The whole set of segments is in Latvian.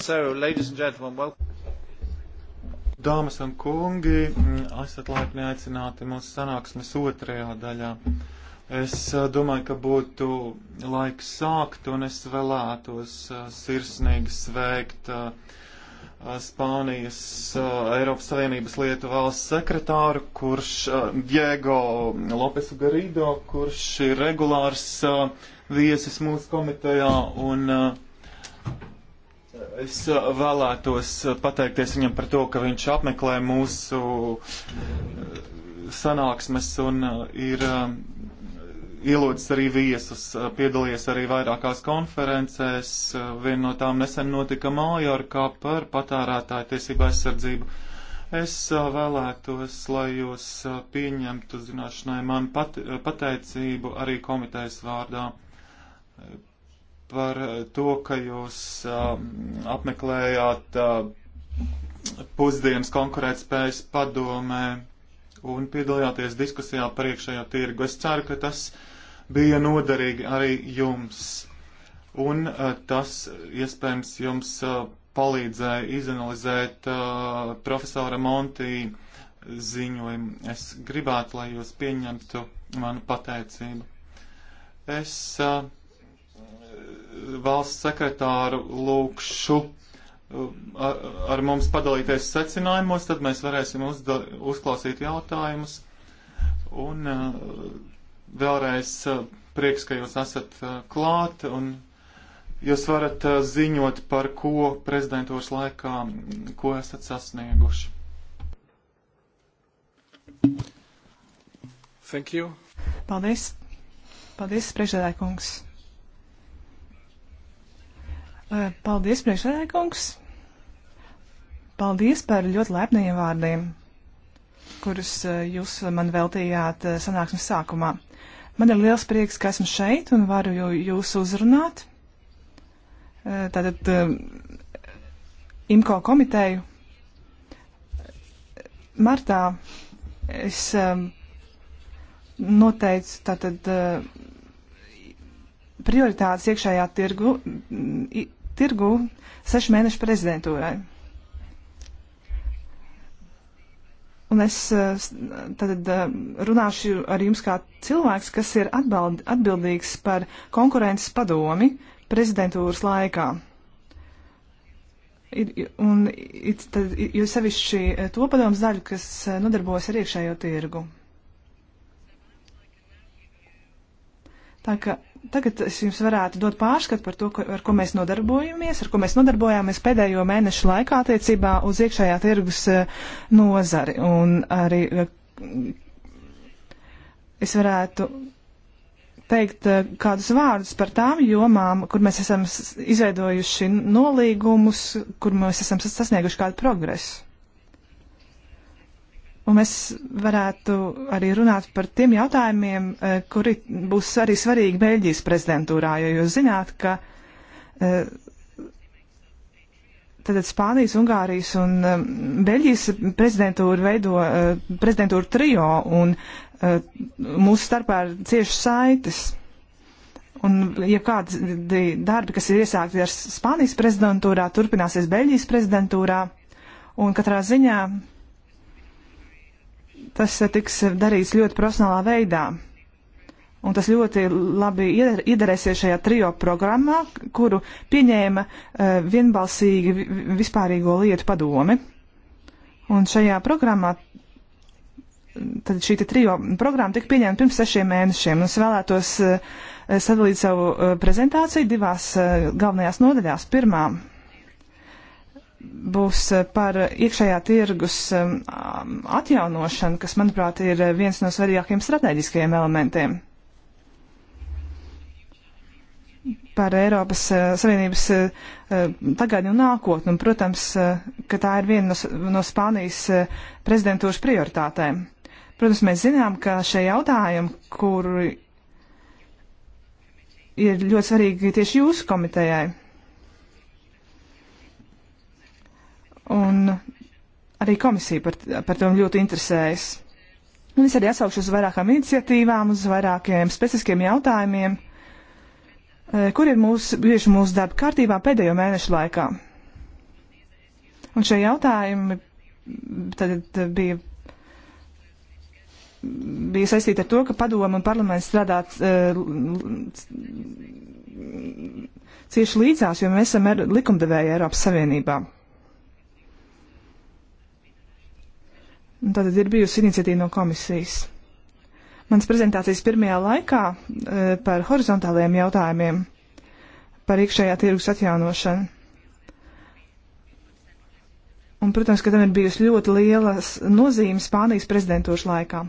So, ladies and gentlemen, welcome. Dāmas un kungi, esat laipni aicināti mūsu sanāksmes otrajā daļā. Es eh, domāju, ka būtu laiks sākt, un es vēlētos eh, sirsnīgi sveikt eh, Spānijas Eiropas Savienības lietu valsts sekretāru, kurš Diego Lopesu Garido, kurš ir regulārs viesis mūsu komitejā, un uh, Es uh, vēlētos uh, pateikties viņam par to, ka viņš apmeklē mūsu uh, sanāksmes un ir um, ielūdzis arī viesus, piedalījies arī vairākās konferencēs. Viena no tām nesen notika Mājorkā par patērētāju tiesību aizsardzību. Es vēlētos, lai jūs pieņemtu zināšanai man pat, pateicību arī komitejas vārdā par eh, to, ka jūs eh, apmeklējāt eh, pusdienas konkurētspējas padomē un piedalījāties diskusijā par iekšējo tirgu. Es ceru, ka tas bija noderīgi arī jums. Un tas iespējams jums palīdzēja izanalizēt uh, profesora Montī ziņojumu. Es gribētu, lai jūs pieņemtu manu pateicību. Es uh, valsts sekretāru lūkšu uh, ar, ar mums padalīties secinājumos, tad mēs varēsim uzda, uzklausīt jautājumus. Un uh, vēlreiz uh, prieks, ka jūs esat klāt un jūs varat ziņot par ko prezidentūras laikā, ko esat sasnieguši. Thank you. Paldies. Paldies, priekšsēdētāj kungs. Paldies, priekšsēdētājkungs. Paldies par ļoti lepniem vārdiem, kurus eh, jūs man veltījāt eh, sanāksmes sākumā. Man ir liels prieks, ka esmu šeit un varu jūs uzrunāt. Eh, tātad IMCO komiteju. Martā es noteicu tātad prioritātes iekšējā tirgu tirgu sešu mēnešu prezidentūrai. Un es eh, tad eh, runāšu ar jums kā cilvēks, kas ir atbald, atbildīgs par konkurences padomi prezidentūras laikā. Ir, un it, tad, jo sevišķi eh, to padomus daļu, kas nodarbojas ar iekšējo tirgu. Tā ka Tagad es jums varētu dot pārskatu par to, ko, ar ko mēs nodarbojamies, ar ko mēs nodarbojāmies pēdējo mēnešu laikā attiecībā uz iekšējā tirgus eh, nozari. Un arī eh, es varētu teikt eh, kādus vārdus par tām jomām, kur mēs esam izveidojuši nolīgumus, kur mēs esam sasnieguši kādu progresu. Un mēs varētu arī runāt par tiem jautājumiem, eh, kuri būs arī svarīgi Beļģijas prezidentūrā, jo jūs zināt, ka tātad eh, Spānijas, Ungārijas un eh, Beļģijas prezidentūra veido prezidentūru trio un mūsu starpā ir cieši saites. Un, ja kādi darbi, kas ir iesākti ar Spānijas prezidentūrā, turpināsies Beļģijas prezidentūrā, un katrā ziņā tas tiks darīts ļoti profesionālā veidā. Un tas ļoti labi iedarēsies šajā trio programmā, kuru pieņēma uh, vienbalsīgi vispārīgo lietu padome. Un šajā programmā, tad šī trio programma tika pieņemta pirms sešiem mēnešiem. Un es vēlētos uh, sadalīt savu uh, prezentāciju divās uh, galvenajās nodaļās. Pirmā būs eh, par iekšējā tirgus eh, atjaunošanu, kas, manuprāt, ir eh, viens no svarīgākajiem strateģiskajiem elementiem. Par Eiropas Savienības tagadni un nākotni, un, protams, ka tā ir viena no, no Spānijas prezidentūras prioritātēm. Protams, mēs zinām, ka šie jautājumi, kuri ir ļoti svarīgi tieši jūsu komitejai, un arī komisija par, par to ļoti interesējas. Un es arī atsaukšu uz vairākām iniciatīvām, uz vairākiem specifiskiem jautājumiem, e, kur ir mūsu, bieži mūsu darba kārtībā pēdējo mēnešu laikā. Un šie jautājumi tad bija, bija saistīti ar to, ka padoma un parlaments strādā e, cieši līdzās, jo mēs esam er, likumdevēji Eiropas Savienībā. Tātad ir bijusi iniciatīva no komisijas. Mans prezentācijas pirmajā laikā e, par horizontāliem jautājumiem, par iekšējā tirgus atjaunošanu. Un, protams, ka tam ir bijusi ļoti liela nozīme Spānijas prezidentūras laikā.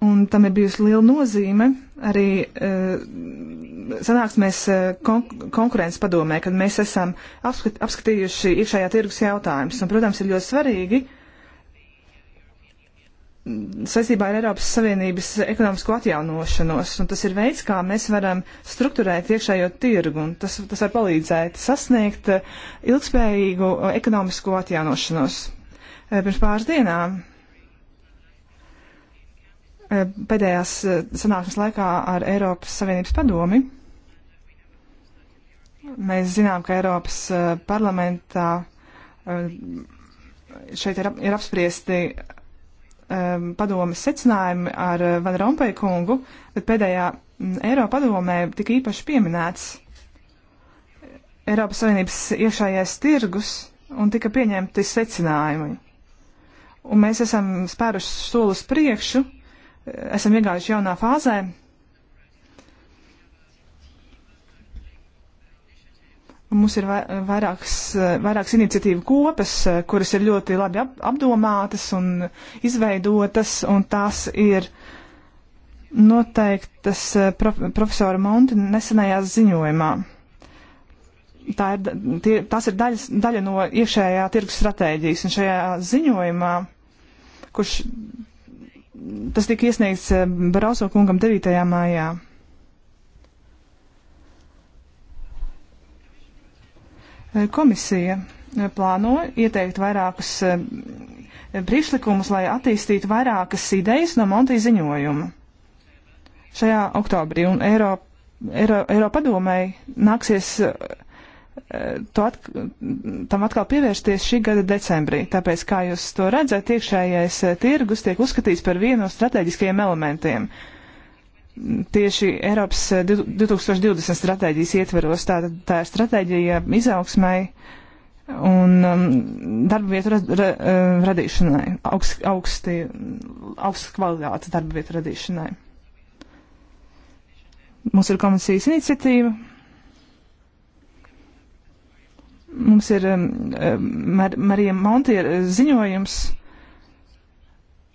un tam ir bijusi liela nozīme arī uh, sanāksmēs uh, kon konkurences padomē, kad mēs esam apskat apskatījuši iekšējā tirgus jautājumus. Un, protams, ir ļoti svarīgi saistībā ar Eiropas Savienības ekonomisko atjaunošanos, un tas ir veids, kā mēs varam strukturēt iekšējo tirgu, un tas, tas var palīdzēt sasniegt uh, ilgspējīgu ekonomisko atjaunošanos. Uh, pirms pāris dienām Eh, pēdējās eh, sanāksmes laikā ar Eiropas Savienības padomi. Mēs zinām, ka Eiropas eh, parlamentā šeit ir, ap, ir apspriesti um, padomes secinājumi ar uh, Van Rompēju kungu, bet pēdējā mm, Eiropa padomē tika īpaši pieminēts Eiropas Savienības iekšējais tirgus un tika pieņemti secinājumi. Un mēs esam spēruši solus priekšu, esam iegājuši jaunā fāzē. Mums ir vairākas, vairākas iniciatīvu kopas, kuras ir ļoti labi ap, apdomātas un izveidotas, un tās ir noteiktas eh, prof, profesora Monti nesenajā ziņojumā. Tā ir, tie, tās ir daļas, daļa no iekšējā tirgus stratēģijas, un šajā ziņojumā, kurš tas tika iesniegts eh, Barauso kungam 9. mājā. Eh, komisija eh, plāno ieteikt vairākus priekšlikumus, lai attīstītu vairākas idejas no Monti ziņojuma. Šajā oktobrī un Eiropa Eiro, Eiropadomēji nāksies uh, at, tam atkal pievērsties šī gada decembrī. Tāpēc, kā jūs to redzat, iekšējais eh, tirgus tiek uzskatīts par vienu no strateģiskajiem elementiem. Tieši Eiropas 2020 eh, stratēģijas ietveros tā, tā ir stratēģija izaugsmai un um, darba vietu ra, ra, eh, radīšanai, augst, augsti, augsts kvalitātes darba vietu radīšanai. Mums ir komisijas iniciatīva Mums ir um, um, Mar Marija Montiera uh, ziņojums,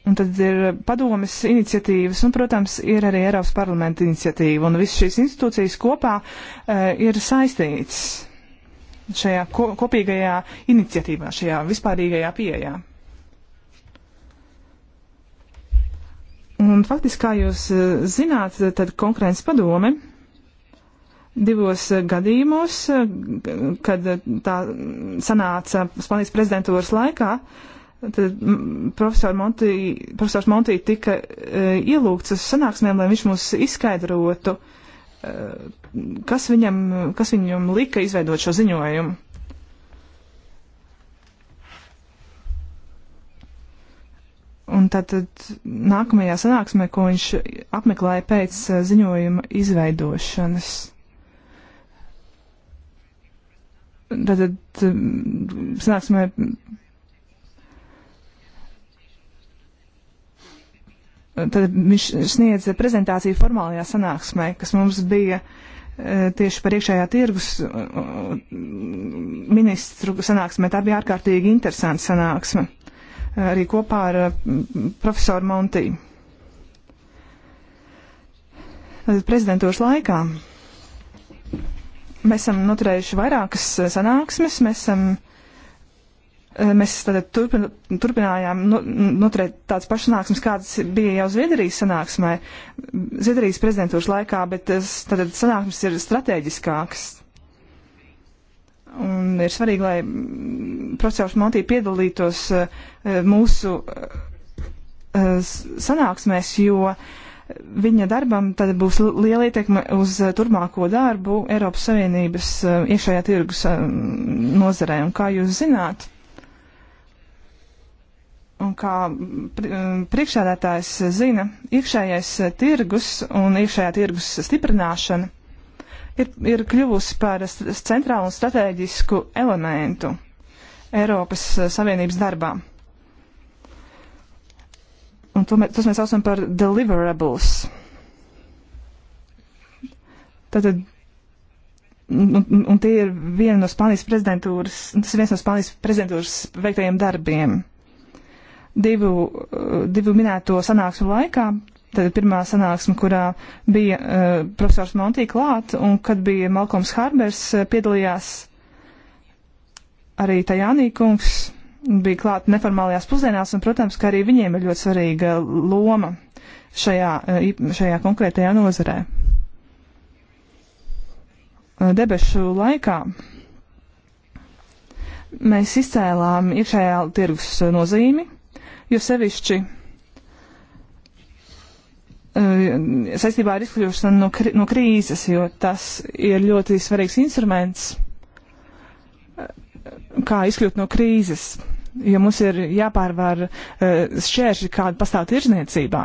un tad ir uh, padomis iniciatīvas, un, protams, ir arī Eiropas parlamenta iniciatīva, un visas šīs institūcijas kopā uh, ir saistītas šajā ko kopīgajā iniciatīvā, šajā vispārīgajā pieejā. Un faktiski, kā jūs zināt, tad konkurences padome divos eh, gadījumos, eh, kad eh, tā sanāca Spānijas prezidentūras laikā, tad mm, profesors Monti, profesors Monti tika ielūgts uz sanāksmēm, lai viņš mums izskaidrotu, kas viņam, kas viņam lika izveidot šo ziņojumu. Un tad nākamajā sanāksmē, ko viņš apmeklēja pēc ziņojuma izveidošanas. Tātad mm, sanāksmē tad viņš sniedz prezentāciju formālajā sanāksmē, kas mums bija e, tieši par iekšējā tirgus ministru sanāksmē. Tā bija ārkārtīgi interesanta sanāksme, e, arī kopā ar e, profesoru Montī. Tad prezidentūras laikā Mēs esam noturējuši vairākas eh, sanāksmes, mēs esam. Eh, mēs tātad turpin, turpinājām noturēt tādas pašas sanāksmes, kādas bija jau Zviedrijas sanāksmē, Zviedrijas prezidentūras laikā, bet tātad sanāksmes ir strateģiskākas. Un ir svarīgi, lai mm, profesors Monti piedalītos eh, mūsu sanāksmēs, jo uh, viņa darbam tad būs liela ietekme uz eh, turpmāko darbu Eiropas Savienības eh, iekšējā tirgus eh, nozarē. Un kā jūs zināt, un kā priekšsēdētājs zina, iekšējais tirgus un iekšējā tirgus stiprināšana ir, ir kļuvusi par centrālu un strateģisku elementu Eiropas Savienības darbām. Un to, mēs, tas mēs saucam par deliverables. Tātad, un, un tie ir viena no Spānijas prezidentūras, tas ir viens no Spānijas prezidentūras veiktajiem darbiem. Divu, uh, divu minēto sanāksmu laikā, tad pirmā sanāksme, kurā bija uh, profesors Montī klāt, un kad bija Malkoms Harbers, uh, piedalījās arī Tajānī kungs bija klāt neformālajās pusdienās, un, protams, ka arī viņiem ir ļoti svarīga loma šajā, eh, šajā konkrētajā nozarē. Eh, debešu laikā mēs izcēlām iekšējā tirgus nozīmi, jo sevišķi eh, saistībā ar izkļūšanu no, krī no krīzes, jo tas ir ļoti svarīgs instruments, kā izkļūt no krīzes jo mums ir jāpārvar e, šķēršļi, kāda pastāv tirzniecībā.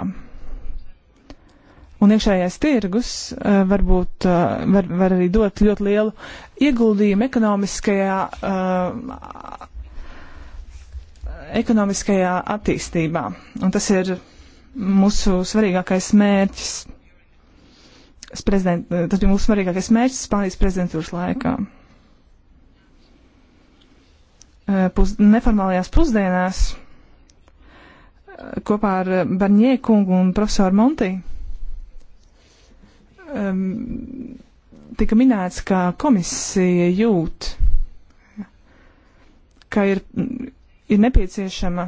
Un iekšējais tirgus e, varbūt e, var, var arī dot ļoti lielu ieguldījumu ekonomiskajā, ekonomiskajā attīstībā. Un tas ir mūsu svarīgākais mērķis. Prezident, tas bija mūsu svarīgākais mērķis Spānijas prezidentūras laikā. Mm. Eh, pus, neformālajās pusdienās eh, kopā ar eh, Barņē kungu un profesoru Monti. Um, tika minēts, ka komisija jūt, ka ir, ir nepieciešama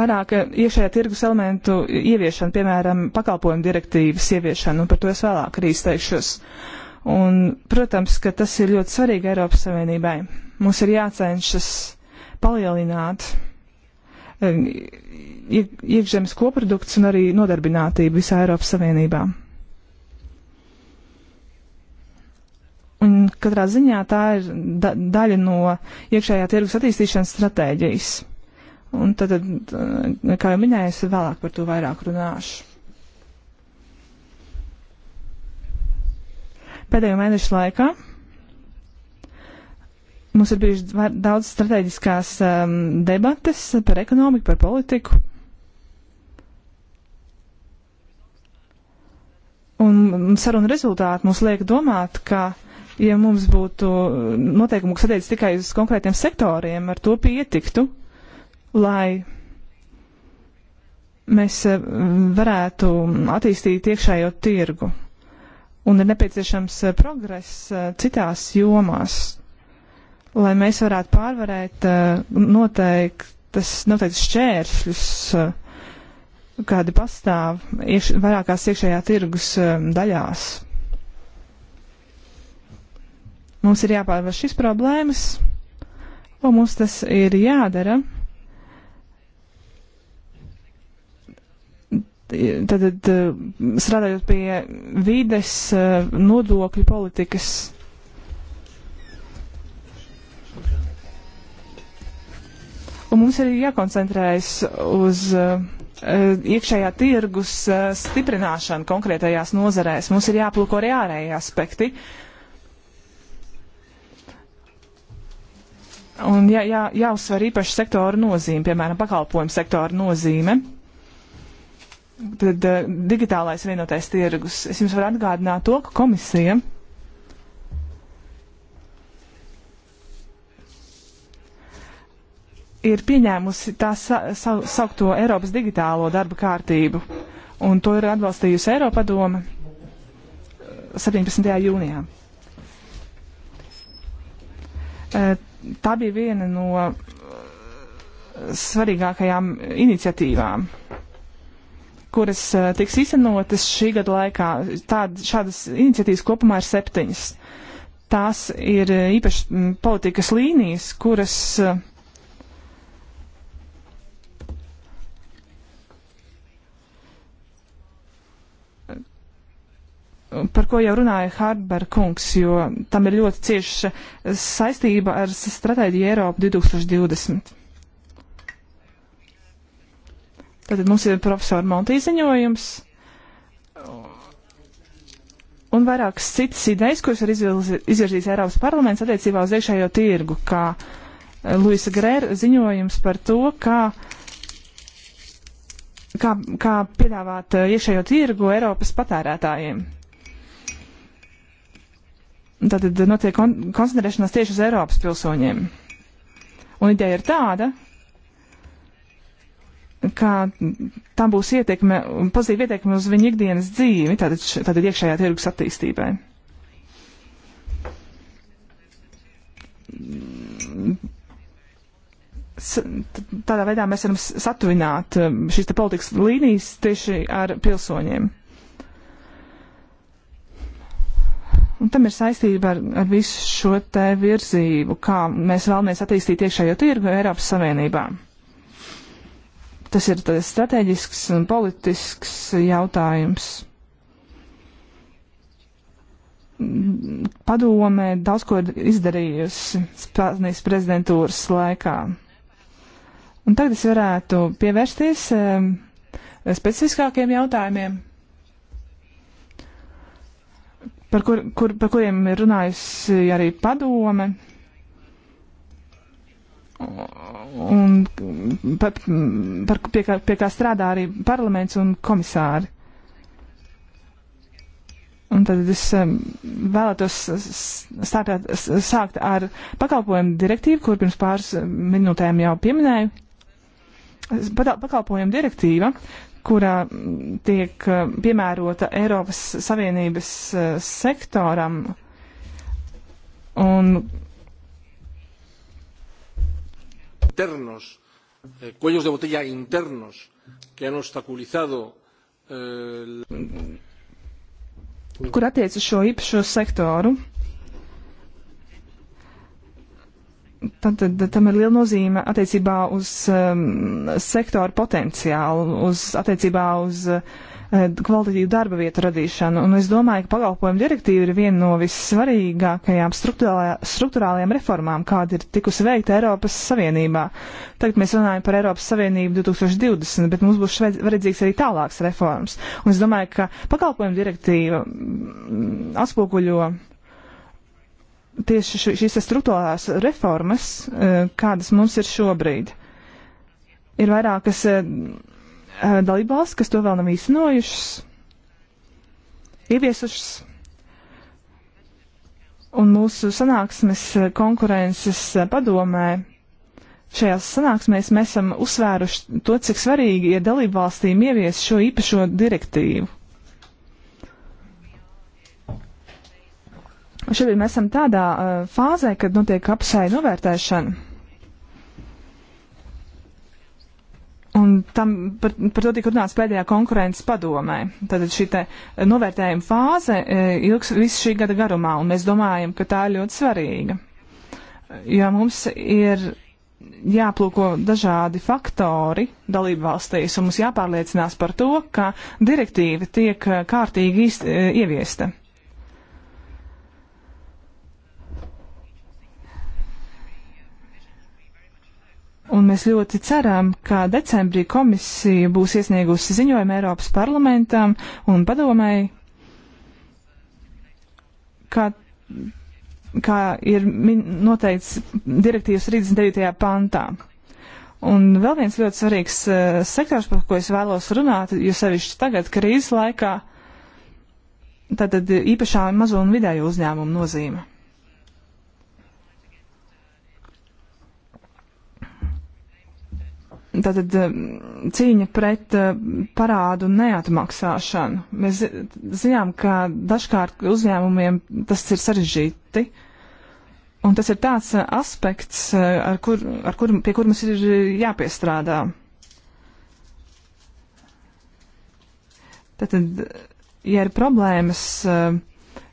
vairāk iekšējā tirgus elementu ieviešana, piemēram, pakalpojumu direktīvas ieviešana, un par to es vēlāk arī izteikšos. Uh, Un, protams, ka tas ir ļoti svarīgi Eiropas Savienībai. Mums ir jācenšas palielināt eh, iekšzemes koprodukts un arī nodarbinātību visā Eiropas Savienībā. Un katrā ziņā tā ir da daļa no iekšējā tirgus attīstīšanas stratēģijas. Un tad, eh, kā jau minēju, es vēlāk par to vairāk runāšu. Pēdējo mēnešu laikā mums ir bijušas daudz strateģiskās um, debates par ekonomiku, par politiku. Un saruna rezultāti mums liek domāt, ka, ja mums būtu uh, noteikumi, kas attiecas tikai uz konkrētiem sektoriem, ar to pietiktu, lai mēs uh, varētu attīstīt iekšējo tirgu un ir nepieciešams eh, progress eh, citās jomās, lai mēs varētu pārvarēt eh, noteiktas, noteiktas šķēršļus, kādi pastāv iekš, vairākās iekšējā tirgus daļās. Mums ir jāpārvar šīs problēmas, un mums tas ir jādara. tad, tad eh, strādājot pie vides eh, nodokļu politikas. Un mums ir jākoncentrējas uz uh, iekšējā tirgus uh, stiprināšanu konkrētajās nozarēs. Mums ir jāplūko arī ārējie aspekti. Un jā, jā, jāuzsver īpaši sektoru nozīme, piemēram, pakalpojumu sektoru nozīme tad uh, digitālais vienotais tirgus. Es jums varu atgādināt to, ka komisija ir pieņēmusi tā sa sa saukto Eiropas digitālo darba kārtību, un to ir atbalstījusi Eiropadoma eh, 17. jūnijā. Uh, tā bija viena no svarīgākajām iniciatīvām. Uh, kuras eh, tiks īstenotas šī gada laikā. Tād, šādas iniciatīvas kopumā ir septiņas. Tās ir eh, īpaši mm, politikas līnijas, kuras eh, par ko jau runāja Harbera kungs, jo tam ir ļoti cieša saistība ar stratēģiju Eiropu 2020. Tātad mums ir profesora Montī ziņojums un vairākas citas idejas, kuras ir izvirzījis Eiropas parlaments attiecībā uz iekšējo tirgu, kā eh, Luisa Grēra ziņojums par to, kā, kā, kā piedāvāt eh, iekšējo tirgu Eiropas patērētājiem. Tātad notiek kon koncentrēšanās tieši uz Eiropas pilsoņiem. Un ideja ir tāda, kā tā būs ietekme, pozitīva ietekme uz viņu ikdienas dzīvi, tātad, tātad iekšējā tirgus attīstībai. S, tādā veidā mēs varam satuvināt um, šīs politikas līnijas tieši ar pilsoņiem. Un tam ir saistība ar, ar visu šo te virzību, kā mēs vēlamies attīstīt iekšējo tirgu Eiropas Savienībā. Tas ir strateģisks un politisks jautājums. Padomē daudz ko ir izdarījusi Spānijas prezidentūras laikā. Un tagad es varētu pievērsties um, specifiskākiem jautājumiem, par, kur, kur, par kuriem ir runājusi arī padome un par, par, pie, kā, pie kā strādā arī parlaments un komisāri. Un tad es um, vēlētos sākt, sākt ar pakalpojumu direktīvu, kur pirms pāris minūtēm jau pieminēju. Pakalpojumu direktīva, kurā tiek um, piemērota Eiropas Savienības uh, sektoram un internos, eh, cuellos de botella internos que han obstaculizado. Eh, Kur attiec uz šo īpašo sektoru? Tad, tad tam ir liela nozīme attiecībā uz um, sektoru potenciālu, uz attiecībā uz uh, Eh, kvalitatīvu darba vietu radīšanu. Un es domāju, ka pakalpojumu direktīva ir viena no vissvarīgākajām struktūrālajām reformām, kāda ir tikusi veikta Eiropas Savienībā. Tagad mēs runājam par Eiropas Savienību 2020, bet mums būs vajadzīgs arī tālāks reformas. Un es domāju, ka pakalpojumu direktīva mm, atspoguļo tieši šīs struktūrālās reformas, eh, kādas mums ir šobrīd. Ir vairākas eh, Eh, dalībvalsts, kas to vēl nav īstenojušas, ieviesušas. Un mūsu sanāksmes eh, konkurences eh, padomē Šajās sanāksmēs mēs esam uzsvēruši to, cik svarīgi ir dalībvalstīm ievies šo īpašo direktīvu. Šobrīd mēs esam tādā uh, fāzē, kad notiek apsai novērtēšana. Un tam par, par to tika runāts pēdējā konkurences padomē. Tātad šī te novērtējuma fāze e, ilgs visu šī gada garumā, un mēs domājam, ka tā ir ļoti svarīga. Jo mums ir jāplūko dažādi faktori dalību valstīs, un mums jāpārliecinās par to, ka direktīva tiek e, kārtīgi īst, e, ieviesta. Un mēs ļoti ceram, ka decembrī komisija būs iesniegusi ziņojumu Eiropas parlamentam un padomēji, kā, kā ir noteikts direktīvas 39. pantā. Un vēl viens ļoti svarīgs uh, sektors, par ko es vēlos runāt, jo sevišķi tagad krīzes laikā, tātad īpašā mazo un vidēju uzņēmumu nozīme. Tātad eh, cīņa pret eh, parādu neatmaksāšanu. Mēs zinām, ka dažkārt uzņēmumiem tas ir sarežģīti. Un tas ir tāds eh, aspekts, ar kur, ar kur, pie kur mums ir jāpiestrādā. Tātad, ja ir problēmas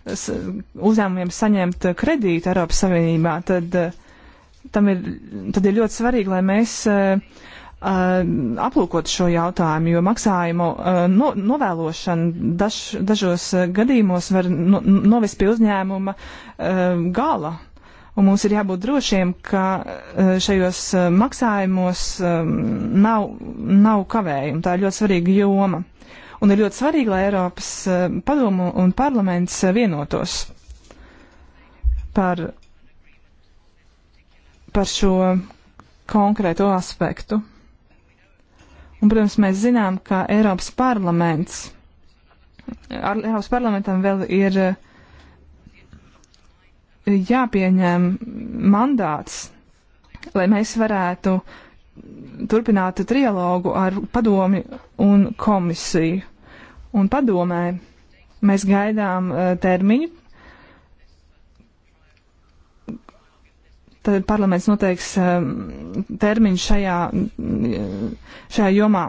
uzņēmumiem saņemt kredītu Eiropas Savienībā, tad, tam ir, tad ir ļoti svarīgi, lai mēs Um, aplūkot šo jautājumu, jo maksājumu um, no, novēlošana daž, dažos uh, gadījumos var no, novest pie uzņēmuma um, gala. Un mums ir jābūt drošiem, ka uh, šajos uh, maksājumos nav, nav kavējumi. Tā ir ļoti svarīga joma. Un ir ļoti svarīgi, lai Eiropas padomu un parlaments vienotos par, par šo konkrēto aspektu. Un, protams, mēs zinām, ka Eiropas parlaments, ar Eiropas parlamentam vēl ir jāpieņem mandāts, lai mēs varētu turpināt trialogu ar padomi un komisiju. Un padomē mēs gaidām eh, termiņu, tad parlaments noteiks ehm, termiņu šajā, šajā jomā.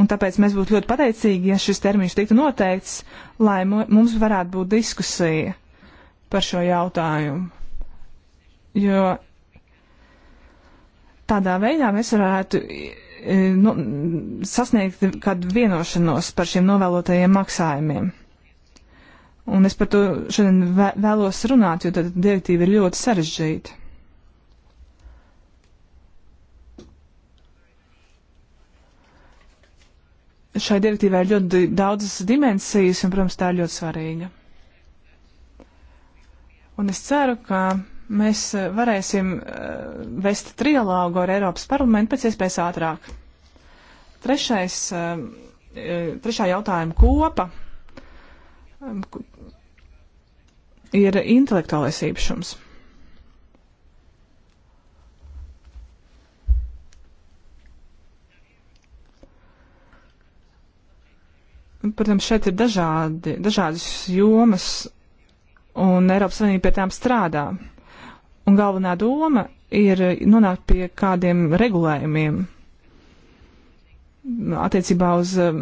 Un tāpēc mēs būtu ļoti pateicīgi, ja šis termiņš tiktu noteikts, lai mums varētu būt diskusija par šo jautājumu. Jo tādā veidā mēs varētu e, nu, sasniegt kādu vienošanos par šiem novēlotajiem maksājumiem. Un es par to šodien vēlos runāt, jo tad direktīva ir ļoti sarežģīta. šai direktīvai ir ļoti daudzas dimensijas, un, protams, tā ir ļoti svarīga. Un es ceru, ka mēs eh, varēsim uh, vest trialogu ar Eiropas parlamentu pēc iespējas ātrāk. Trešais, uh, trešā jautājuma kopa um, ir intelektuālais īpašums. Protams, šeit ir dažādi, dažādas jomas, un Eiropas Savienība pie tām strādā. Un galvenā doma ir nonākt pie kādiem regulējumiem attiecībā uz um,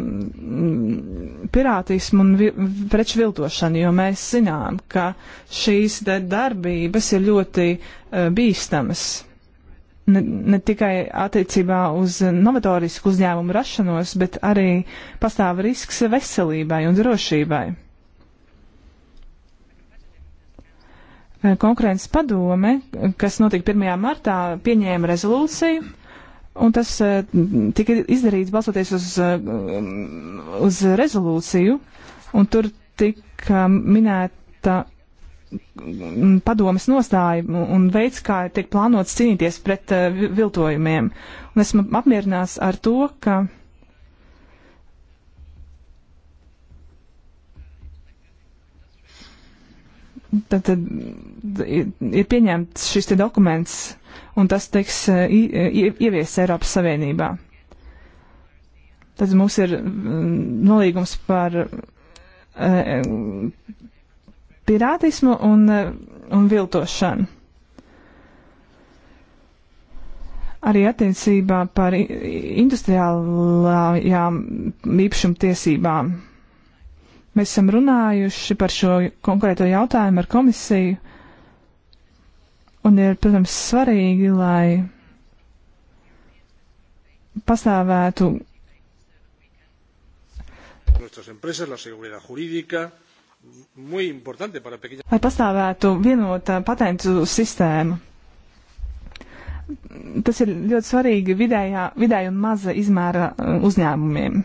pirātismu un vi preču viltošanu, jo mēs zinām, ka šīs darbības ir ļoti uh, bīstamas ne, ne tikai attiecībā uz novatorisku uzņēmumu rašanos, bet arī pastāv risks veselībai un drošībai. Eh, konkurences padome, kas notika 1. martā, pieņēma rezolūciju, un tas eh, tika izdarīts balsoties uz, eh, uz rezolūciju, un tur tika minēta padomas nostāja un veids, kā tiek plānots cīnīties pret uh, viltojumiem. Un esmu apmierināts ar to, ka tad, tad ir pieņemts šis te dokuments, un tas tiks eh, ieviests Eiropas Savienībā. Tad mums ir mm, nolīgums par eh, pirātismu un, eh, un viltošanu. Arī attiecībā par industriālajām īpašumtiesībām. Mēs esam runājuši par šo konkrēto jautājumu ar komisiju, un ir, protams, svarīgi, lai pastāvētu. Nuestras empresas, la seguridad jurídica, lai pastāvētu vienota patentu sistēma. Tas ir ļoti svarīgi vidējā, vidēja un maza izmēra uh, uzņēmumiem.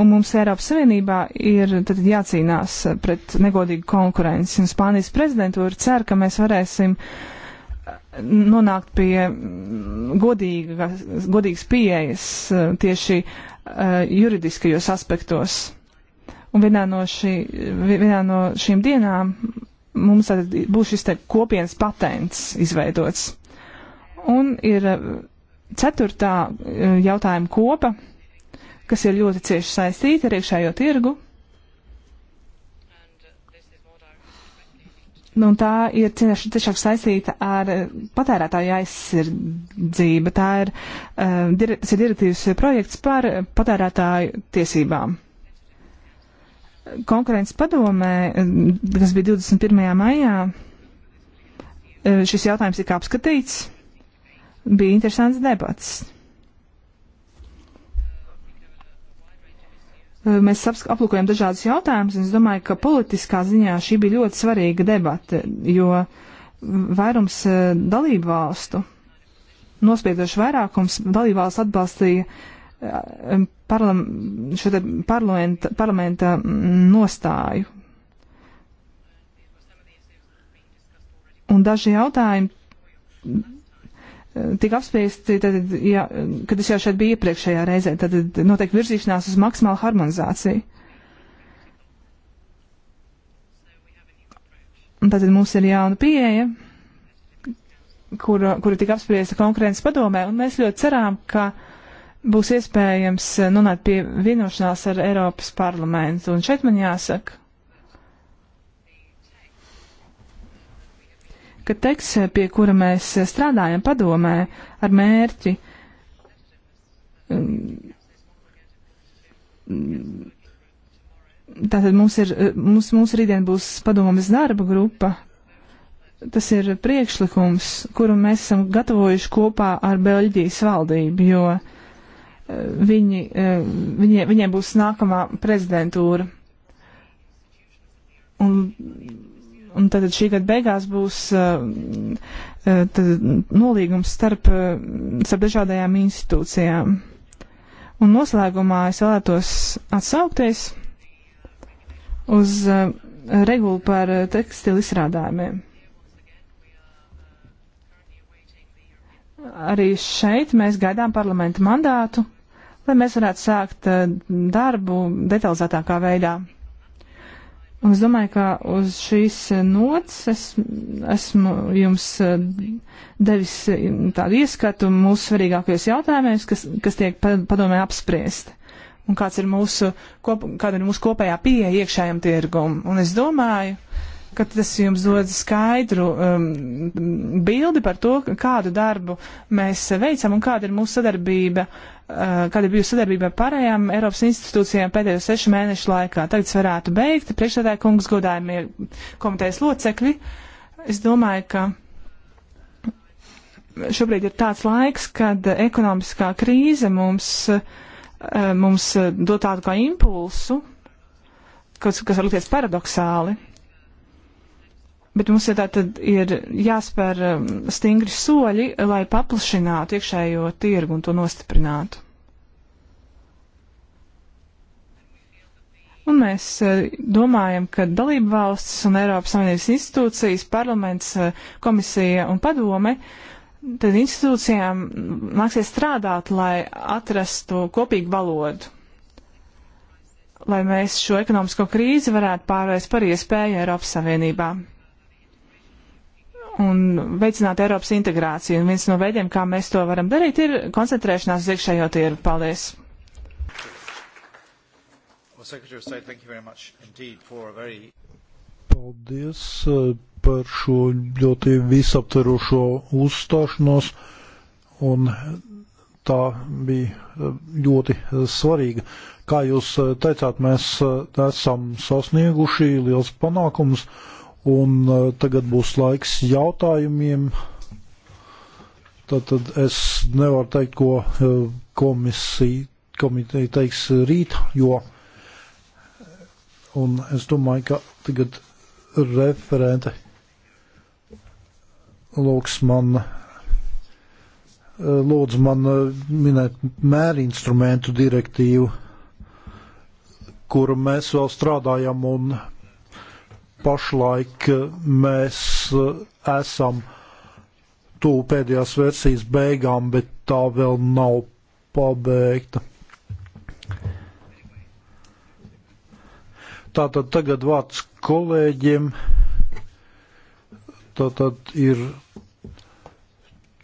Un mums Eiropas Savienībā ir tad jācīnās pret negodīgu konkurenci. Un Spānijas prezidentūra cer, ka mēs varēsim uh, nonākt pie mm, godīgas, godīgas pieejas uh, tieši uh, juridiskajos aspektos. Un vienā no, šī, vienā no šīm dienām mums būs šis kopienas patents izveidots. Un ir eh, ceturtā eh, jautājuma kopa, kas ir ļoti cieši saistīta ar iekšējo tirgu. Nu, tā ir ciešāk saistīta ar eh, patērētāju aizsardzību. Tā ir, uh, dir, ir direktīvas projekts par patērētāju tiesībām konkurences padomē, kas eh, bija 21. maijā, eh, šis jautājums tika apskatīts. Bija interesants debats. Eh, mēs aplūkojam dažādus jautājumus, un es domāju, ka politiskā ziņā šī bija ļoti svarīga debata, jo vairums dalību valstu, nospiedoši vairākums dalību valsts atbalstīja uh, Um, parlam, šo te parlamenta, parlamenta mm, nostāju. Un daži jautājumi mm, tika apspriesti, tad, ja, kad es jau šeit biju iepriekšējā reizē, tad notiek virzīšanās uz maksimālu harmonizāciju. Un tad mums ir jauna pieeja, kura, kura tika apspriesta konkurences padomē, un mēs ļoti cerām, ka uh, būs iespējams eh, nonākt pie vienošanās ar Eiropas parlamentu. Un šeit man jāsaka, ka teksts, eh, pie kura mēs eh, strādājam padomē ar mērķi mm, Tātad mums ir, mums, mums rītdien būs padomas darba grupa. Tas ir priekšlikums, kuru mēs esam gatavojuši kopā ar Beļģijas valdību, jo uh, viņi, e, viņi, viņiem būs nākamā prezidentūra. Un, un tad šī gada beigās būs e, e, tad, nolīgums starp, starp dažādajām institūcijām. Un noslēgumā es vēlētos atsaukties uz regulu par tekstilu izstrādājumiem. Arī šeit mēs gaidām parlamenta mandātu lai mēs varētu sākt eh, darbu detalizētākā veidā. Un es domāju, ka uz šīs nots es, esmu jums eh, devis tādu ieskatu mūsu svarīgākajos jautājumos, kas, kas tiek padomē apspriesti. Un kāds ir mūsu, kop, kāda ir mūsu kopējā pieeja iekšējam tirgum. Un es domāju, ka tas jums dod skaidru um, bildi par to, kādu darbu mēs veicam un kāda ir mūsu sadarbība, uh, kāda ir bijusi sadarbība ar pārējām Eiropas institūcijām pēdējo sešu mēnešu laikā. Tagad es varētu beigt. Priekšsēdētāji kungs godājumie komitejas locekļi. Es domāju, ka šobrīd ir tāds laiks, kad ekonomiskā krīze mums, uh, mums dod tādu kā impulsu, kas, kas var likties paradoxāli. Bet mums ir tātad ir jāspēr um, stingri soļi, lai paplašinātu iekšējo tirgu un to nostiprinātu. Un mēs uh, domājam, ka dalību valstis un Eiropas Savienības institūcijas, parlaments, uh, komisija un padome, tad institūcijām nāksies strādāt, lai atrastu kopīgu valodu, lai mēs šo ekonomisko krīzi varētu pārvērst par iespēju Eiropas Savienībā un veicināt Eiropas integrāciju. Un viens no veidiem, kā mēs to varam darīt, ir koncentrēšanās uz iekšējo tirgu. Paldies! Paldies eh, par šo ļoti visaptverošo uzstāšanos, un tā bija eh, ļoti svarīga. Kā jūs eh, teicāt, mēs esam sasnieguši liels panākums Un e, tagad būs laiks jautājumiem. Tātad es nevaru teikt, ko e, komisija, komiteja teiks rīt, jo un es domāju, ka tagad referente lūgs man, e, lūdz man minēt mērinstrumentu direktīvu, kuru mēs vēl strādājam un Pašlaik eh, mēs eh, esam tuvu pēdējās versijas beigām, bet tā vēl nav pabeigta. Tātad tagad vārds kolēģiem. Tātad ir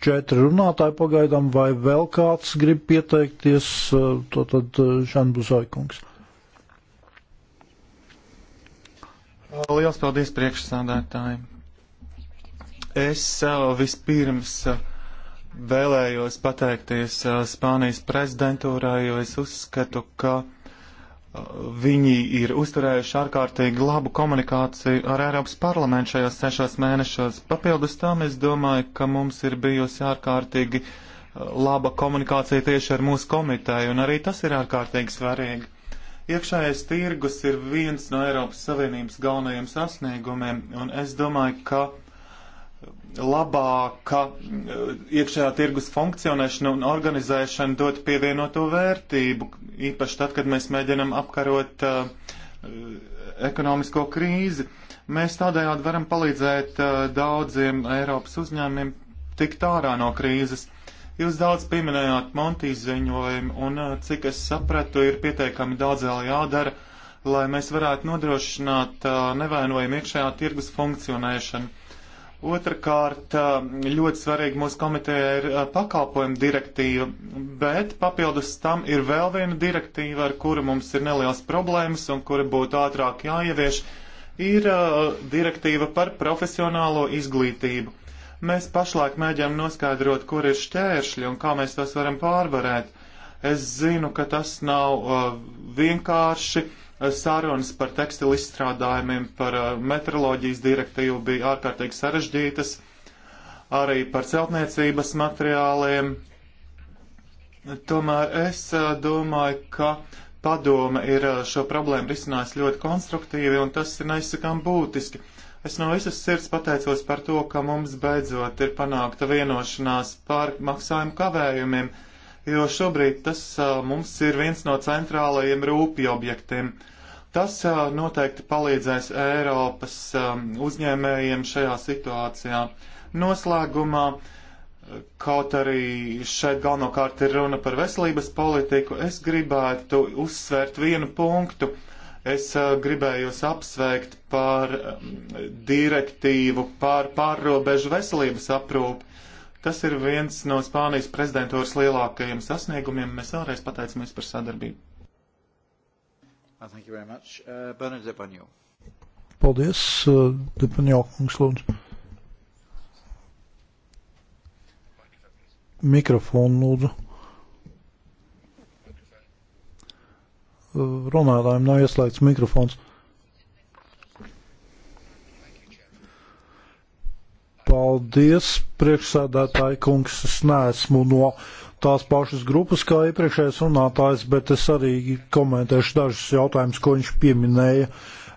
četri runātāji pagaidām, vai vēl kāds grib pieteikties, eh, tātad Žanbuzaikungs. Uh, Lielas paldies priekšsādātājiem. Es eh, vispirms eh, vēlējos pateikties eh, Spānijas prezidentūrai, jo es uzskatu, ka viņi ir uzturējuši ārkārtīgi labu komunikāciju ar Eiropas parlamentu šajos sešos mēnešos. Papildus tam es domāju, ka mums ir bijusi ārkārtīgi laba komunikācija tieši ar mūsu komiteju, un arī tas ir ārkārtīgi svarīgi. Iekšējais tirgus ir viens no Eiropas Savienības galvenajiem sasniegumiem, un es domāju, ka labāka eh, iekšējā tirgus funkcionēšana un organizēšana dod pievienoto vērtību, īpaši tad, kad mēs mēģinam apkarot uh, ekonomisko krīzi. Mēs tādējādi varam palīdzēt uh, daudziem Eiropas uzņēmumiem tikt ārā no krīzes. Uh, Jūs daudz pieminējāt Montijas ziņojumu, un uh, cik es sapratu, ir pieteikami daudz vēl jādara, lai mēs varētu nodrošināt uh, nevainojumu iekšējā tirgus funkcionēšanu. Otrakārt, uh, ļoti svarīgi mūsu komitejā ir pakalpojuma direktīva, bet papildus tam ir vēl viena direktīva, ar kuru mums ir nelielas problēmas un kura būtu ātrāk jāievieš, ir direktīva par profesionālo izglītību Mēs pašlaik mēģinām noskaidrot, kur ir šķēršļi un kā mēs tos varam pārvarēt. Es zinu, ka tas nav uh, vienkārši. Uh, sarunas par tekstilu izstrādājumiem, par uh, metroloģijas direktīvu bija ārkārtīgi sarežģītas, arī par celtniecības materiāliem. Tomēr es uh, domāju, ka padome ir uh, šo problēmu risinājusi ļoti konstruktīvi, un tas ir neizsakām būtiski. Es no visas sirds pateicos par to, ka mums beidzot ir panākta vienošanās par maksājumu kavējumiem, jo šobrīd tas uh, mums ir viens no centrālajiem rūpju objektiem. Tas uh, noteikti palīdzēs Eiropas um, uzņēmējiem šajā situācijā. Noslēgumā, kaut arī šeit galvenokārt ir runa par veselības politiku, es gribētu uzsvērt vienu punktu. Uh, Es eh, gribēju jūs apsveikt par um, direktīvu par pārrobežu veselības aprūpu. Tas ir viens no Spānijas prezidentūras lielākajiem sasniegumiem. Mēs vēlreiz pateicamies par sadarbību. Uh, Paldies, uh, Depaņo kungs, lūdzu. Mikrofonu lūdzu. runātājiem nav ieslēgts mikrofons. Paldies, priekšsēdētāji kungs. Es neesmu no tās pašas grupas kā iepriekšējais runātājs, bet es arī komentēšu dažus jautājumus, ko viņš pieminēja.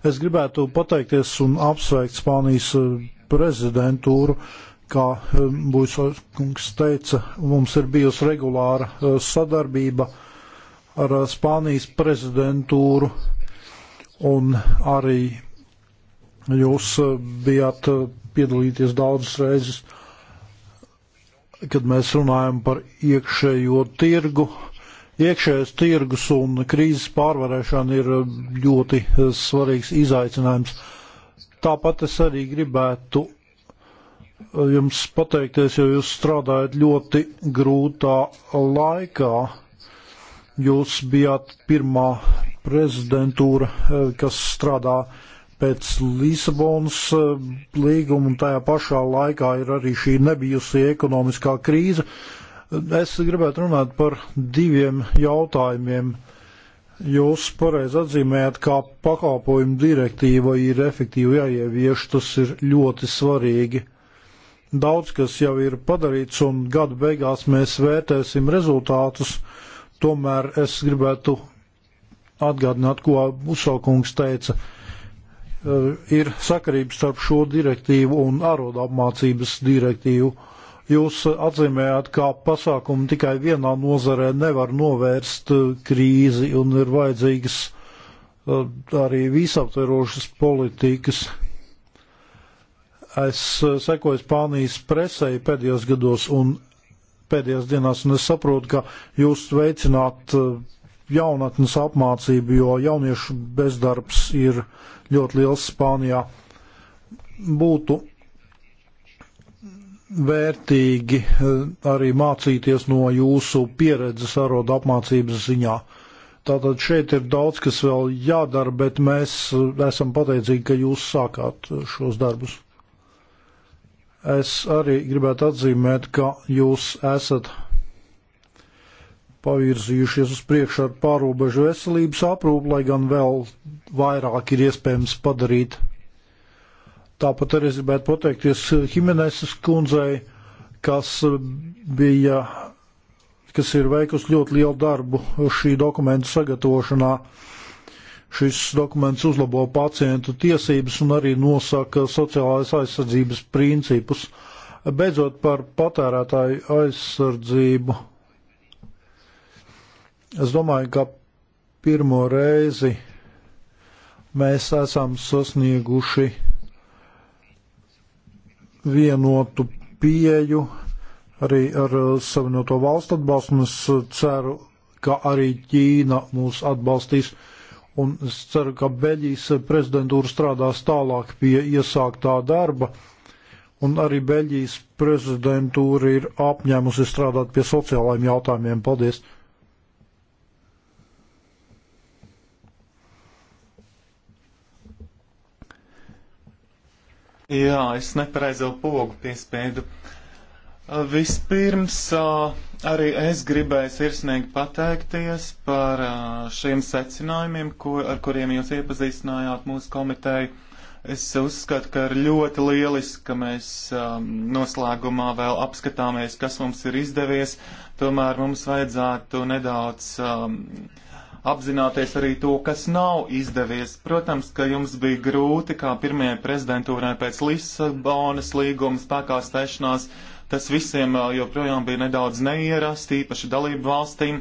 Es gribētu pateikties un apsveikt Spānijas eh, prezidentūru. Kā eh, Būs kungs teica, mums ir bijusi regulāra eh, sadarbība ar Spānijas prezidentūru un arī jūs eh, bijāt eh, piedalīties daudzas reizes, kad mēs runājam par iekšējo tirgu. Iekšējais tirgus un krīzes pārvarēšana ir eh, ļoti svarīgs izaicinājums. Tāpat es arī gribētu jums pateikties, jo jūs strādājat ļoti grūtā laikā. Jūs bijāt pirmā prezidentūra, eh, kas strādā pēc Lisabonas eh, līguma, un tajā pašā laikā ir arī šī nebijusi ekonomiskā krīze. Es gribētu runāt par diviem jautājumiem. Jūs pareizi atzīmējat, kā pakalpojumu direktīva ir efektīvi jāievieš, tas ir ļoti svarīgi. Daudz kas jau ir padarīts, un gada beigās mēs vērtēsim rezultātus. Uh, Tomēr es gribētu atgādināt, ko Usokungs teica. Eh, ir sakarības starp šo direktīvu un ārodu apmācības direktīvu. Jūs atzīmējāt, ka pasākumi tikai vienā nozarē nevar novērst eh, krīzi un ir vajadzīgas eh, arī visaptverošas politikas. Es sekoju Spānijas presē pēdējos gados, un pēdējās dienās, un es saprotu, ka jūs veicināt eh, jaunatnes apmācību, jo jauniešu bezdarbs ir ļoti liels Spānijā. Būtu vērtīgi eh, arī mācīties no jūsu pieredzes arodu apmācības ziņā. Tātad šeit ir daudz, kas vēl jādara, bet mēs eh, esam pateicīgi, ka jūs sākāt šos darbus. Es arī gribētu atzīmēt, ka jūs esat pavirzījušies uz priekšu ar pārobežu veselības aprūpu, lai gan vēl vairāk ir iespējams padarīt. Tāpat arī es gribētu pateikties Himeneses kundzei, kas bija, kas ir veikusi ļoti lielu darbu šī dokumentu sagatavošanā. Šis dokuments uzlabo pacientu tiesības un arī nosaka sociālās aizsardzības principus. Beidzot par patērētāju aizsardzību. Es domāju, ka pirmo reizi mēs esam sasnieguši vienotu pieju arī ar savienoto valstu atbalstu, un es ceru, ka arī Ķīna mūs atbalstīs. Uh, un es ceru, ka Beļģijas prezidentūra strādās tālāk pie iesāktā darba, un arī Beļģijas prezidentūra ir apņēmusi strādāt pie sociālajiem jautājumiem. Paldies! Jā, es nepareizi jau pogu piespēdu. Uh, Vispirms arī es gribēju sirsnīgi pateikties par šiem secinājumiem, ko, ar kuriem jūs iepazīstinājāt mūsu komiteju. Es uzskatu, ka ir ļoti lieliski, ka mēs um, noslēgumā vēl apskatāmies, kas mums ir izdevies. Tomēr mums vajadzētu nedaudz um, apzināties arī to, kas nav izdevies. Protams, ka jums bija grūti, kā pirmajai prezidentūrai pēc Lisabonas līguma spēkā stāšanās, uh, Tas visiem joprojām bija nedaudz neierasti, īpaši dalību valstīm.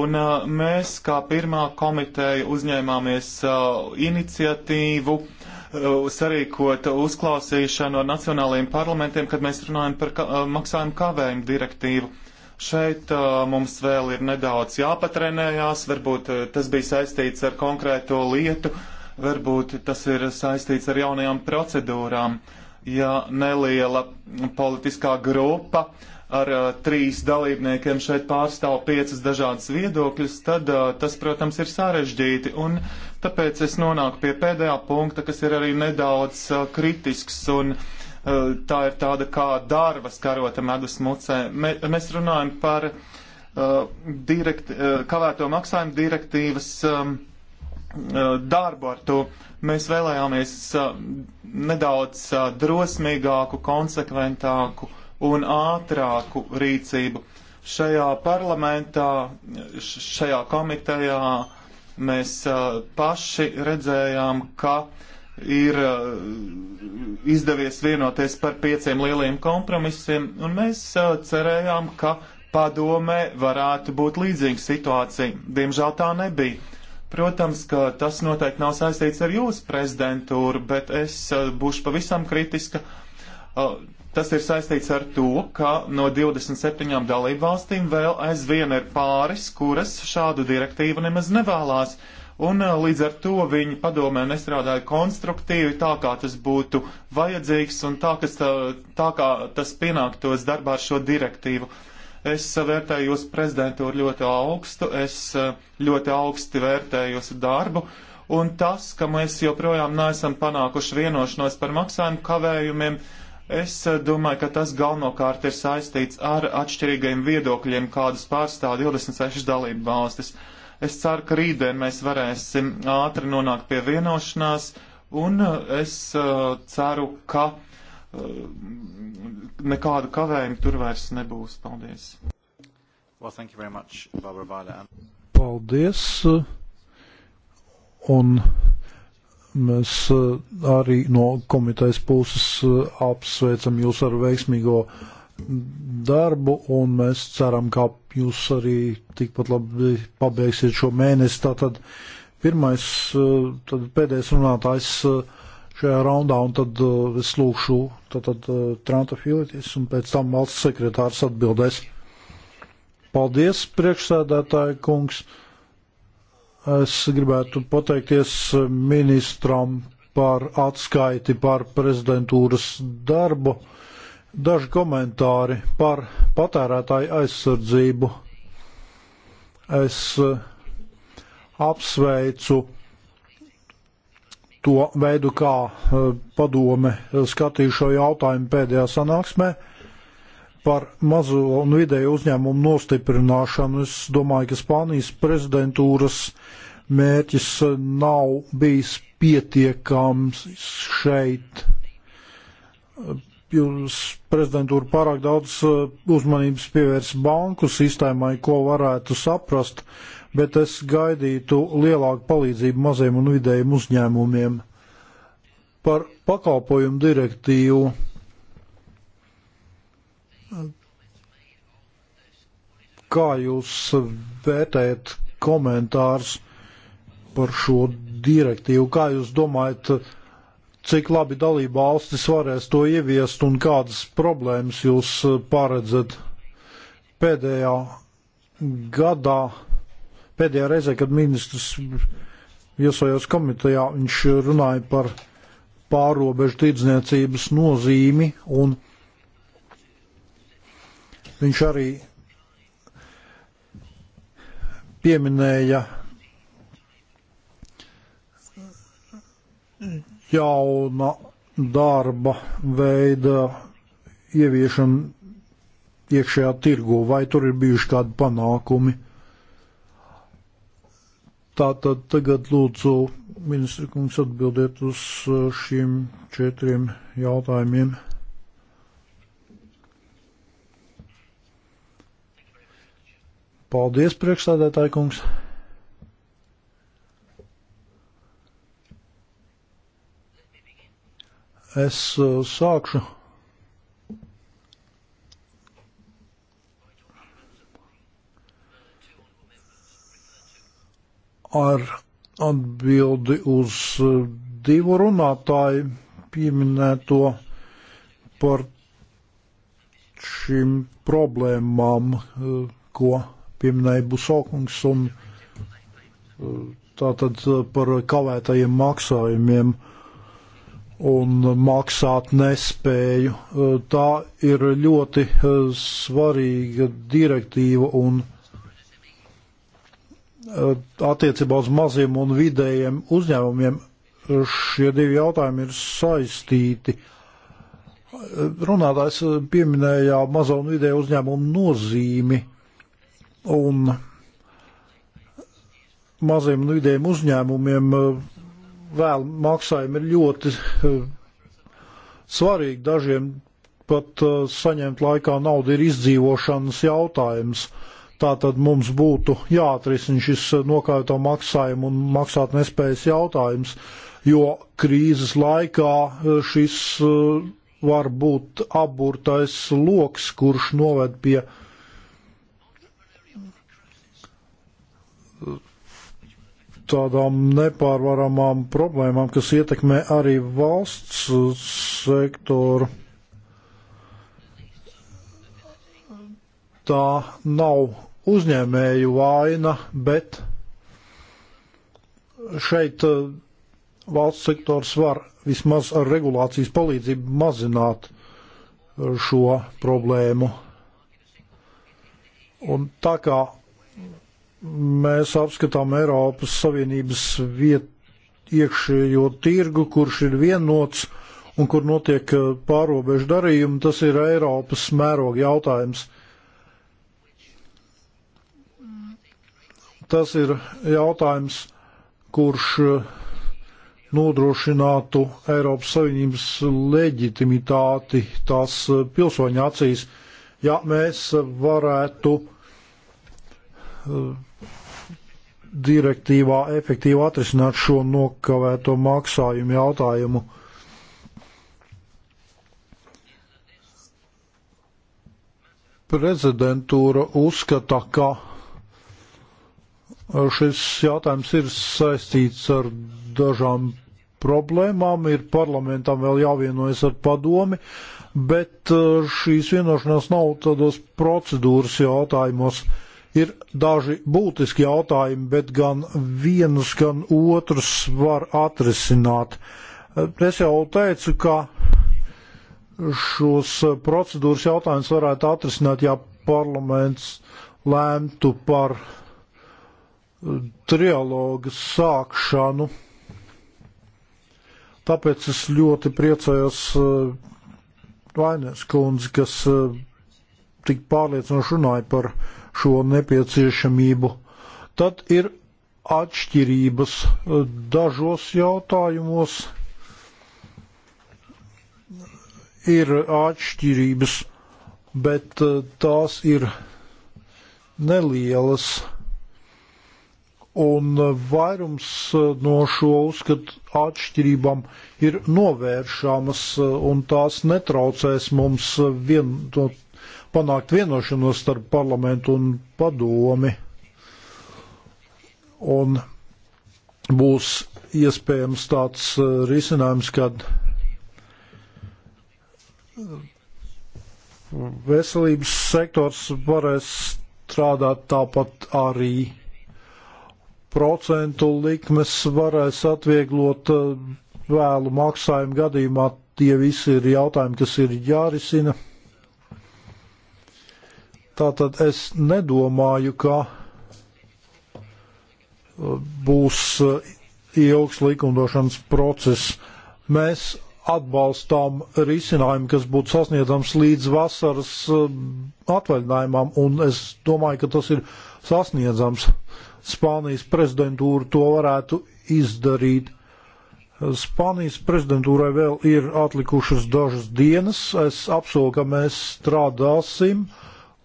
Un mēs kā pirmā komiteja uzņēmāmies iniciatīvu sarīkot uzklausīšanu ar nacionālajiem parlamentiem, kad mēs runājam par ka maksājumu kavējumu direktīvu. Šeit mums vēl ir nedaudz jāpatrenējās, varbūt tas bija saistīts ar konkrēto lietu, varbūt tas ir saistīts ar jaunajām procedūrām. Uh, ja neliela politiskā grupa ar uh, trīs dalībniekiem šeit pārstāv piecas dažādas viedokļas, tad uh, tas, protams, ir sarežģīti. Un tāpēc es nonāku pie pēdējā punkta, kas ir arī nedaudz uh, kritisks un uh, tā ir tāda kā darba skarota medus mucē. Me, mēs runājam par uh, direkt, uh, kavēto maksājumu direktīvas. Um, Uh, darbu ar to. Mēs vēlējāmies uh, nedaudz uh, drosmīgāku, konsekventāku un ātrāku rīcību. Šajā parlamentā, šajā komitejā mēs paši redzējām, ka ir izdevies vienoties par pieciem lieliem kompromisiem, un mēs cerējām, ka padomē varētu būt līdzīga situācija. Diemžēl tā nebija Protams, ka tas noteikti nav saistīts ar jūsu prezidentūru, bet es eh, būšu pavisam kritiska. Eh, tas ir saistīts ar to, ka no 27 dalību valstīm vēl aizvien ir pāris, kuras šādu direktīvu nemaz nevēlās. Un eh, līdz ar to viņi padomē nestrādāja konstruktīvi, tā kā tas būtu vajadzīgs un tā, kas, tā kā tas pienāktos darbā ar šo direktīvu. Uh, Es vērtēju jūsu prezidentūru ļoti augstu, es eh, ļoti augsti vērtēju jūsu darbu, un tas, ka mēs joprojām neesam panākuši vienošanos par maksājumu kavējumiem, es eh, domāju, ka tas galvenokārt ir saistīts ar atšķirīgiem viedokļiem, kādus pārstāv 26 dalību valstis. Es ceru, ka rītdien mēs varēsim ātri nonākt pie vienošanās, un eh, es ceru, ka Uh, nekādu kavējumu tur vairs nebūs. Paldies! Well, thank you very much, Barbara Violet. Paldies! Un mēs uh, arī no komitejas puses uh, apsveicam jūs ar veiksmīgo darbu, un mēs ceram, ka jūs arī tikpat labi pabeigsiet šo mēnesi. Tātad pirmais, tad pēdējais runātājs šajā raundā, un tad uh, es lūkšu tātad uh, Tranta Filitis, un pēc tam valsts sekretārs atbildēs. Paldies, priekšsēdētāji kungs. Es gribētu pateikties uh, ministram par atskaiti par prezidentūras darbu. Daži komentāri par patērētāju aizsardzību. Es uh, apsveicu to veidu, kā e, padome e, skatīja šo jautājumu pēdējā sanāksmē par mazo un vidēju uzņēmumu nostiprināšanu. Es domāju, ka Spānijas prezidentūras mērķis e, nav bijis pietiekams šeit. Jūs prezidentūra pārāk daudz uzmanības pievērs banku sistēmai, ko varētu saprast, bet es gaidītu lielāku palīdzību maziem un vidējiem uzņēmumiem. Par pakalpojumu direktīvu kā jūs vērtējat komentārs par šo direktīvu? Kā jūs domājat, cik labi dalība valstis varēs to ieviest un kādas problēmas jūs paredzat pēdējā gadā? Pēdējā reizē, kad ministrs viesojās komitejā, viņš runāja par pārobežu tirdzniecības nozīmi, un viņš arī pieminēja jauna darba veida ieviešanu iekšējā tirgu, vai tur ir bijuši kādi panākumi. Tātad tagad lūdzu, ministra kungs, atbildiet uz uh, šiem četriem jautājumiem. Paldies, priekšstādētāji kungs. Es uh, sākšu. ar atbildi uz eh, divu runātāju pieminēto par šīm problēmām, eh, ko pieminēja Busokungs, un eh, tātad par kavētajiem maksājumiem un maksāt nespēju. Tā ir ļoti svarīga direktīva un direktīva attiecībā uz maziem un vidējiem uzņēmumiem šie divi jautājumi ir saistīti. Runātājs pieminēja mazo un vidēju uzņēmumu nozīmi un maziem un vidējiem uzņēmumiem vēl maksājumi ir ļoti svarīgi. Dažiem pat saņemt laikā naudu ir izdzīvošanas jautājums. Uh, Tātad mums būtu jāatrisina šis eh, nokavēto maksājumu un maksāt nespējas jautājums, jo krīzes laikā eh, šis eh, var būt aburtais loks, kurš noved pie tādām nepārvaramām problēmām, kas ietekmē arī valsts sektoru. Tā nav uzņēmēju vaina, bet šeit eh, valsts sektors var vismaz ar regulācijas palīdzību mazināt eh, šo problēmu. Un tā kā mēs apskatām Eiropas Savienības vietu iekšējo tirgu, kurš ir vienots un kur notiek eh, pārobežu darījumi, tas ir Eiropas mēroga jautājums. tas ir jautājums, kurš eh, nodrošinātu Eiropas Savienības leģitimitāti tās eh, pilsoņa acīs, ja mēs varētu eh, direktīvā efektīvi atrisināt šo nokavēto maksājumu jautājumu. Prezidentūra uzskata, ka Šis jautājums ir saistīts ar dažām problēmām, ir parlamentam vēl jāvienojas ar padomi, bet uh, šīs vienošanās nav tādos procedūras jautājumos. Ir daži būtiski jautājumi, bet gan vienus, gan otrus var atrisināt. Uh, es jau teicu, ka šos uh, procedūras jautājumus varētu atrisināt, ja parlaments lēmtu par uh, trialoga sākšanu. Tāpēc es ļoti priecājos eh, Vainēs kundzi, kas eh, tik pārliecinoši runāja par šo nepieciešamību. Tad ir atšķirības eh, dažos jautājumos. Ir atšķirības, bet tās ir nelielas un e, vairums e, no šo uzskatu atšķirībām ir novēršamas, e, un tās netraucēs mums vien, to, panākt vienošanos starp parlamentu un padomi. Un būs iespējams tāds risinājums, kad veselības sektors varēs strādāt tāpat arī procentu likmes varēs atvieglot eh, vēlu maksājumu gadījumā. Tie visi ir jautājumi, kas ir jārisina. Tātad es nedomāju, ka eh, būs eh, ilgs likumdošanas process. Mēs atbalstām risinājumu, kas būtu sasniedzams līdz vasaras atvaļinājumam, un es domāju, ka tas ir sasniedzams. Uh, Spānijas prezidentūra to varētu izdarīt. Spānijas prezidentūrai vēl ir atlikušas dažas dienas. Es apsolu, ka mēs strādāsim,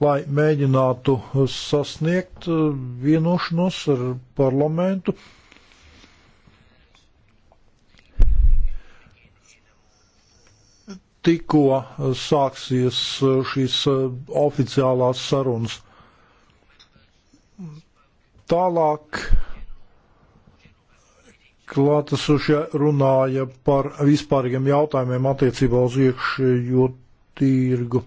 lai mēģinātu sasniegt uh, vienošanos ar parlamentu. tikko uh, sāksies uh, šīs oficiālās sarunas. Tālāk klātesošie runāja par vispārīgiem jautājumiem attiecībā uz iekšējo tirgu.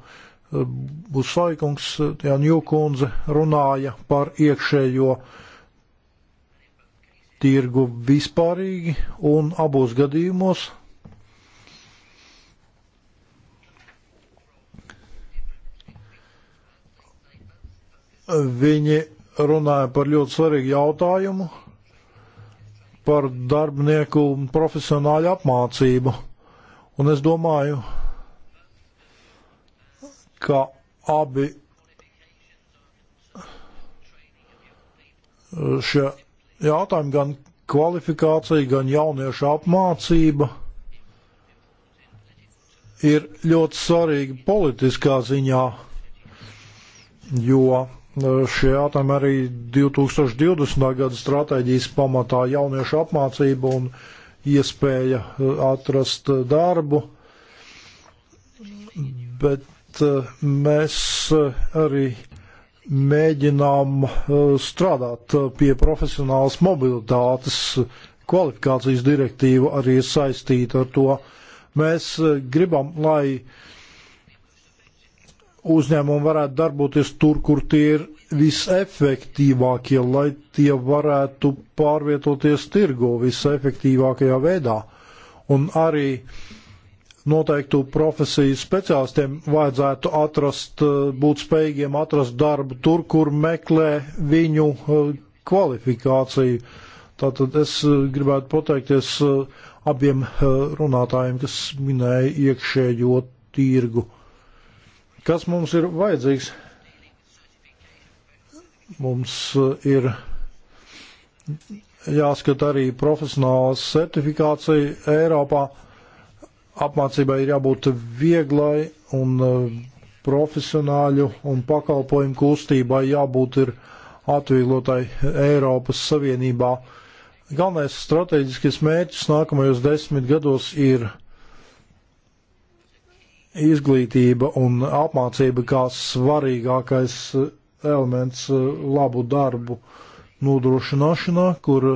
Busaikungs, Janjūkundze runāja par iekšējo tirgu vispārīgi un abos gadījumos viņi runāja par ļoti svarīgu jautājumu par darbinieku profesionāļu apmācību. Un es domāju, ka abi šie jautājumi, gan kvalifikācija, gan jauniešu apmācība, ir ļoti svarīgi politiskā ziņā, jo šie jautājumi arī 2020. gada stratēģijas pamatā jauniešu apmācība un iespēja eh, atrast darbu, bet eh, mēs eh, arī mēģinām strādāt pie profesionālas mobilitātes. Kvalifikācijas direktīva arī ir saistīta ar to. Mēs gribam, lai uh, uzņēmumi varētu darboties tur, kur tie ir visefektīvākie, lai tie varētu pārvietoties tirgo visefektīvākajā veidā. Un arī noteiktu profesiju speciālistiem vajadzētu atrast, eh, būt spējīgiem atrast darbu tur, kur meklē viņu eh, kvalifikāciju. Tātad es eh, gribētu pateikties abiem runātājiem, kas minēja iekšējo tirgu. Kas mums ir vajadzīgs? Mums uh, ir jāskata arī profesionāla certifikācija Eiropā. Apmācībai ir jābūt vieglai un uh, profesionāļu un pakalpojumu kustībai jābūt ir atvieglotai Eiropas Savienībā. Galvenais strateģiskais mērķis nākamajos desmit gados ir izglītība un apmācība kā svarīgākais eh, elements eh, labu darbu nodrošināšanā, kur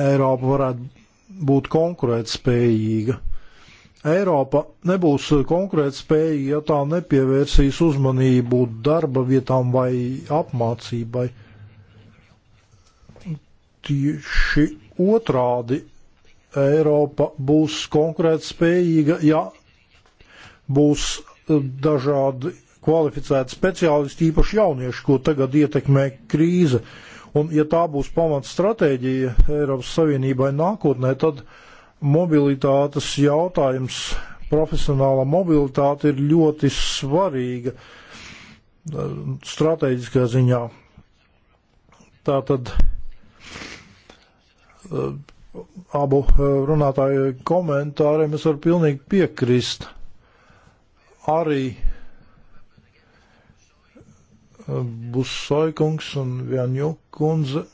Eiropa varētu būt konkurētspējīga. Eiropa nebūs konkurētspējīga, ja tā nepievērsīs uzmanību darba vietām vai apmācībai. Tieši otrādi Eiropa būs konkurētspējīga, ja būs e, dažādi kvalificēti speciālisti, īpaši jaunieši, ko tagad ietekmē krīze. Un ja tā būs pamats stratēģija Eiropas Savienībai nākotnē, tad mobilitātes jautājums, profesionālā mobilitāte ir ļoti svarīga e, stratēģiskā ziņā. Tātad e, abu eh, runātāju komentāriem es varu pilnīgi piekrist. Arī eh, Busoikungs un Vjanju kundze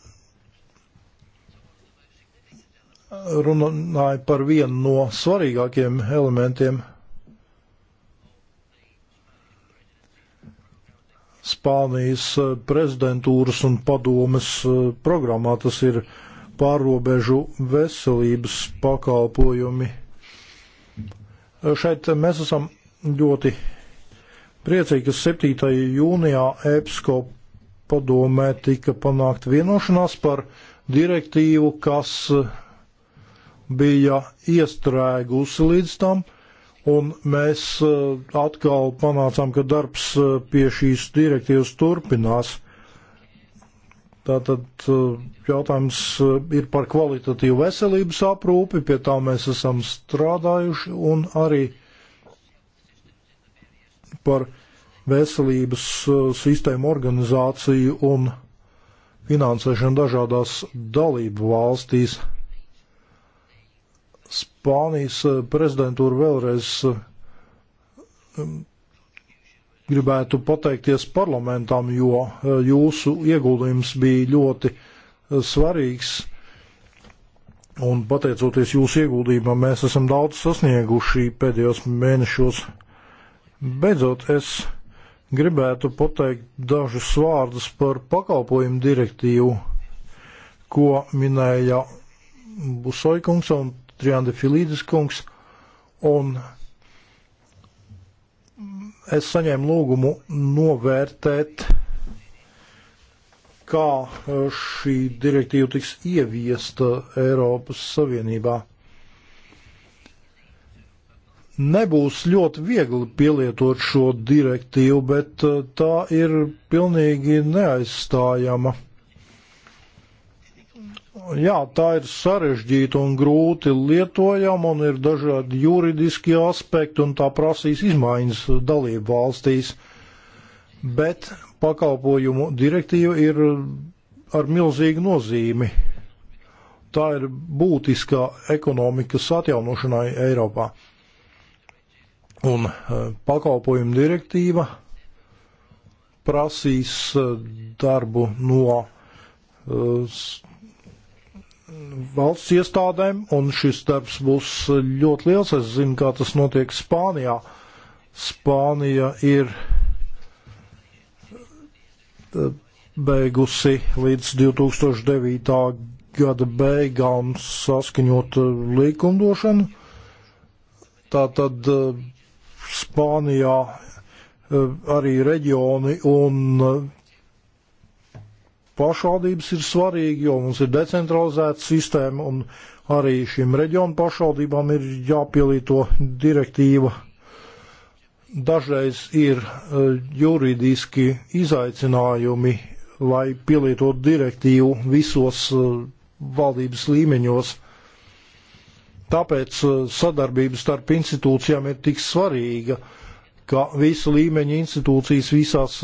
runāja par vienu no svarīgākiem elementiem Spānijas eh, prezidentūras un padomes programmā. Tas ir uh, pārobežu veselības pakalpojumi. Šeit mēs esam ļoti priecīgi, ka 7. jūnijā EPSCO padomē tika panākt vienošanās par direktīvu, kas bija iestrēgusi līdz tam, un mēs eh, atkal panācām, ka darbs eh, pie šīs direktīvas turpinās. Tātad eh, jautājums eh, ir par kvalitatīvu veselības aprūpi, pie tā mēs esam strādājuši, un arī par veselības eh, sistēmu organizāciju un finansēšanu dažādās dalību valstīs. Spānijas prezidentūra vēlreiz gribētu pateikties parlamentam, jo e, jūsu ieguldījums bija ļoti e, svarīgs. Un pateicoties jūsu ieguldījumam, mēs esam daudz sasnieguši pēdējos mēnešos. Beidzot, es gribētu pateikt dažus vārdus par pakalpojumu direktīvu, ko minēja Busoikungs un Triandi Filīdis kungs, un es saņēmu lūgumu novērtēt, kā e, šī direktīva tiks ieviesta Eiropas Savienībā. Nebūs ļoti viegli pielietot šo direktīvu, bet e, tā ir pilnīgi neaizstājama jā, tā ir sarežģīta un grūti lietojama, un ir dažādi juridiski aspekti, un tā prasīs izmaiņas dalību valstīs. Bet pakalpojumu direktīva ir ar milzīgu nozīmi. Tā ir būtiskā ekonomikas atjaunošanai Eiropā. Un e, pakalpojumu direktīva prasīs e, darbu no e, valsts iestādēm, un šis darbs būs ļoti liels. Es zinu, kā tas notiek Spānijā. Spānija ir e, beigusi līdz 2009. gada beigām saskaņot e, likumdošanu. Tātad e, Spānijā arī reģioni un pašvaldības ir svarīgi, jo mums ir decentralizēta sistēma un arī šīm reģionu pašvaldībām ir jāpielīto direktīva. Dažreiz ir e, juridiski izaicinājumi, lai pielietotu direktīvu visos e, valdības līmeņos. Tāpēc e, sadarbības starp institūcijām ir tik svarīga ka visu līmeņu institūcijas visās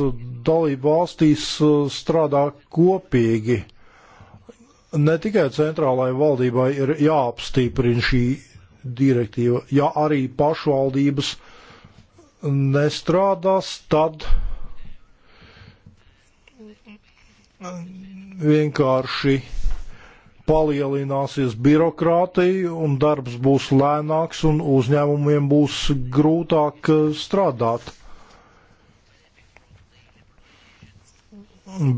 dalību valstīs uh, strādā kopīgi. Ne tikai centrālajai valdībai ir jāapstiprina šī direktīva, ja arī pašvaldības nestrādās, tad vienkārši palielināsies birokrātija un darbs būs lēnāks un uzņēmumiem būs grūtāk eh, strādāt.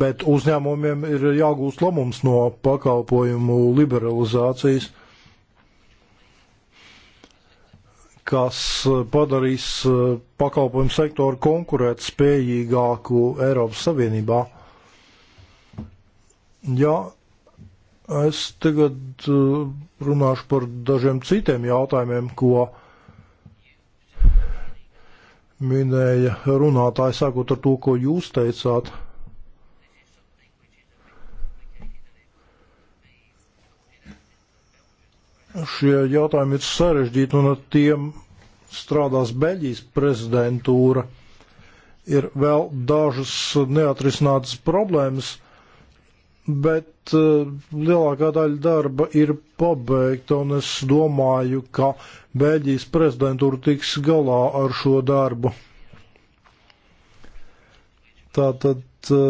Bet uzņēmumiem ir jāgūst labums no pakalpojumu liberalizācijas, kas padarīs eh, pakalpojumu sektoru konkurēt spējīgāku Eiropas Savienībā. Ja Es tagad uh, runāšu par dažiem citiem jautājumiem, ko minēja runātāji, sākot ar to, ko jūs teicāt. Šie jautājumi ir sarežģīti, un ar tiem strādās Beļģijas prezidentūra. Ir vēl dažas neatrisinātas problēmas bet eh, lielākā daļa darba ir pabeigta, un es domāju, ka Beļģijas prezidentūra tiks galā ar šo darbu. Tātad eh,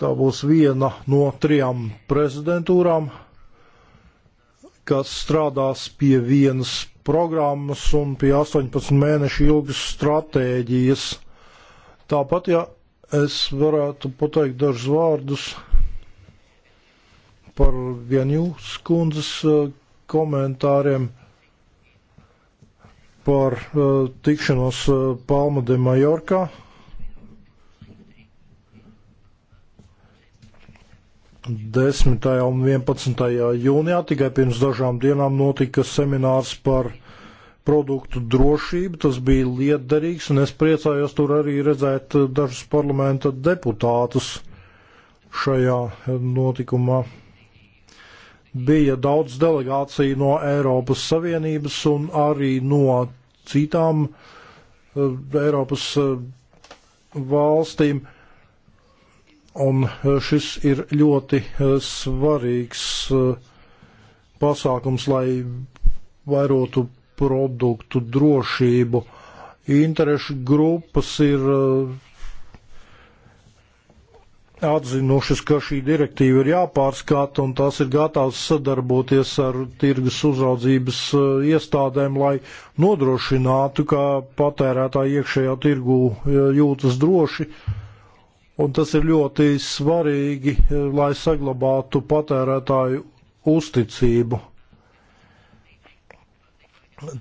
tā būs viena no trijām prezidentūrām, kas strādās pie vienas programmas un pie 18 mēnešu ilgas stratēģijas. Tāpat, ja es varētu pateikt dažus vārdus par Vienju skundzes eh, komentāriem par uh, tikšanos uh, Palma de Mallorca. Desmitajā un vienpadsmitajā jūnijā tikai pirms dažām dienām notika seminārs par uh, produktu drošību. Tas bija liederīgs, un es priecājos tur arī redzēt eh, dažus parlamenta deputātus šajā eh, notikumā. Bija daudz delegāciju no Eiropas Savienības un arī no citām eh, Eiropas valstīm. Un šis ir ļoti svarīgs pasākums, lai vairotu produktu drošību. Interešu grupas ir eh, atzinušas, ka šī direktīva ir jāpārskata un tās ir gatavas sadarboties ar tirgus uzraudzības eh, iestādēm, lai nodrošinātu, ka patērētāji iekšējā tirgu eh, jūtas droši. Un tas ir ļoti svarīgi, lai saglabātu patērētāju uzticību.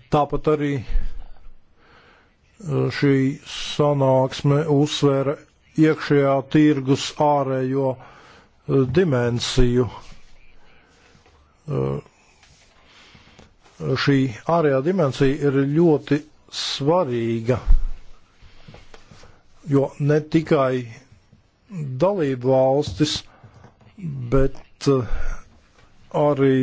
Tāpat arī eh, šī sanāksme uzsvēra iekšējā tirgus ārējo eh, dimensiju. Eh, šī ārējā dimensija ir ļoti svarīga, jo ne tikai dalību valstis, bet arī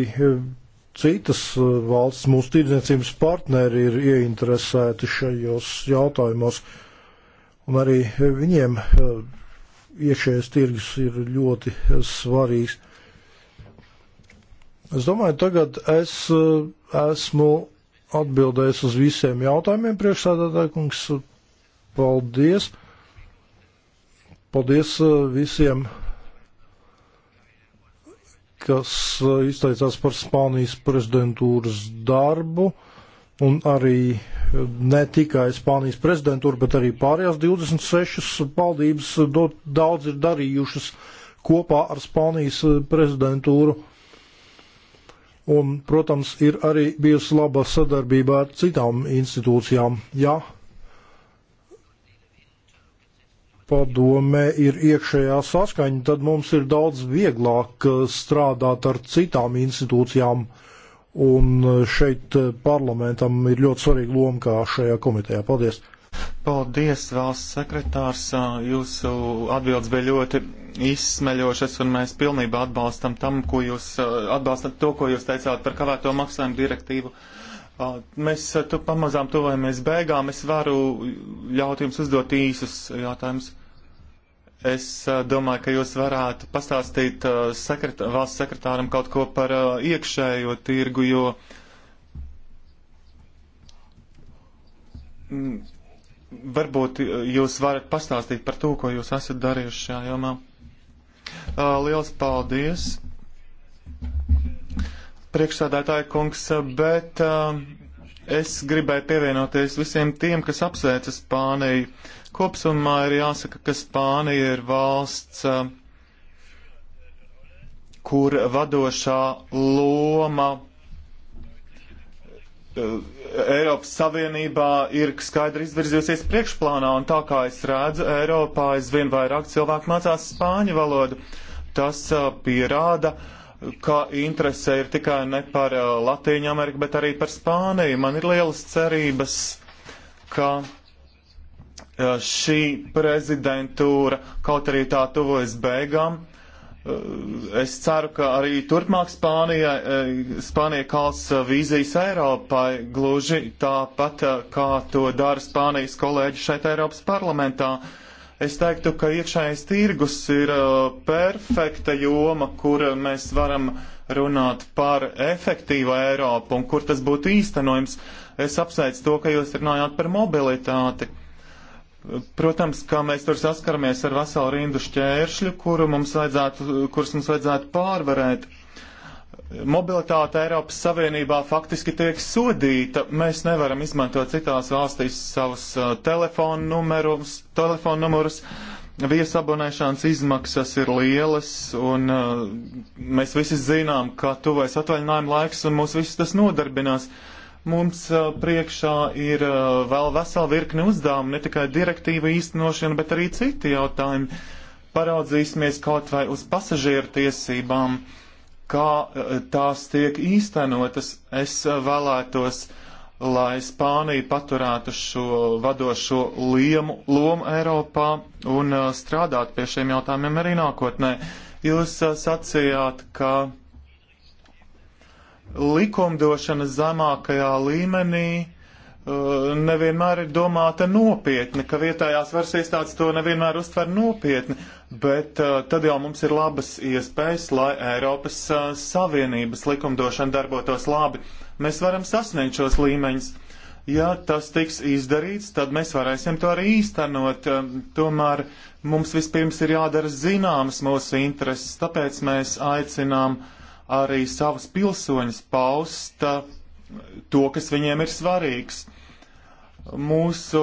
citas uh, valsts, mūsu tirdzniecības partneri ir ieinteresēti šajos jautājumos, un arī viņiem uh, iekšējais tirgus ir ļoti uh, svarīgs. Es domāju, tagad es esmu atbildējis uz visiem jautājumiem, priekšsēdētāji kungs. Paldies! Paldies visiem kas eh, izteicās par Spānijas prezidentūras darbu, un arī eh, ne tikai Spānijas prezidentūra, bet arī pārējās 26 valdības eh, daudz ir darījušas kopā ar Spānijas prezidentūru. Un, protams, ir arī bijusi laba sadarbība ar citām institūcijām. Ja padomē ir iekšējā saskaņa, tad mums ir daudz vieglāk eh, strādāt ar citām institūcijām. Un eh, šeit eh, parlamentam ir ļoti svarīga loma kā šajā komitejā. Paldies! Paldies, valsts sekretārs! Jūsu atbildes bija ļoti izsmeļošas, un mēs pilnībā atbalstam, tam, ko jūs, atbalstam to, ko jūs teicāt par kavēto maksājumu direktīvu. Uh, Mēs tu pamazām tuvojamies beigām. Es varu ļaut jums uzdot īsus jautājumus. Es domāju, ka jūs varētu pastāstīt sekret, valsts sekretāram kaut ko par iekšējo tirgu, jo varbūt jūs varat pastāstīt par to, ko jūs esat darījuši šajā jomā. Liels paldies! priekšsādātāja kungs, bet uh, es gribēju pievienoties visiem tiem, kas apsveica Spāniju. Kopsumā ir jāsaka, ka Spānija ir valsts, uh, kur vadošā loma uh, Eiropas Savienībā ir skaidri izvirzījusies priekšplānā, un tā kā es redzu, Eiropā aizvien vairāk cilvēku mācās spāņu valodu. Tas uh, pierāda, uh, ka interese ir tikai ne par uh, Latīņu Ameriku, bet arī par Spāniju. Man ir lielas cerības, ka uh, šī prezidentūra, kaut arī tā tuvojas beigām, uh, es ceru, ka arī turpmāk Spānija, Spānija kals vīzijas Eiropai gluži tāpat, kā to dara Spānijas kolēģi šeit Eiropas parlamentā. Uh, Es teiktu, ka iekšējais tirgus ir uh, perfekta joma, kur mēs varam runāt par efektīvu Eiropu un kur tas būtu īstenojams. Es apsveicu to, ka jūs runājāt par mobilitāti. Protams, kā mēs tur saskaramies ar veselu rindu šķēršļu, kuru mums vajadzētu, kurus mums vajadzētu pārvarēt. Uh, mobilitāte Eiropas Savienībā faktiski tiek sodīta. Mēs nevaram izmantot citās valstīs savus uh, telefonu numurus, telefonu numurus. Viesabonēšanas izmaksas ir lielas, un uh, mēs visi zinām, ka tuvēs atvaļinājuma laiks, un mūs visus tas nodarbinās. Mums uh, priekšā ir uh, vēl vesela virkne uzdevumu, ne tikai direktīva īstenošana, bet arī citi jautājumi. Paraudzīsimies kaut vai uz pasažieru tiesībām. Uh, kā eh, tās tiek īstenotas. Es eh, vēlētos, lai Spānija paturētu šo vadošo liemu, lomu Eiropā un eh, strādāt pie šiem jautājumiem arī nākotnē. Jūs sacījāt, ka likumdošana zemākajā līmenī Eh, nevienmēr ir domāta nopietni, ka vietējās varas iestādes to nevienmēr uztver nopietni, bet uh, tad jau mums ir labas iespējas, lai Eiropas uh, Savienības likumdošana darbotos labi. Mēs varam sasniegt šos līmeņus. Ja tas tiks izdarīts, tad mēs varēsim to arī īstenot. Uh, tomēr mums vispirms ir jādara zināmas mūsu intereses, tāpēc mēs aicinām arī savus pilsoņus paust to, kas viņiem ir svarīgs Mūsu,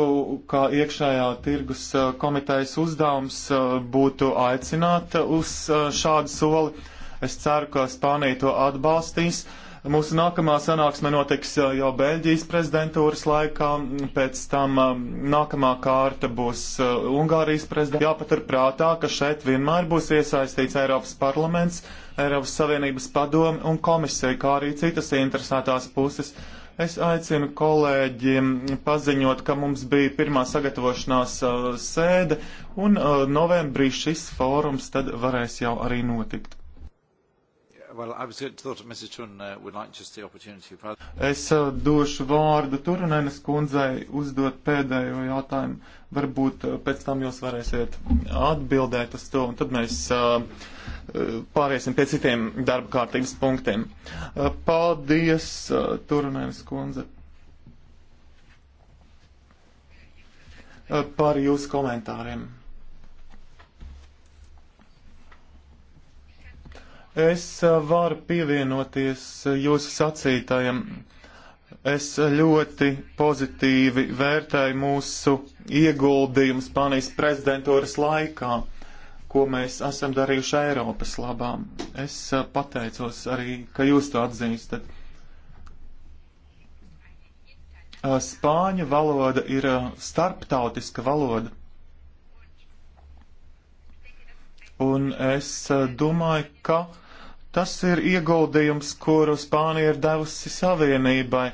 kā iekšējā tirgus eh, komitejas uzdevums, eh, būtu aicināt uz eh, šādu soli. Es ceru, ka Spānija to atbalstīs. Mūsu nākamā sanāksme notiks jau Beļģijas prezidentūras laikā, pēc tam nākamā kārta būs Ungārijas prezidentūra. Jāpatur prātā, ka šeit vienmēr būs iesaistīts Eiropas parlaments, Eiropas Savienības padome un komisija, kā arī citas interesētās puses. Es aicinu kolēģiem paziņot, ka mums bija pirmā sagatavošanās uh, sēde, un uh, novembrī šis fórums tad varēs jau arī notikt. Well, to... Uh, es uh, došu vārdu Turunenes kundzei uzdot pēdējo jautājumu. Varbūt uh, pēc tam jūs varēsiet atbildēt uz to, un tad mēs pāriesim pie citiem darba kārtības punktiem. Paldies, Turunenes kundze, par jūsu komentāriem. Es eh, varu pievienoties eh, jūsu sacītajam. Es eh, ļoti pozitīvi vērtēju mūsu ieguldījumu Spānijas prezidentūras laikā, ko mēs esam darījuši Eiropas labām. Es pateicos arī, ka jūs to atzīstat. Spāņu valoda ir starptautiska valoda. Un es domāju, ka Tas ir ieguldījums, kuru Spānija ir devusi Savienībai.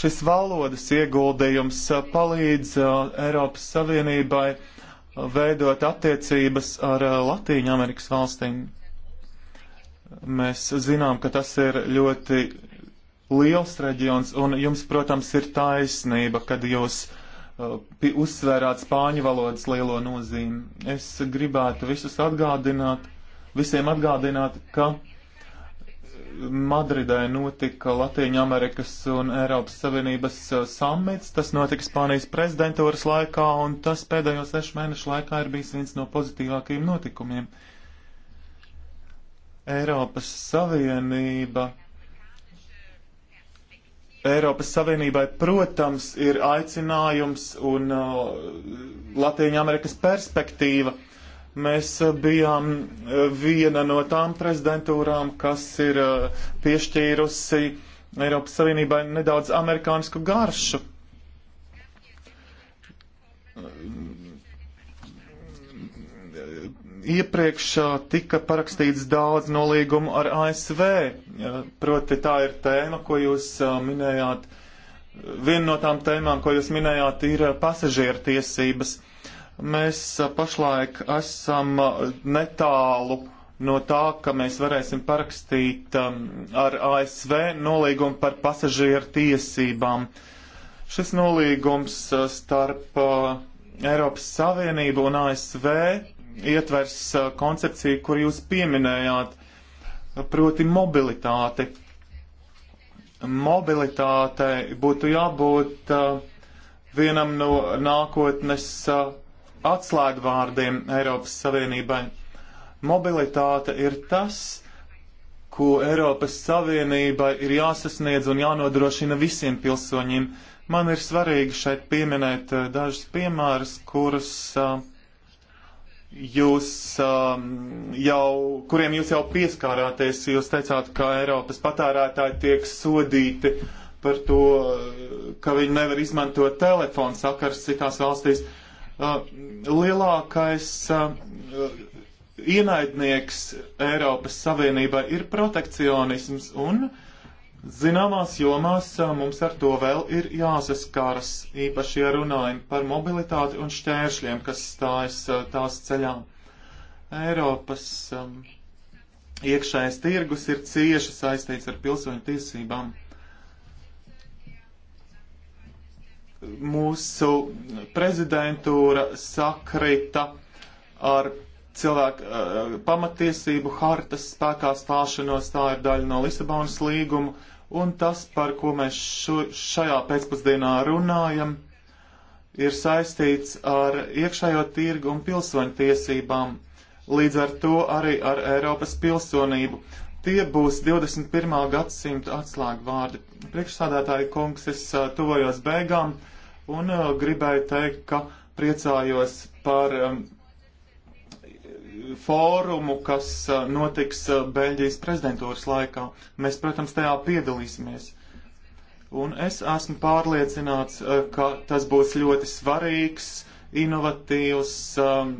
Šis valodas ieguldījums uh, palīdz uh, Eiropas Savienībai uh, veidot attiecības ar Latīņu Amerikas valstīm. Mēs zinām, ka tas ir ļoti liels reģions, un jums, protams, ir taisnība, kad jūs uh, uzsvērāt spāņu valodas lielo nozīmi. Es gribētu visus atgādināt, visiem atgādināt, ka uh, Madridē notika Latīņa Amerikas un Eiropas Savienības uh, samits. Tas notika Spānijas prezidentūras laikā, un tas pēdējo sešu mēnešu laikā ir bijis viens no pozitīvākajiem notikumiem. Eiropas Savienība. Eiropas Savienībai, protams, ir aicinājums un uh, Latīņa Amerikas perspektīva Mēs eh, bijām eh, viena no tām prezidentūrām, kas ir eh, piešķīrusi Eiropas Savienībai nedaudz amerikānisku garšu. Iepriekš tika parakstīts daudz nolīgumu ar ASV, proti tā ir tēma, ko jūs minējāt. Viena no tām tēmām, ko jūs minējāt, ir pasažieru tiesības. Mēs pašlaik esam netālu no tā, ka mēs varēsim parakstīt ar ASV nolīgumu par pasažieru tiesībām. Šis nolīgums starp Eiropas Savienību un ASV ietvers koncepciju, kur jūs pieminējāt, proti mobilitāti. Mobilitātei būtu jābūt vienam no nākotnes atslēgvārdiem Eiropas Savienībai. Mobilitāte ir tas, ko Eiropas Savienībai ir jāsasniedz un jānodrošina visiem pilsoņiem. Man ir svarīgi šeit pieminēt eh, dažus piemērus, kurus uh, jūs um, jau, kuriem jūs jau pieskārāties, jūs teicāt, ka Eiropas patērētāji tiek sodīti par to, ka viņi nevar izmantot telefonu sakars citās valstīs. Uh, Uh, lielākais uh, ienaidnieks Eiropas Savienībai ir protekcionisms un zināmās jomās uh, mums ar to vēl ir jāsaskaras, īpaši ja runājam par mobilitāti un šķēršļiem, kas stājas tās ceļā. Eiropas um, iekšējais tirgus ir cieši saistīts ar pilsoņu tiesībām. mūsu prezidentūra sakrita ar cilvēku eh, pamatiesību hartas spēkā stāšanos, tā ir daļa no Lisabonas līguma, un tas, par ko mēs šo, šajā pēcpusdienā runājam, ir saistīts ar iekšējo tirgu un pilsoņu tiesībām, līdz ar to arī ar Eiropas pilsonību. Tie būs 21. gadsimta atslēgu vārdi. Priekšsādātāja kungs, es uh, tuvojos beigām un uh, gribēju teikt, ka priecājos par um, fórumu, kas uh, notiks Beļģijas prezidentūras laikā. Mēs, protams, tajā piedalīsimies. Un es esmu pārliecināts, ka tas būs ļoti svarīgs, inovatīvs, um,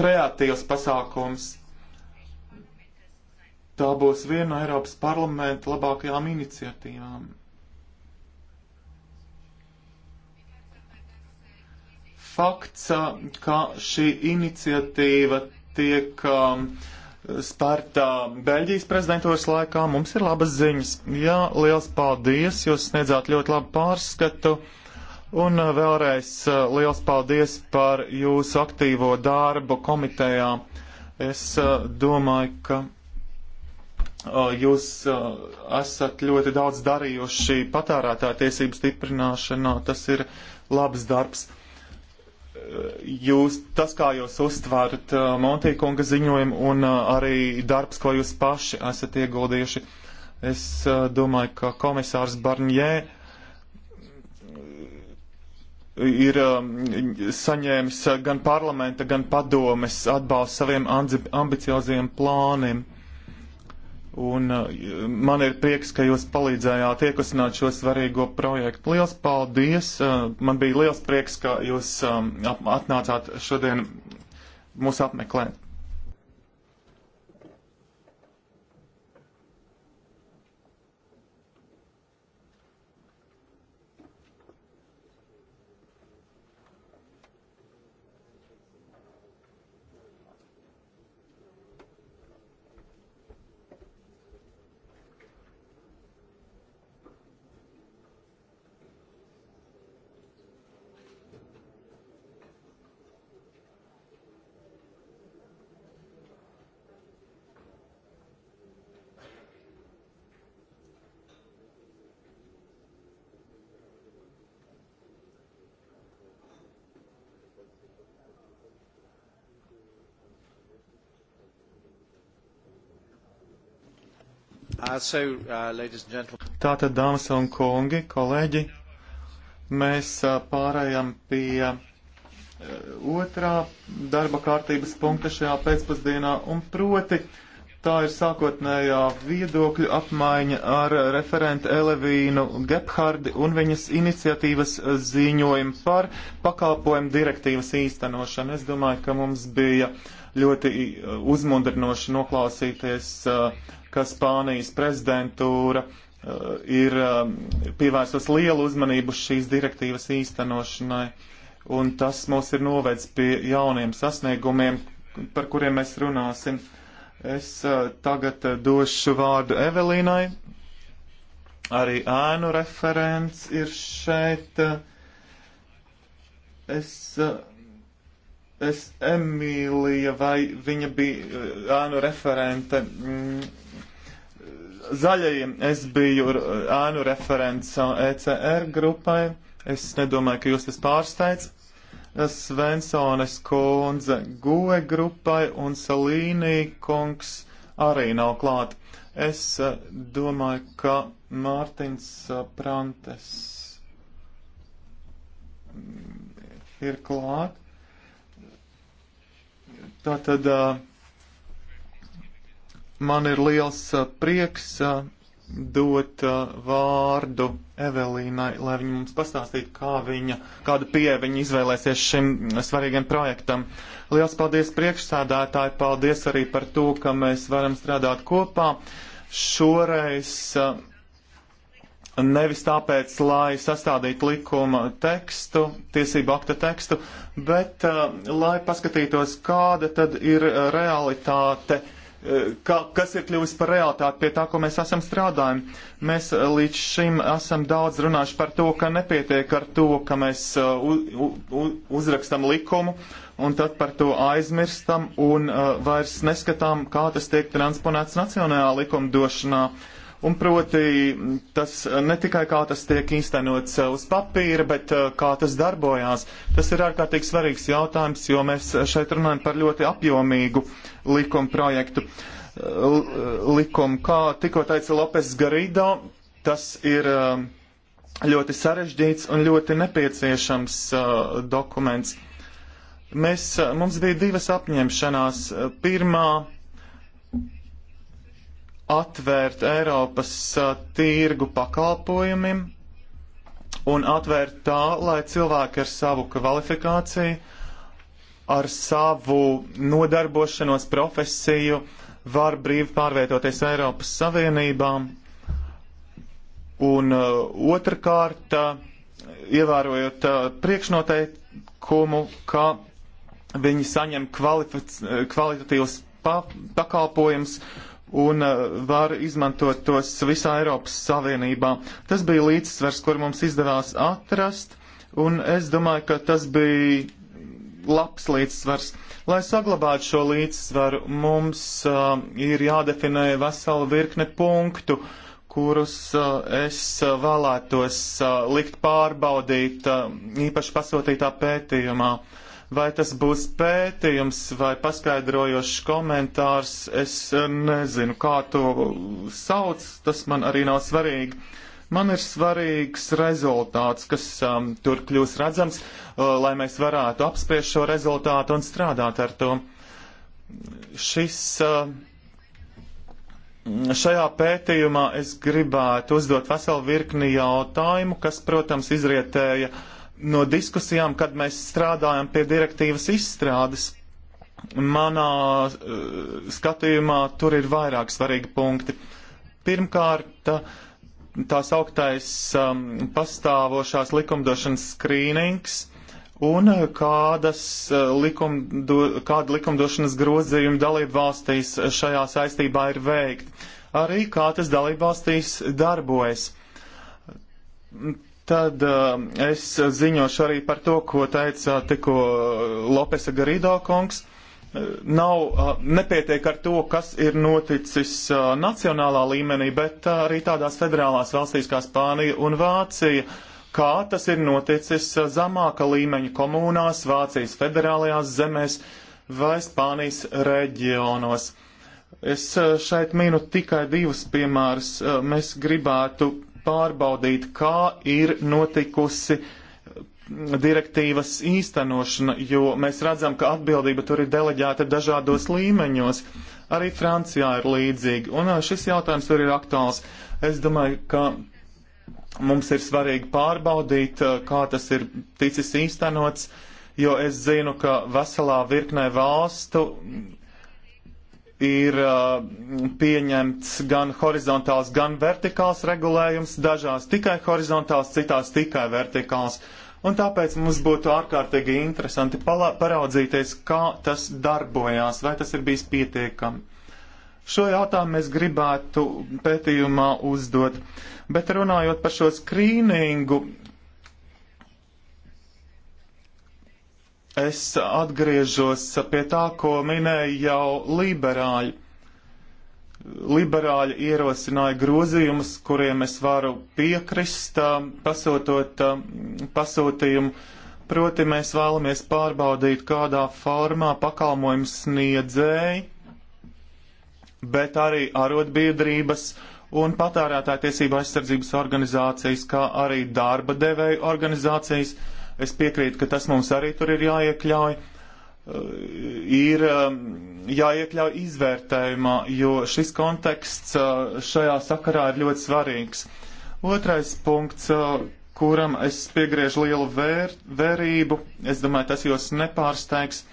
kreatīvs pasākums Tā būs viena no Eiropas parlamenta labākajām iniciatīvām. Fakts, ka šī iniciatīva tiek um, spērta Beļģijas prezidentūras laikā, mums ir labas ziņas. Jā, liels paldies, jūs sniedzāt ļoti labu pārskatu. Un uh, vēlreiz uh, liels paldies par jūsu aktīvo darbu komitejā. Es uh, domāju, ka. Uh, jūs uh, esat ļoti daudz darījuši patērētāja tiesību stiprināšanā. Tas ir labs darbs. Uh, jūs, tas, kā jūs uztvarat Montīkunga ziņojumu un arī darbs, ko jūs paši esat ieguldījuši, es domāju, ka komisārs Barņē ir um, saņēmis gan parlamenta, gan padomes atbalstu saviem ambicioziem plāniem. Un uh, man ir prieks, ka jūs palīdzējāt iekusināt šo svarīgo projektu. Liels paldies! Uh, man bija liels prieks, ka jūs um, atnācāt šodien mūs apmeklēt. Uh, so, uh, Tātad, dāmas un kungi, kolēģi, mēs uh, pārējām pie uh, otrā darba kārtības punkta šajā pēcpusdienā, un proti tā ir sākotnējā viedokļu apmaiņa ar referentu Elevīnu Gephardi un viņas iniciatīvas ziņojumu par pakalpojumu direktīvas īstenošanu. Es domāju, ka mums bija ļoti uh, uzmundrinoši noklausīties uh, ka Spānijas prezidentūra uh, ir uh, pievērsus lielu uzmanību šīs direktīvas īstenošanai, un tas mūs ir novedis pie jauniem sasniegumiem, par kuriem mēs runāsim. Es uh, tagad došu vārdu Evelīnai. Arī ēnu referents ir šeit. Es uh, Es Emīlija vai viņa bija eh, ānu referente. Mm, zaļajiem es biju ānu referents ECR grupai. Es nedomāju, ka jūs tas pārsteidz. Svensones kundze Gue grupai un Salīnī kungs arī nav klāt. Es eh, domāju, ka Mārtiņs eh, Prantes mm, ir klāt. Tātad man ir liels prieks dot vārdu Evelīnai, lai viņa mums pastāstītu, kā viņa, kādu pieeja viņa izvēlēsies šim svarīgam projektam. Liels paldies priekšsādātāji, paldies arī par to, ka mēs varam strādāt kopā. Šoreiz nevis tāpēc, lai sastādītu likuma tekstu, tiesību akta tekstu, bet uh, lai paskatītos, kāda tad ir uh, realitāte, uh, ka, kas ir kļuvis par realitāti pie tā, ko mēs esam strādājami. Mēs uh, līdz šim esam daudz runājuši par to, ka nepietiek ar to, ka mēs uh, u, u, uzrakstam likumu un tad par to aizmirstam un uh, vairs neskatām, kā tas tiek transponēts nacionālajā likumdošanā. Uh, Un proti, tas eh, ne tikai kā tas tiek īstenots eh, uz papīra, bet eh, kā tas darbojās. Tas ir ārkārtīgi svarīgs jautājums, jo mēs šeit runājam par ļoti apjomīgu likumu projektu. Likumu, kā tikko teica Lopes Garido, tas ir ļoti sarežģīts un ļoti nepieciešams dokuments. Mēs, mums bija divas apņemšanās. Pirmā atvērt Eiropas uh, tirgu pakalpojumiem un atvērt tā, lai cilvēki ar savu kvalifikāciju, ar savu nodarbošanos profesiju var brīvi pārvietoties Eiropas Savienībām. Un uh, otrkārt, uh, ievērojot uh, priekšnoteikumu, ka viņi saņem kvalitatīvus pa pakalpojumus, uh, un uh, var izmantot tos visā Eiropas Savienībā. Tas bija līdzsvers, kur mums izdevās atrast, un es domāju, ka tas bija labs līdzsvars. Lai saglabātu šo līdzsvaru, mums uh, ir jādefinē vesela virkne punktu, kurus uh, es uh, vēlētos uh, likt pārbaudīt uh, īpaši pasūtītā pētījumā. Uh, Vai tas būs pētījums vai paskaidrojošs komentārs, es eh, nezinu, kā to sauc, tas man arī nav svarīgi. Man ir svarīgs rezultāts, kas um, tur kļūs redzams, uh, lai mēs varētu apspriest šo rezultātu un strādāt ar to. Šis uh, Šajā pētījumā es gribētu uzdot veselu virkni jautājumu, kas, protams, izrietēja no diskusijām, kad mēs strādājam pie direktīvas izstrādes, manā uh, skatījumā tur ir vairāk svarīgi punkti. Pirmkārt, tās augtais um, pastāvošās likumdošanas skrīnings un kādas, uh, likumdo, kāda likumdošanas grozījuma dalību valstīs šajā saistībā ir veikti. Arī kā tas dalību valstīs darbojas Tad uh, es ziņošu arī par to, ko teica tikko Lopesa Garido kungs. Uh, nav, uh, nepietiek ar to, kas ir noticis uh, nacionālā līmenī, bet uh, arī tādās federālās valstīs kā Spānija un Vācija, kā tas ir noticis uh, zamāka līmeņa komunās, Vācijas federālajās zemēs vai Spānijas reģionos. Es uh, šeit minu tikai divus piemērus. Uh, mēs gribētu pārbaudīt, kā ir notikusi direktīvas īstenošana, jo mēs redzam, ka atbildība tur ir deleģēta dažādos līmeņos. Arī Francijā ir līdzīgi, un šis jautājums tur ir aktuāls. Es domāju, ka mums ir svarīgi pārbaudīt, kā tas ir ticis īstenots, jo es zinu, ka veselā virknē valstu ir uh, pieņemts gan horizontāls, gan vertikāls regulējums, dažās tikai horizontāls, citās tikai vertikāls. Un tāpēc mums būtu ārkārtīgi interesanti paraudzīties, kā tas darbojās, vai tas ir bijis pietiekami. Šo jautājumu mēs gribētu pētījumā uzdot, bet runājot par šo skrīningu, es atgriežos pie tā, ko minēja jau liberāļi. Liberāļi ierosināja grozījumus, kuriem es varu piekrist, pasūtot pasūtījumu. Proti mēs vēlamies pārbaudīt, kādā formā pakalmojums sniedzēji, bet arī arotbiedrības un patērētāja tiesība aizsardzības organizācijas, kā arī darba devēju organizācijas uh, Es piekrītu, ka tas mums arī tur ir jāiekļauj. Uh, ir um, jāiekļauj izvērtējumā, jo šis konteksts uh, šajā sakarā ir ļoti svarīgs. Otrais punkts, uh, kuram es piegriežu lielu vēr, vērību, es domāju, tas jūs nepārsteigs,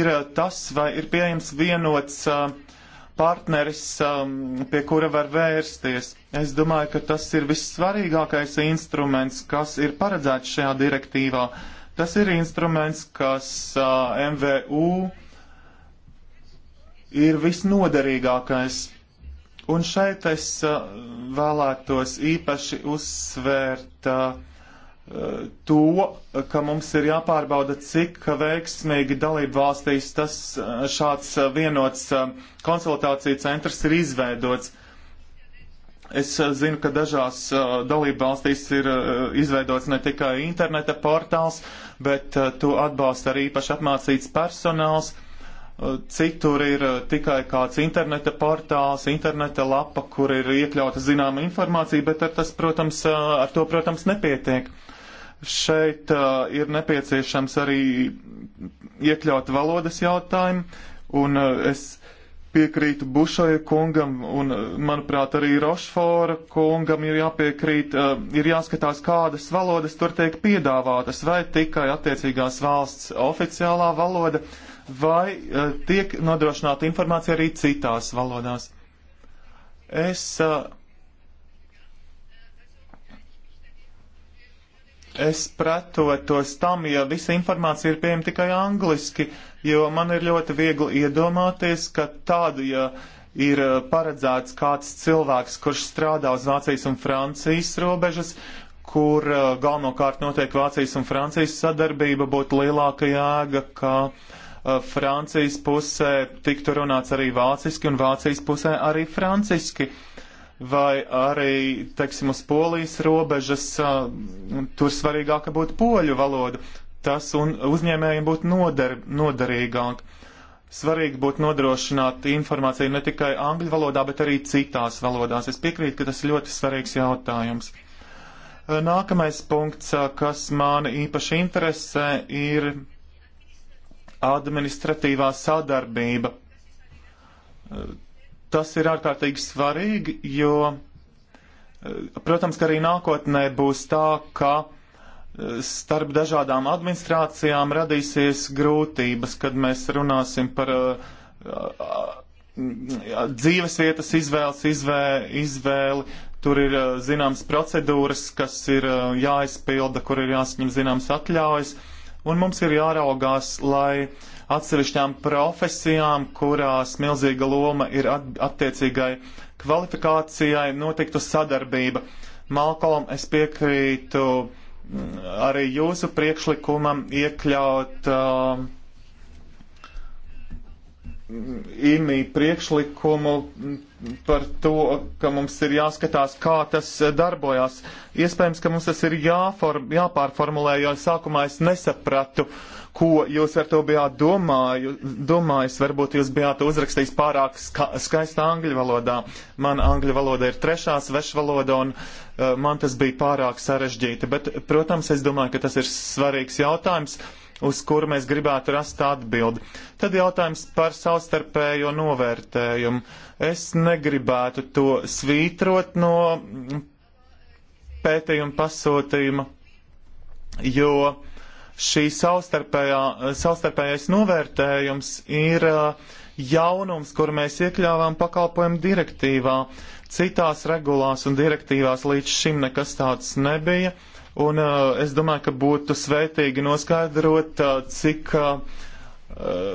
ir tas, vai ir pieejams vienots uh, partneris, um, pie kura var vērsties. Es domāju, ka tas ir vissvarīgākais instruments, kas ir paredzēts šajā direktīvā. Tas ir instruments, kas uh, MVU ir visnoderīgākais. Un šeit es uh, vēlētos īpaši uzsvērt uh, to, ka mums ir jāpārbauda, cik veiksmīgi dalību valstīs tas šāds vienots konsultāciju centrs ir izveidots. Es zinu, ka dažās uh, dalību valstīs ir uh, izveidots ne tikai interneta portāls, bet uh, to atbalsta arī īpaši apmācīts personāls. Citur ir tikai kāds interneta portāls, interneta lapa, kur ir iekļauta zināma informācija, bet ar, tas, protams, ar to, protams, nepietiek. Uh, Šeit uh, ir nepieciešams arī iekļaut valodas jautājumu, un uh, es piekrītu Bušoja kungam, un, uh, manuprāt, arī Rošfora kungam ir jāpiekrīt, uh, ir jāskatās, kādas valodas tur tiek piedāvātas, vai tikai attiecīgās valsts oficiālā valoda, vai uh, tiek nodrošināta informācija arī citās valodās. Es uh, es pretotos tam, ja visa informācija ir pieejama tikai angliski, jo man ir ļoti viegli iedomāties, ka tādu, ja ir eh, paredzēts kāds cilvēks, kurš strādā uz Vācijas un Francijas robežas, kur eh, galvenokārt notiek Vācijas un Francijas sadarbība, būtu lielāka jēga, ka eh, Francijas pusē tiktu runāts arī vāciski un Vācijas pusē arī franciski. Uh, vai arī, teiksim, uz polijas robežas, tur svarīgāka būtu poļu valoda. Tas uzņēmējiem būtu noder, noderīgāk. Svarīgi būtu nodrošināt informāciju ne tikai angļu valodā, bet arī citās valodās. Es piekrītu, ka tas ir ļoti svarīgs jautājums. Nākamais punkts, kas mani īpaši interesē, ir administratīvā sadarbība Tas ir ārkārtīgi svarīgi, jo, eh, protams, ka arī nākotnē būs tā, ka eh, starp dažādām administrācijām radīsies grūtības, kad mēs runāsim par eh, dzīves vietas izvēles, izvē, izvēli. Tur ir zināmas procedūras, kas ir jāizpilda, kur ir jāsaņem zināmas atļaujas, un mums ir jāraugās, lai uh, atsevišķām profesijām, kurās milzīga loma ir attiecīgai kvalifikācijai, notiktu sadarbība. Malkolm, es piekrītu mm, arī jūsu priekšlikumam iekļaut uh, īmī priekšlikumu par to, ka mums ir jāskatās, kā tas darbojas. Iespējams, ka mums tas ir jāform, jāpārformulē, jo sākumā es nesapratu uh, ko jūs ar to bijāt domāju, domājis. Varbūt jūs bijāt uzrakstījis pārāk ska skaistā angļu valodā. Man angļu valoda ir trešā svešu valoda un uh, man tas bija pārāk sarežģīti. Bet, protams, es domāju, ka tas ir svarīgs jautājums uz kuru mēs gribētu rast atbildi. Tad jautājums par savstarpējo novērtējumu. Es negribētu to svītrot no pētījuma pasūtījuma, jo Šī savstarpējais novērtējums ir jaunums, kur mēs iekļāvām pakalpojumu direktīvā. Citās regulās un direktīvās līdz šim nekas tāds nebija. Un uh, es domāju, ka būtu svētīgi noskaidrot, uh, cik, uh,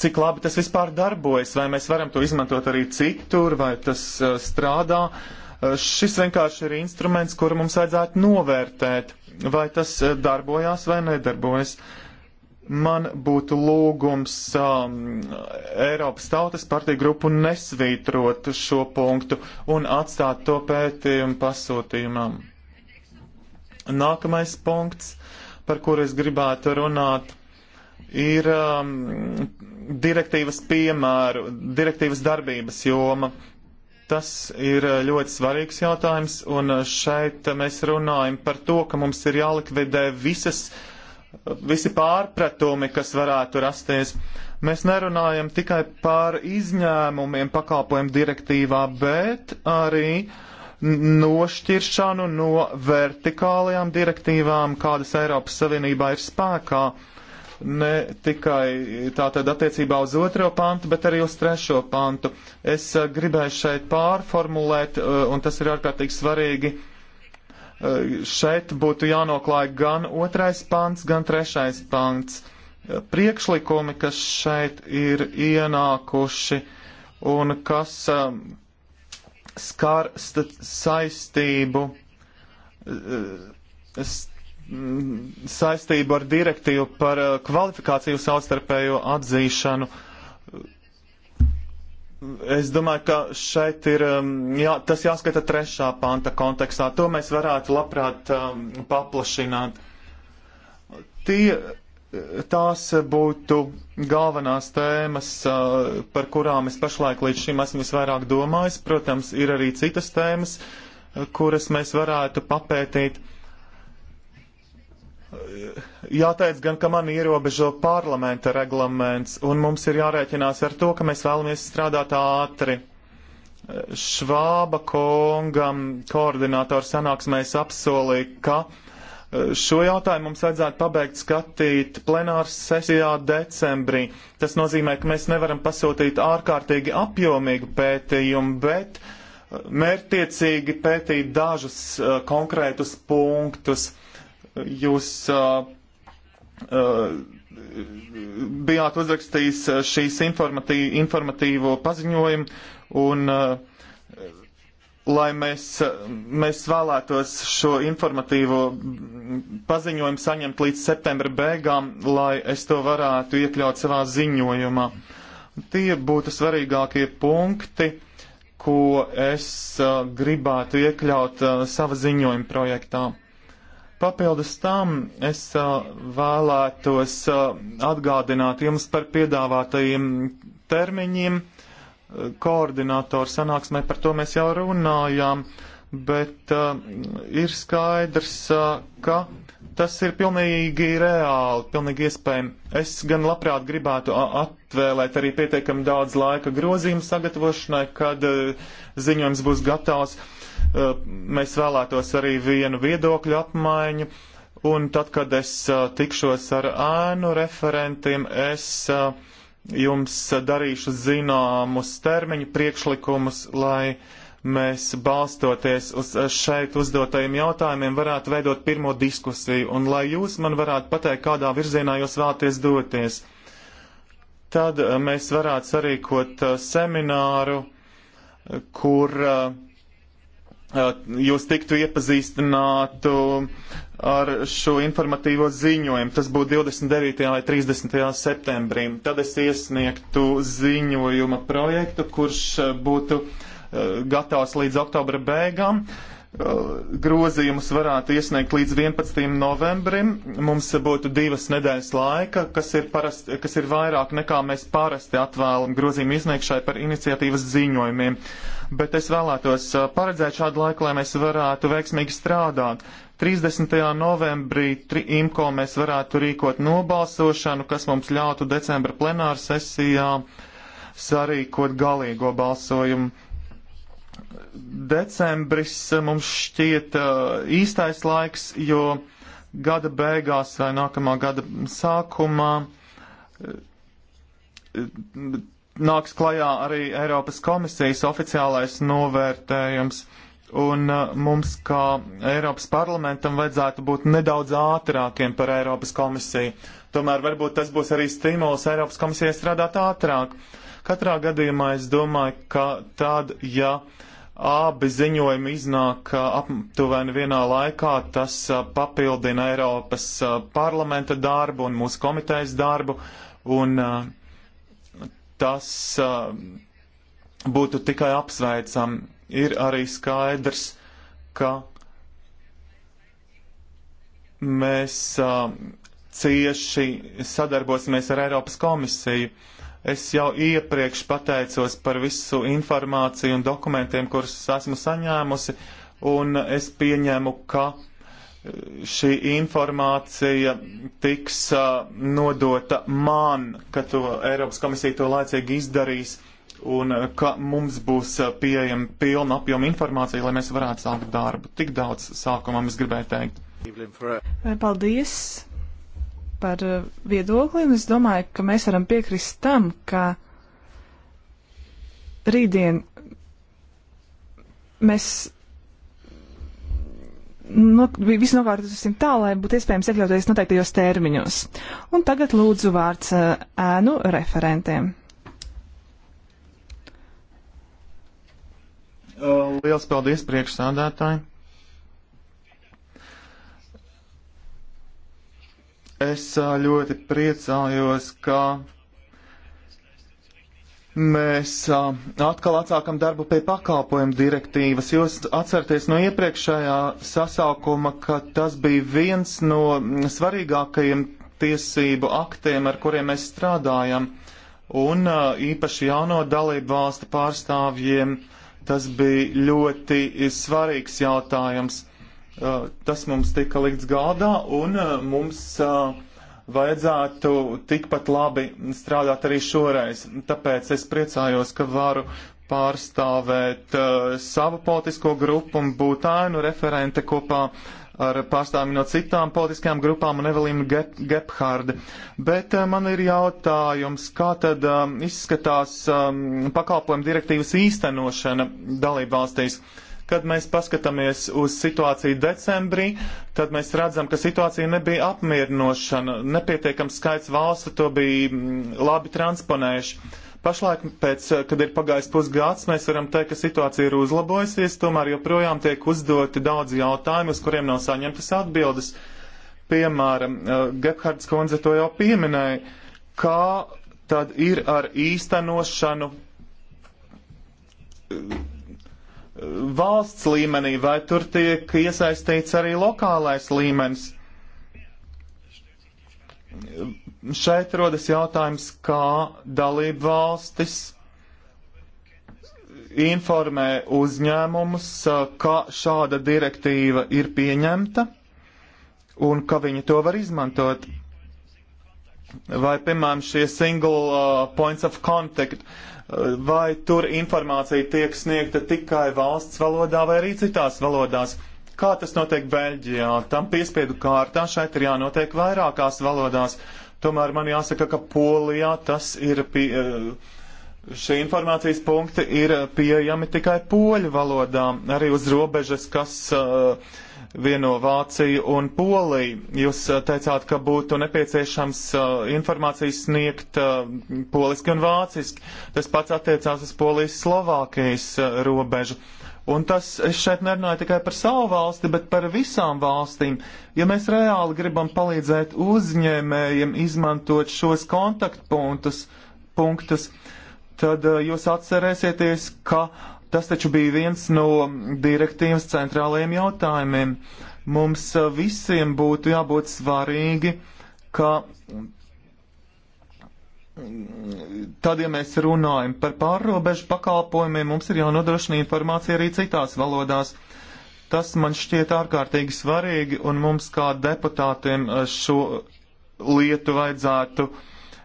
cik labi tas vispār darbojas, vai mēs varam to izmantot arī citur, vai tas uh, strādā. Uh, šis vienkārši ir instruments, kuru mums vajadzētu novērtēt vai tas eh, darbojās vai nedarbojas. Man būtu lūgums um, Eiropas Tautas partiju grupu nesvītrot šo punktu un atstāt to pētījumu pasūtījumam. Nākamais punkts, par kuru es gribētu runāt, ir um, direktīvas piemēru, direktīvas darbības joma. Uh, Tas ir eh, ļoti svarīgs jautājums, un eh, šeit eh, mēs runājam par to, ka mums ir jālikvidē visas, visi pārpratumi, kas varētu rasties. Mēs nerunājam tikai par izņēmumiem pakalpojumu direktīvā, bet arī nošķiršanu no vertikālajām direktīvām, kādas Eiropas Savienībā ir spēkā. Uh, ne tikai tātad attiecībā uz otro pantu, bet arī uz trešo pantu. Es eh, gribēju šeit pārformulēt, eh, un tas ir ārkārtīgi svarīgi. Eh, šeit būtu jānoklāj gan otrais pants, gan trešais pants. Priekšlikumi, kas šeit ir ienākuši un kas skar saistību. Es saistību ar direktīvu par eh, kvalifikāciju savstarpējo atzīšanu. Es domāju, ka šeit ir um, jā, tas jāskata trešā panta kontekstā. To mēs varētu labprāt um, paplašināt. Tie, tās būtu galvenās tēmas, uh, par kurām es pašlaik līdz šim esmu visvairāk domājis. Protams, ir arī citas tēmas, kuras mēs varētu papētīt. Uh, Jāteic gan, ka man ierobežo parlamenta reglaments, un mums ir jārēķinās ar to, ka mēs vēlamies strādāt ātri. Švāba kungam koordinātors sanāksmēs apsolīja, ka eh, šo jautājumu mums vajadzētu pabeigt skatīt plenāras sesijā decembrī. Tas nozīmē, ka mēs nevaram pasūtīt ārkārtīgi apjomīgu pētījumu, bet eh, mērtiecīgi pētīt dažus eh, konkrētus punktus jūs uh, uh, bijāt uzrakstījis uh, šīs informatī, informatīvo paziņojumu, un uh, lai mēs, uh, mēs vēlētos šo informatīvo paziņojumu saņemt līdz septembra beigām, lai es to varētu iekļaut savā ziņojumā. Tie būtu svarīgākie punkti, ko es uh, gribētu iekļaut uh, sava ziņojuma projektā. Papildus tam es uh, vēlētos uh, atgādināt jums par piedāvātajiem termiņiem. Koordinātoru sanāksmē par to mēs jau runājām, bet uh, ir skaidrs, uh, ka tas ir pilnīgi reāli, pilnīgi iespējami. Es gan labprāt gribētu atvēlēt arī pietiekami daudz laika grozījumu sagatavošanai, kad uh, ziņojums būs gatavs. Uh, Eh, mēs vēlētos arī vienu viedokļu apmaiņu. Un tad, kad es eh, tikšos ar ēnu referentiem, es eh, jums darīšu zināmus termiņu priekšlikumus, lai mēs balstoties uz šeit uzdotajiem jautājumiem varētu veidot pirmo diskusiju un lai jūs man varētu pateikt, kādā virzienā jūs vēlaties doties. Tad mēs varētu sarīkot semināru, kur uh, jūs tiktu iepazīstinātu ar šo informatīvo ziņojumu. Tas būtu 29. vai 30. septembrī. Tad es iesniegtu ziņojuma projektu, kurš būtu gatavs līdz oktobra beigām. Uh, grozījumus varētu iesniegt līdz 11. novembrim. Mums būtu divas nedēļas laika, kas ir, parasti, kas ir vairāk nekā mēs parasti atvēlam grozījumu izniegšai par iniciatīvas ziņojumiem. Bet es vēlētos paredzēt šādu laiku, lai mēs varētu veiksmīgi strādāt. 30. novembrī IMCO mēs varētu rīkot nobalsošanu, kas mums ļautu decembra plenāra sesijā sarīkot galīgo balsojumu decembris eh, mums šķiet eh, īstais laiks, jo gada beigās vai nākamā gada sākumā eh, nāks klajā arī Eiropas komisijas oficiālais novērtējums. Un mums, kā Eiropas parlamentam, vajadzētu būt nedaudz ātrākiem par Eiropas komisiju. Tomēr varbūt tas būs arī stimuls Eiropas komisijai strādāt ātrāk. Uh, Katrā gadījumā es domāju, ka tad, ja abi ziņojumi iznāk aptuveni vienā laikā. Tas papildina Eiropas parlamenta darbu un mūsu komitejas darbu, un tas būtu tikai apsveicam. Ir arī skaidrs, ka mēs cieši sadarbosimies ar Eiropas komisiju Es jau iepriekš pateicos par visu informāciju un dokumentiem, kurus esmu saņēmusi, un es pieņēmu, ka e, šī informācija tiks e, nodota man, ka to Eiropas komisija to laicīgi izdarīs un e, ka mums būs pieejama pilna apjoma informācija, lai mēs varētu sākt darbu. Tik daudz sākumā es gribēju teikt. Paldies! par eh, viedokli, un es domāju, ka mēs varam piekrist tam, ka rītdien mēs no, visu nokārtosim tā, lai būtu iespējams iekļauties noteiktajos termiņos. Un tagad lūdzu vārds eh, ēnu referentiem. Liels paldies priekšsādātāji! Es ļoti priecājos, ka mēs atkal atsākam darbu pie pakalpojumu direktīvas. Jūs atcerieties no iepriekšējā sasaukuma, ka tas bija viens no svarīgākajiem tiesību aktiem, ar kuriem mēs strādājam, un īpaši jauno dalību valstu pārstāvjiem tas bija ļoti svarīgs jautājums. Uh, tas mums tika likts galdā un uh, mums uh, vajadzētu tikpat labi strādāt arī šoreiz. Tāpēc es priecājos, ka varu pārstāvēt savu politisko grupu un būt ainu referente kopā ar pārstāvjiem no citām politiskajām grupām un Evelīnu Gep Gephardu. Bet man ir jautājums, kā tad um, izskatās um, pakalpojumu direktīvas īstenošana dalību valstīs? Uh, Kad mēs paskatāmies uz situāciju decembrī, tad mēs redzam, ka situācija nebija apmierinošana. Nepietiekams skaits valstu to bija mm, labi transponējuši. Pašlaik, pēc, kad ir pagājis pusgads, mēs varam teikt, ka situācija ir uzlabojusies, tomēr joprojām tiek uzdoti daudzi jautājumi, uz kuriem nav saņemtas atbildes. Piemēram, eh, Gebhards Konze to jau pieminēja, kā tad ir ar īstenošanu valsts līmenī, vai tur tiek iesaistīts arī lokālais līmenis? Šeit rodas jautājums, kā dalība valstis informē uzņēmumus, ka šāda direktīva ir pieņemta un ka viņi to var izmantot. Vai, piemēram, šie single uh, points of contact uh, vai tur informācija tiek sniegta tikai valsts valodā vai arī citās valodās. Kā tas notiek Beļģijā? Tam piespiedu kārtā šeit ir jānotiek vairākās valodās. Tomēr man jāsaka, ka Polijā tas ir pie, eh, šie informācijas punkti ir pieejami tikai poļu valodā, arī uz robežas, kas uh, vieno Vāciju un Poliju. Jūs eh, teicāt, ka būtu nepieciešams eh, informācijas sniegt eh, poliski un vāciski. Tas pats attiecās uz Polijas-Slovākijas robežu. Un tas es šeit nerunāju tikai par savu valsti, bet par visām valstīm. Ja mēs reāli gribam palīdzēt uzņēmējiem izmantot šos kontaktpunktus, punktus, tad jūs atcerēsieties, ka uh, Tas taču bija viens no direktīvas centrālajiem jautājumiem. Mums uh, visiem būtu jābūt svarīgi, ka mm, tad, ja mēs runājam par pārrobežu pakalpojumiem, mums ir jānodrošina informācija arī citās valodās. Tas man šķiet ārkārtīgi svarīgi, un mums kā deputātiem uh, šo lietu vajadzētu uh,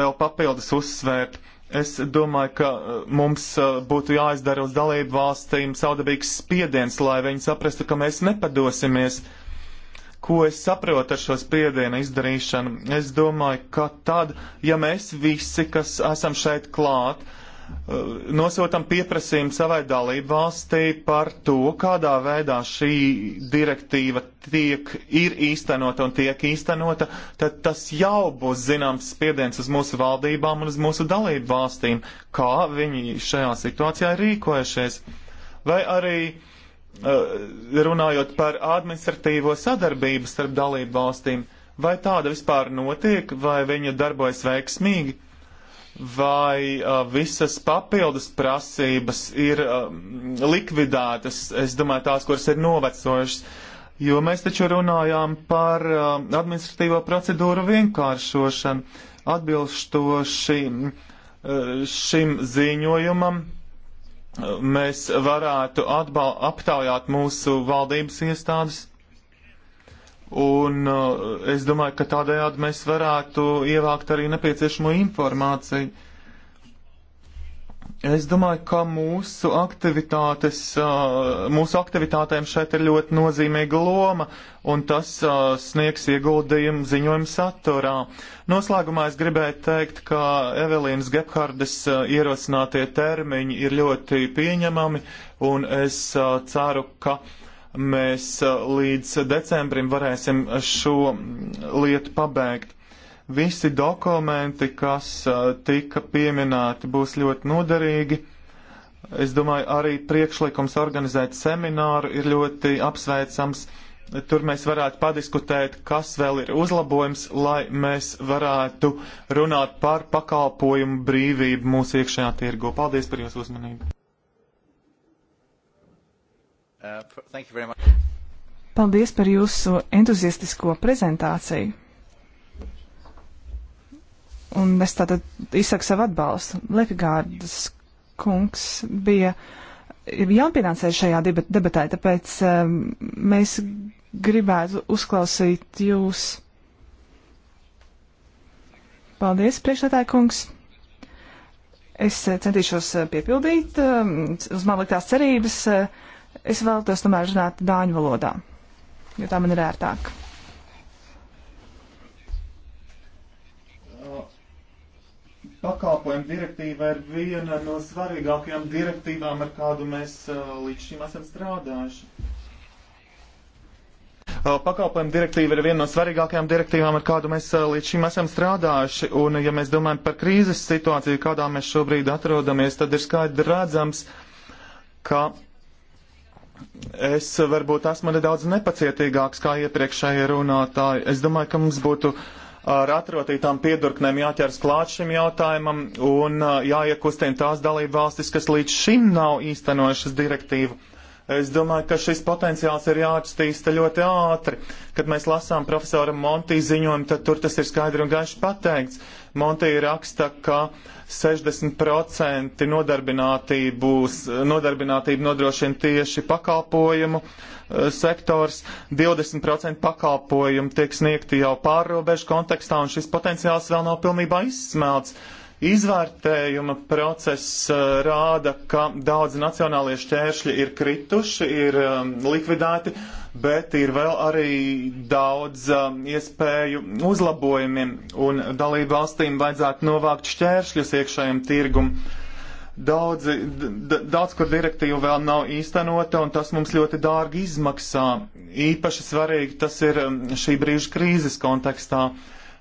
vēl papildus uzsvērt. Es domāju, ka uh, mums uh, būtu jāizdara uz dalību valstīm saudabīgs spiediens, lai viņi saprastu, ka mēs nepadosimies. Ko es saprotu ar šo spiedienu izdarīšanu? Es domāju, ka tad, ja mēs visi, kas esam šeit klāt, uh, nosūtam pieprasījumu savai dalību valstī par to, kādā veidā šī direktīva tiek, ir īstenota un tiek īstenota, tad tas jau būs zināms spiediens uz mūsu valdībām un uz mūsu dalību valstīm, kā viņi šajā situācijā rīkojušies. Vai arī eh, runājot par administratīvo sadarbību starp dalību valstīm, vai tāda vispār notiek, vai viņa darbojas veiksmīgi? vai uh, visas papildus prasības ir uh, likvidētas, es domāju, tās, kuras ir novecojušas, jo mēs taču runājām par uh, administratīvo procedūru vienkāršošanu atbilstoši uh, šim ziņojumam. Uh, mēs varētu aptaujāt mūsu valdības iestādes Un uh, es domāju, ka tādējādi mēs varētu ievākt arī nepieciešamo informāciju. Es domāju, ka mūsu, uh, mūsu aktivitātēm šeit ir ļoti nozīmīga loma, un tas uh, sniegs ieguldījumu ziņojumu saturā. Noslēgumā es gribēju teikt, ka Evelīnas Gephardas ierosinātie termiņi ir ļoti pieņemami, un es ceru, ka mēs eh, līdz decembrim varēsim šo lietu pabeigt. Visi dokumenti, kas eh, tika pieminēti, būs ļoti noderīgi. Es domāju, arī priekšlikums organizēt semināru ir ļoti apsveicams. Tur mēs varētu padiskutēt, kas vēl ir uzlabojums, lai mēs varētu runāt par pakalpojumu brīvību mūsu iekšējā tirgu. Paldies par jūsu uzmanību! Uh, Paldies par jūsu entuziastisko prezentāciju. Un es tātad izsaku savu atbalstu. Lepigārdas kungs bija jāpienācē šajā debatē, tāpēc um, mēs gribētu uzklausīt jūs. Paldies, priekšstādāja kungs. Es eh, centīšos eh, piepildīt um, uz man liktās cerības. Uh, es vēlētos tomēr runāt dāņu valodā, jo tā man ir ērtāk. Pakalpojumu direktīva ir viena no svarīgākajām direktīvām, ar kādu mēs līdz šim esam strādājuši. Pakalpojumu direktīva ir viena no svarīgākajām direktīvām, ar kādu mēs līdz šim esam strādājuši. Un, ja mēs domājam par krīzes situāciju, kādā mēs šobrīd atrodamies, tad ir skaidri redzams, ka Es varbūt esmu nedaudz nepacietīgāks kā iepriekšējie runātāji. Es domāju, ka mums būtu ar atrotītām piedurknēm jāķers klāt šim jautājumam un jāiekustina tās dalību valstis, kas līdz šim nav īstenojušas direktīvu. Es domāju, ka šis potenciāls ir jāatstīsta ļoti ātri. Kad mēs lasām profesora Montī ziņojumu, tad tur tas ir skaidri un gaiši pateikts. Montī raksta, ka uh, 60% nodarbinātību nodrošina tieši pakalpojumu e, sektors, 20% pakalpojumu tiek sniegti jau pārrobežu kontekstā, un šis potenciāls vēl nav pilnībā izsmelts. Izvērtējuma process e, rāda, ka daudz nacionālie šķēršļi ir krituši, ir um, likvidēti, bet ir vēl arī daudz um, iespēju uzlabojumiem, un dalību valstīm vajadzētu novākt šķēršļus iekšējiem tirgumam. Daudzi, daudz, kur direktīva vēl nav īstenota, un tas mums ļoti dārgi izmaksā. Īpaši svarīgi tas ir um, šī brīža krīzes kontekstā.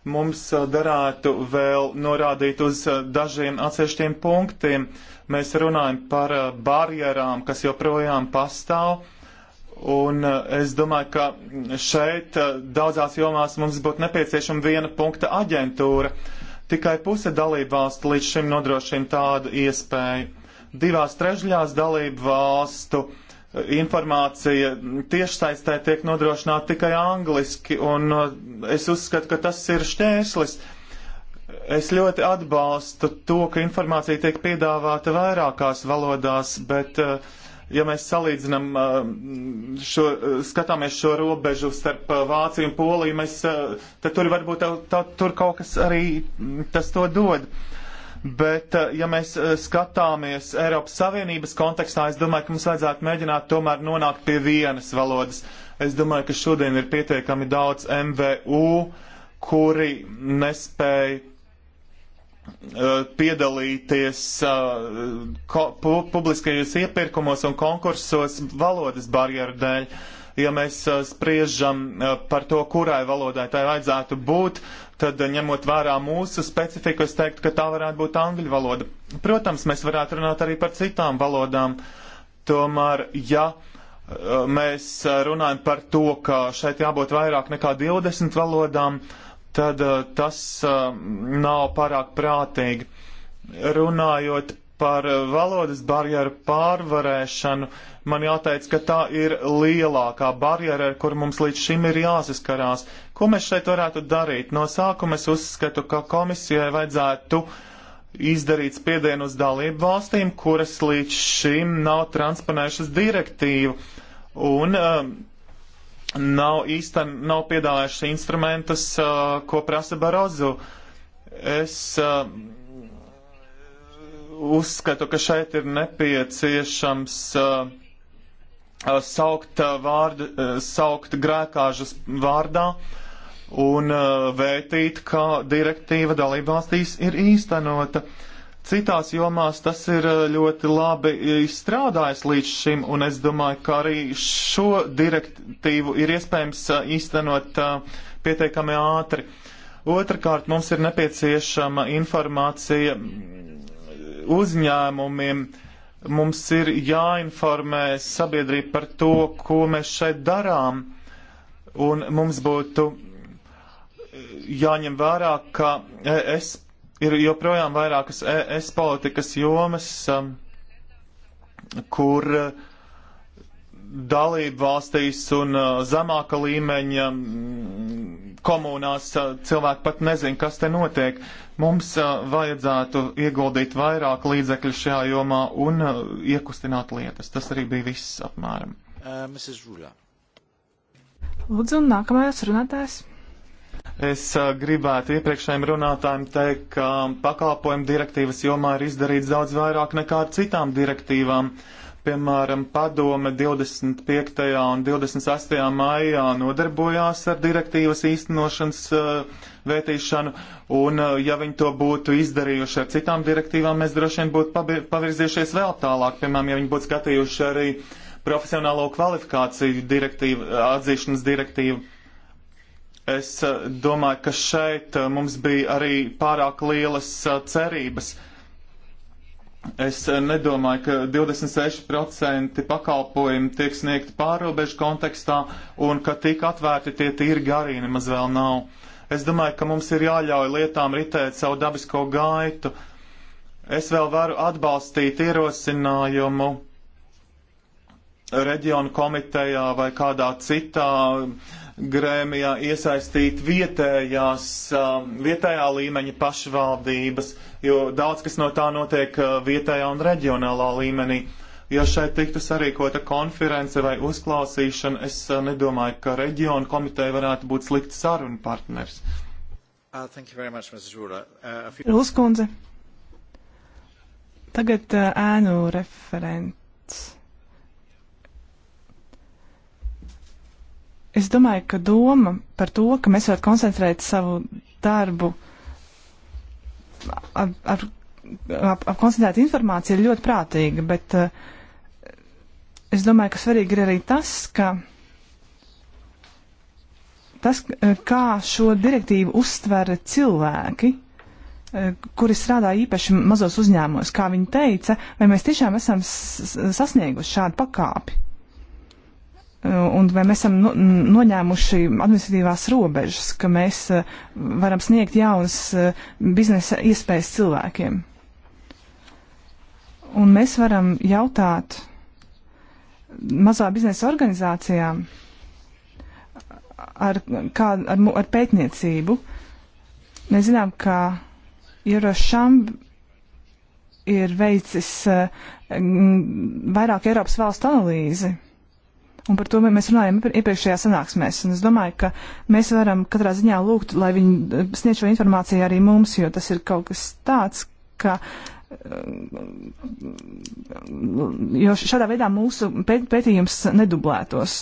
Mums uh, darētu vēl norādīt uz uh, dažiem atsevišķiem punktiem. Mēs runājam par uh, barjerām, kas joprojām pastāv Un uh, es domāju, ka šeit uh, daudzās jomās mums būtu nepieciešama viena punkta aģentūra. Tikai puse dalību valstu līdz šim nodrošina tādu iespēju. Divās trešdaļās dalību valstu uh, informācija tiešsaistē tiek nodrošināta tikai angliski, un es uzskatu, ka tas ir šķērslis. Es ļoti atbalstu to, ka informācija tiek piedāvāta vairākās valodās, bet uh, ja mēs salīdzinām uh, šo, uh, skatāmies šo robežu starp uh, Vāciju un Poliju, mēs, tad tur varbūt tā, tā, tur kaut kas arī mm, tas to dod. Bet, ja mēs skatāmies Eiropas Savienības kontekstā, es domāju, ka mums vajadzētu mēģināt tomēr nonākt pie vienas valodas. Es domāju, ka šodien ir pietiekami daudz MVU, kuri nespēja Eh, piedalīties eh, ko, pu, publiskajos iepirkumos un konkursos valodas barjeru dēļ. Ja mēs eh, spriežam par to, kurai valodai tai vajadzētu būt, tad ņemot vērā mūsu specifiku, es teiktu, ka tā varētu būt angļu valoda. Protams, mēs varētu runāt arī par citām valodām. Tomēr, ja mēs runājam par to, ka šeit jābūt vairāk nekā 20 valodām, uh, tad eh, tas eh, nav pārāk prātīgi. Runājot par eh, valodas barjeru pārvarēšanu, man jāteic, ka tā ir lielākā barjera, ar kur mums līdz šim ir jāsaskarās. Ko mēs šeit varētu darīt? No sākuma es uzskatu, ka komisijai vajadzētu izdarīt spiedienu uz dalību valstīm, kuras līdz šim nav transponējušas direktīvu. Un, uh, nav īsten, nav piedāvājušas instrumentus, uh, ko prasa Barozu. Es uh, uzskatu, ka šeit ir nepieciešams uh, saukt, uh, vārdu, uh, saukt grēkāžas vārdā un uh, vētīt, kā direktīva dalībvalstīs ir īstenota. Uh, Citās jomās tas ir eh, ļoti labi izstrādājis līdz šim, un es domāju, ka arī šo direktīvu ir iespējams eh, īstenot eh, pietiekami ātri. Otrakārt, mums ir nepieciešama informācija mm, uzņēmumiem. Mums ir jāinformē sabiedrība par to, ko mēs šeit darām, un mums būtu jāņem vērā, ka es ir joprojām vairākas ES politikas jomas, um, kur uh, dalību valstīs un uh, zemāka līmeņa mm, komunās uh, cilvēki pat nezin, kas te notiek. Mums uh, vajadzētu ieguldīt vairāk līdzekļu šajā jomā un uh, iekustināt lietas. Tas arī bija viss apmēram. Uh, Lūdzu, nākamais runātājs. Es uh, gribētu iepriekšējiem runātājiem teikt, ka pakalpojumu direktīvas jomā ir izdarīts daudz vairāk nekā citām direktīvām. Piemēram, padome 25. un 28. maijā nodarbojās ar direktīvas īstenošanas uh, vērtīšanu, un uh, ja viņi to būtu izdarījuši ar citām direktīvām, mēs droši vien būtu pavirzījušies vēl tālāk. Piemēram, ja viņi būtu skatījuši arī profesionālo kvalifikāciju direktīvu, atzīšanas direktīvu Es eh, domāju, ka šeit eh, mums bija arī pārāk lielas eh, cerības. Es nedomāju, ka 26% pakalpojumi tiek sniegti pārobežu kontekstā un ka tik atvērti tie tīri garīgi nemaz vēl nav. Es domāju, ka mums ir jāļauj lietām ritēt savu dabisko gaitu. Es vēl varu atbalstīt ierosinājumu reģionu komitejā vai kādā citā uh, grēmijā iesaistīt vietējās, um, vietējā līmeņa pašvaldības, jo daudz kas no tā notiek uh, vietējā un reģionālā līmenī. Ja šeit tiktu sarīkota konference vai uzklausīšana, es uh, nedomāju, ka reģiona komiteja varētu būt slikts sarunu partners. Uh, much, uh, few... Lūskundze, tagad uh, ēnu referents. Es domāju, ka doma par to, ka mēs varētu koncentrēt savu darbu ar, ar, ar, ar koncentrētu informāciju, ir ļoti prātīga, bet uh, es domāju, ka svarīgi ir arī tas, ka tas, eh, kā šo direktīvu uztver cilvēki, eh, kuri strādā īpaši mazos uzņēmumos, kā viņi teica, vai mēs tiešām esam sasnieguši šādu pakāpi un vai mēs esam no, noņēmuši administratīvās robežas, ka mēs eh, varam sniegt jaunas eh, biznesa iespējas cilvēkiem. Un mēs varam jautāt mazā biznesa organizācijām ar, kā, ar, ar pētniecību. Mēs zinām, ka Eurošam ir veicis eh, vairāk Eiropas valstu analīzi un par to mēs runājam iepriekšējā sanāksmēs. Un es domāju, ka mēs varam katrā ziņā lūgt, lai viņi eh, sniedz šo informāciju arī mums, jo tas ir kaut kas tāds, ka. Eh, jo šādā veidā mūsu pēt, pētījums nedublētos.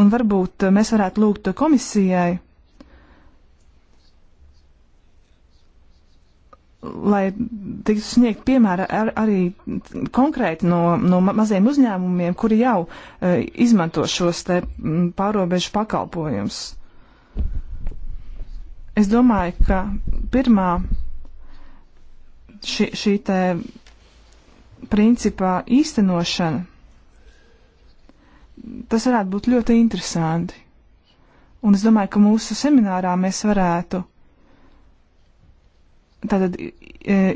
Un varbūt eh, mēs varētu lūgt komisijai lai tiktu sniegt piemēra ar, arī konkrēti no, no maziem uzņēmumiem, kuri jau uh, izmanto šos te pārobežu pakalpojumus. Es domāju, ka pirmā šī, šī te principā īstenošana, tas varētu būt ļoti interesanti. Un es domāju, ka mūsu seminārā mēs varētu tātad e,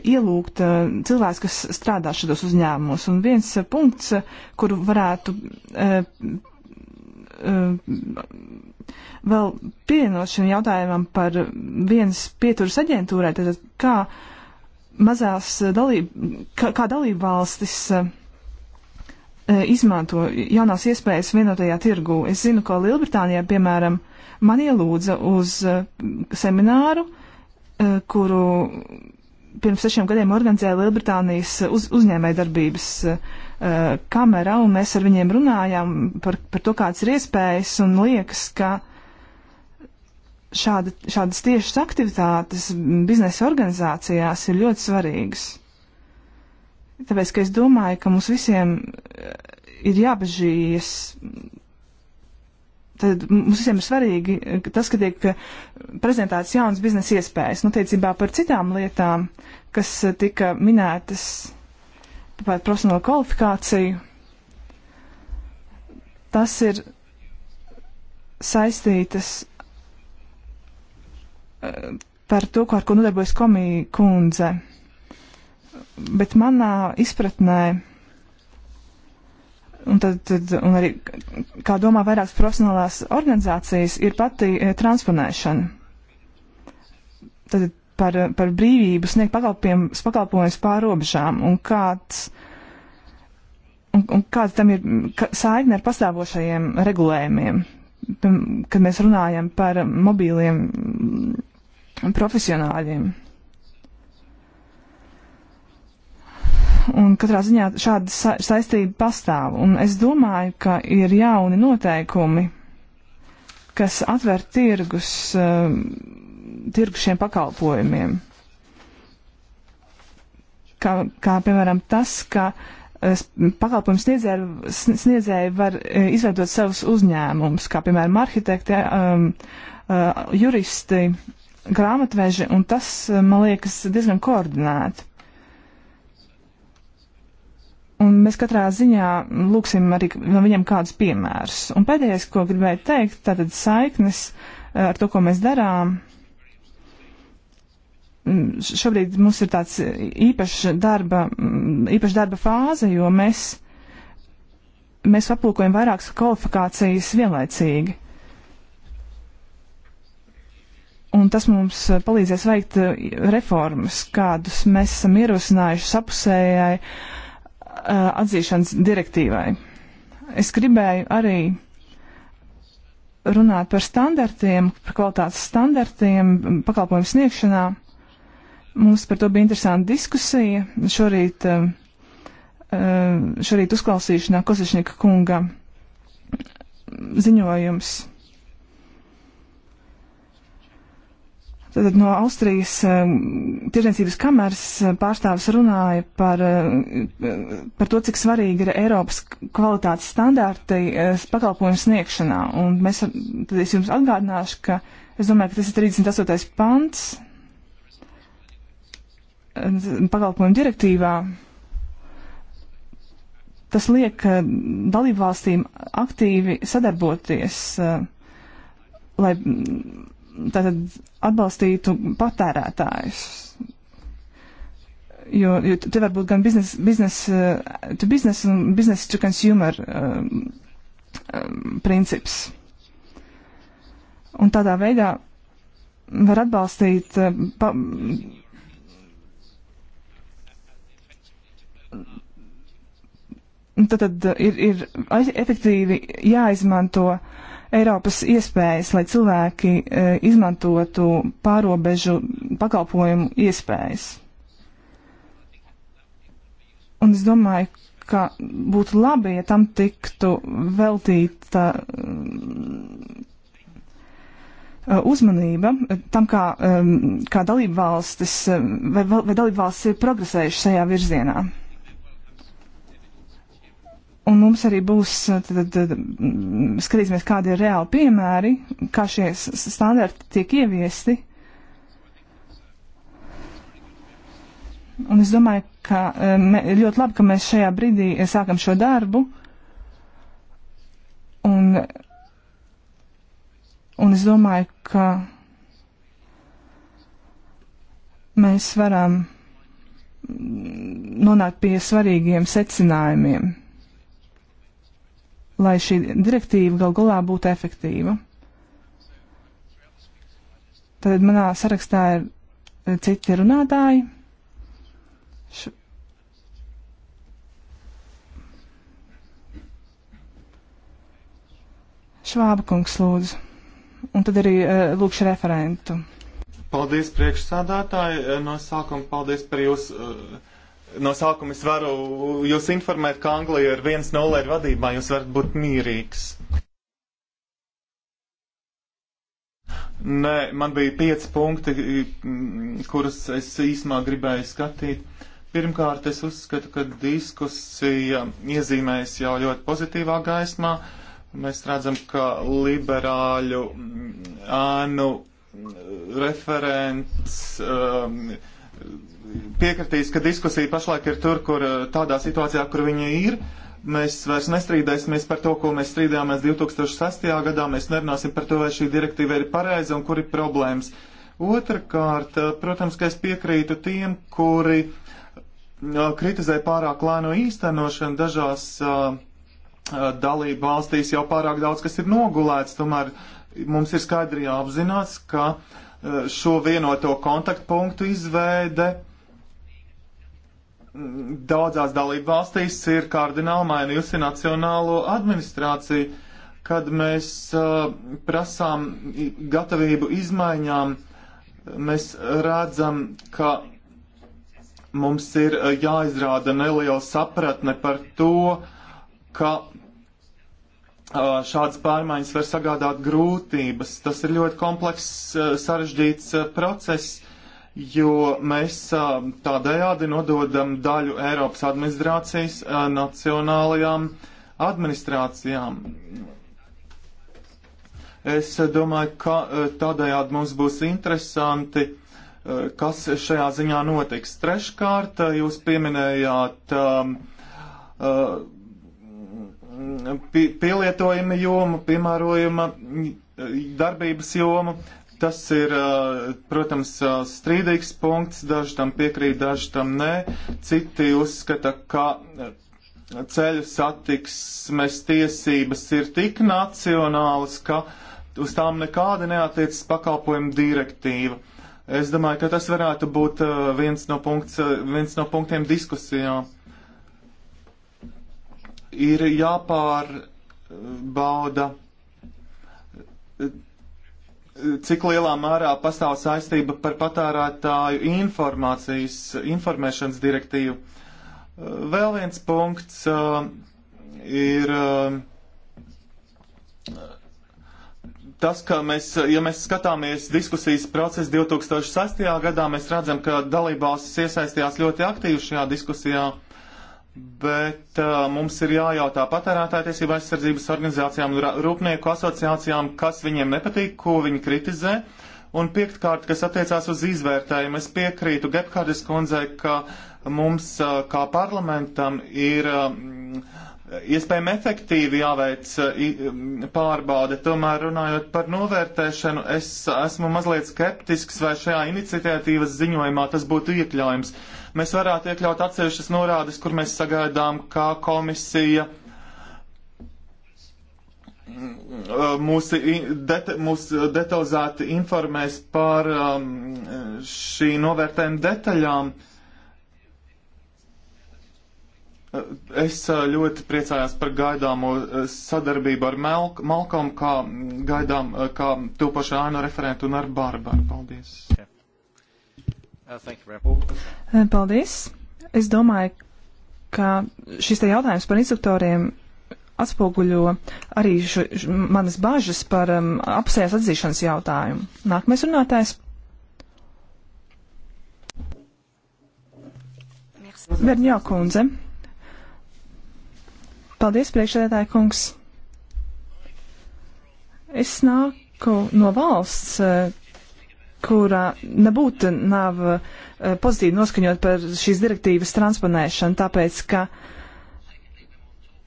ielūgt e, cilvēks, kas strādā šādos uzņēmumos. Un viens e, punkts, kuru varētu vēl pievienot šim jautājumam par vienas pieturas aģentūrai, tad kā mazās dalība, kā, kā dalība valstis izmanto jaunās iespējas vienotajā tirgū. Es zinu, ka Lielbritānijā, piemēram, man ielūdza uz semināru, uh, Eh, kuru pirms sešiem gadiem organizēja Lielbritānijas uz, uzņēmējdarbības eh, kamera, un mēs ar viņiem runājām par, par to, kādas ir iespējas, un liekas, ka šāda, šādas tiešas aktivitātes biznesa organizācijās ir ļoti svarīgas. Tāpēc, ka es domāju, ka mums visiem eh, ir jābežījies tad mums visiem ir svarīgi ka tas, ka tiek prezentēts jauns biznesa iespējas. Nu, teicībā par citām lietām, kas tika minētas par profesionālo kvalifikāciju, tas ir saistītas eh, par to, ar ko nodarbojas komija kundze. Bet manā izpratnē Un, tad, tad, un arī, kā domā vairākas profesionālās organizācijas, ir pati e, transponēšana. Tad par, par brīvību sniegt pakalpojumus pār robežām un kāds, un, un kāds tam ir kā, saikne ar pastāvošajiem regulējumiem. Kad mēs runājam par mobīliem profesionāļiem. un katrā ziņā šāda sa saistība pastāv. Un es domāju, ka ir jauni noteikumi, kas atver tirgus, uh, tirgus šiem pakalpojumiem. Kā, kā piemēram tas, ka uh, pakalpojumu sniedzēji, sniedzēji var uh, izveidot savus uzņēmumus, kā piemēram arhitekti, um, uh, juristi, grāmatveži, un tas, uh, man liekas, diezgan koordinēti. Un mēs katrā ziņā lūksim arī no viņiem kādus piemērus. Un pēdējais, ko gribēju teikt, tātad saiknes eh, ar to, ko mēs darām. Mm, šobrīd mums ir tāds eh, īpašs darba, mm, īpaš darba fāze, jo mēs, mēs aplūkojam vairākas kvalifikācijas vienlaicīgi. Un tas mums eh, palīdzēs veikt reformas, kādus mēs esam ierosinājuši sapusējai uh, Eh, atzīšanas direktīvai. Es gribēju arī runāt par standartiem, par kvalitātes standartiem pakalpojumu sniegšanā. Mums par to bija interesanta diskusija šorīt, eh, eh, šorīt uzklausīšanā Kosašņika kunga ziņojums Tad no Austrijas um, tirdzniecības kameras uh, pārstāvis runāja par, uh, par to, cik svarīgi ir Eiropas kvalitātes standārti uh, pakalpojumu sniegšanā. Un mēs, tad es jums atgādināšu, ka es domāju, ka tas ir 38. pants um, pakalpojumu direktīvā tas liek dalībvalstīm aktīvi sadarboties, lai tātad atbalstītu patērētājus. Jo, jo te var būt gan biznes, biznes, eh, to biznes un biznes to consumer um, um, princips. Un tādā veidā var atbalstīt pa, Tad, tad ir, ir efektīvi jāizmanto uh, Eiropas iespējas, lai cilvēki e, izmantotu pārobežu pakalpojumu iespējas. Un es domāju, ka būtu labi, ja tam tiktu veltīta e, uzmanība tam, kā, e, kā dalībvalstis e, vai, vai dalībvalstis ir progresējuši šajā virzienā. Un mums arī būs, eh, tad, tad, mm, skatīsimies, kādi ir reāli piemēri, kā šie standarti tiek ieviesti. Un es domāju, ka ir eh, ļoti labi, ka mēs šajā brīdī eh, sākam šo darbu. Un, un es domāju, ka mēs varam mm, nonākt pie svarīgiem secinājumiem lai šī direktīva gal galā būtu efektīva. Tad manā sarakstā ir citi runātāji. Š Švāba kungs lūdzu. Un tad arī uh, lūkšu referentu. Paldies priekšsādātāji. Eh, no sākuma paldies par jūsu. Uh, no sākuma es varu jūs informēt, ka Anglija ir viens nulle ir vadībā, jūs varat būt mierīgs. Nē, man bija pieci punkti, kurus es īsumā gribēju skatīt. Pirmkārt, es uzskatu, ka diskusija iezīmējas jau ļoti pozitīvā gaismā. Mēs redzam, ka liberāļu ānu referents um, piekritīs, ka diskusija pašlaik ir tur, kur eh, tādā situācijā, kur viņa ir. Mēs vairs nestrīdēsimies par to, ko mēs strīdējāmies 2006. gadā. Mēs nerunāsim par to, vai šī direktīva ir pareiza un kur ir problēmas. Otrakārt, eh, protams, ka es piekrītu tiem, kuri eh, kritizē pārāk lēno īstenošanu dažās dalību valstīs jau pārāk daudz, kas ir nogulēts. Tomēr mums ir skaidri jāapzinās, ka šo vienoto kontaktpunktu izveide uh, daudzās dalību valstīs ir kardināli mainījusi nacionālo administrāciju, kad mēs uh, prasām gatavību izmaiņām, mēs redzam, ka mums ir uh, jāizrāda neliela sapratne par to, ka uh, šādas pārmaiņas var sagādāt grūtības. Tas ir ļoti komplekss, uh, sarežģīts uh, process jo mēs tādējādi nododam daļu Eiropas administrācijas nacionālajām administrācijām. Es domāju, ka tādējādi mums būs interesanti, kas šajā ziņā notiks. Treškārt, jūs pieminējāt pielietojuma jomu, piemērojuma darbības jomu. Tas ir, protams, strīdīgs punkts, daži tam piekrīt, daži tam nē. Citi uzskata, ka ceļu satiksmes tiesības ir tik nacionālas, ka uz tām nekādi neatiecas pakalpojumu direktīva. Es domāju, ka tas varētu būt viens no, punkts, viens no punktiem diskusijā. Ir jāpārbauda cik lielā mērā pastāv saistība par patērētāju informācijas, informēšanas direktīvu. Eh, vēl viens punkts uh, ir uh, tas, ka mēs, ja mēs skatāmies diskusijas procesu 2006. gadā, mēs redzam, ka dalībvalstis iesaistījās ļoti aktīvi šajā diskusijā. Uh, bet uh, mums ir jājautā patērētājtiesība aizsardzības organizācijām un rūpnieku asociācijām, kas viņiem nepatīk, ko viņi kritizē. Un piektkārt, kas attiecās uz izvērtējumu, es piekrītu Gephardas kundzei, ka mums uh, kā parlamentam ir uh, iespējami efektīvi jāveic uh, um, pārbaude. Tomēr runājot par novērtēšanu, es esmu mazliet skeptisks, vai šajā iniciatīvas ziņojumā tas būtu iekļaujams. Uh, Mēs varētu iekļaut atsevišķas norādes, kur mēs sagaidām, kā komisija mm, mūs, deta, mūs detalizēti informēs par um, šī novērtējuma detaļām. Es uh, ļoti priecājos par gaidāmo uh, sadarbību ar Melk, Malkom, kā gaidām, uh, kā topošā ainu referentu un ar Barbaru. Paldies! Yeah. Uh, uh, paldies! Es domāju, ka šis te jautājums par instruktoriem atspoguļo arī šo, š, manas bažas par um, apsēs atzīšanas jautājumu. Nākamais runātājs. Verņā kundze. Paldies, priekšsēdētāja kungs. Es nāku no valsts, uh, kurā nebūtu nav eh, pozitīvi noskaņot par šīs direktīvas transponēšanu, tāpēc, ka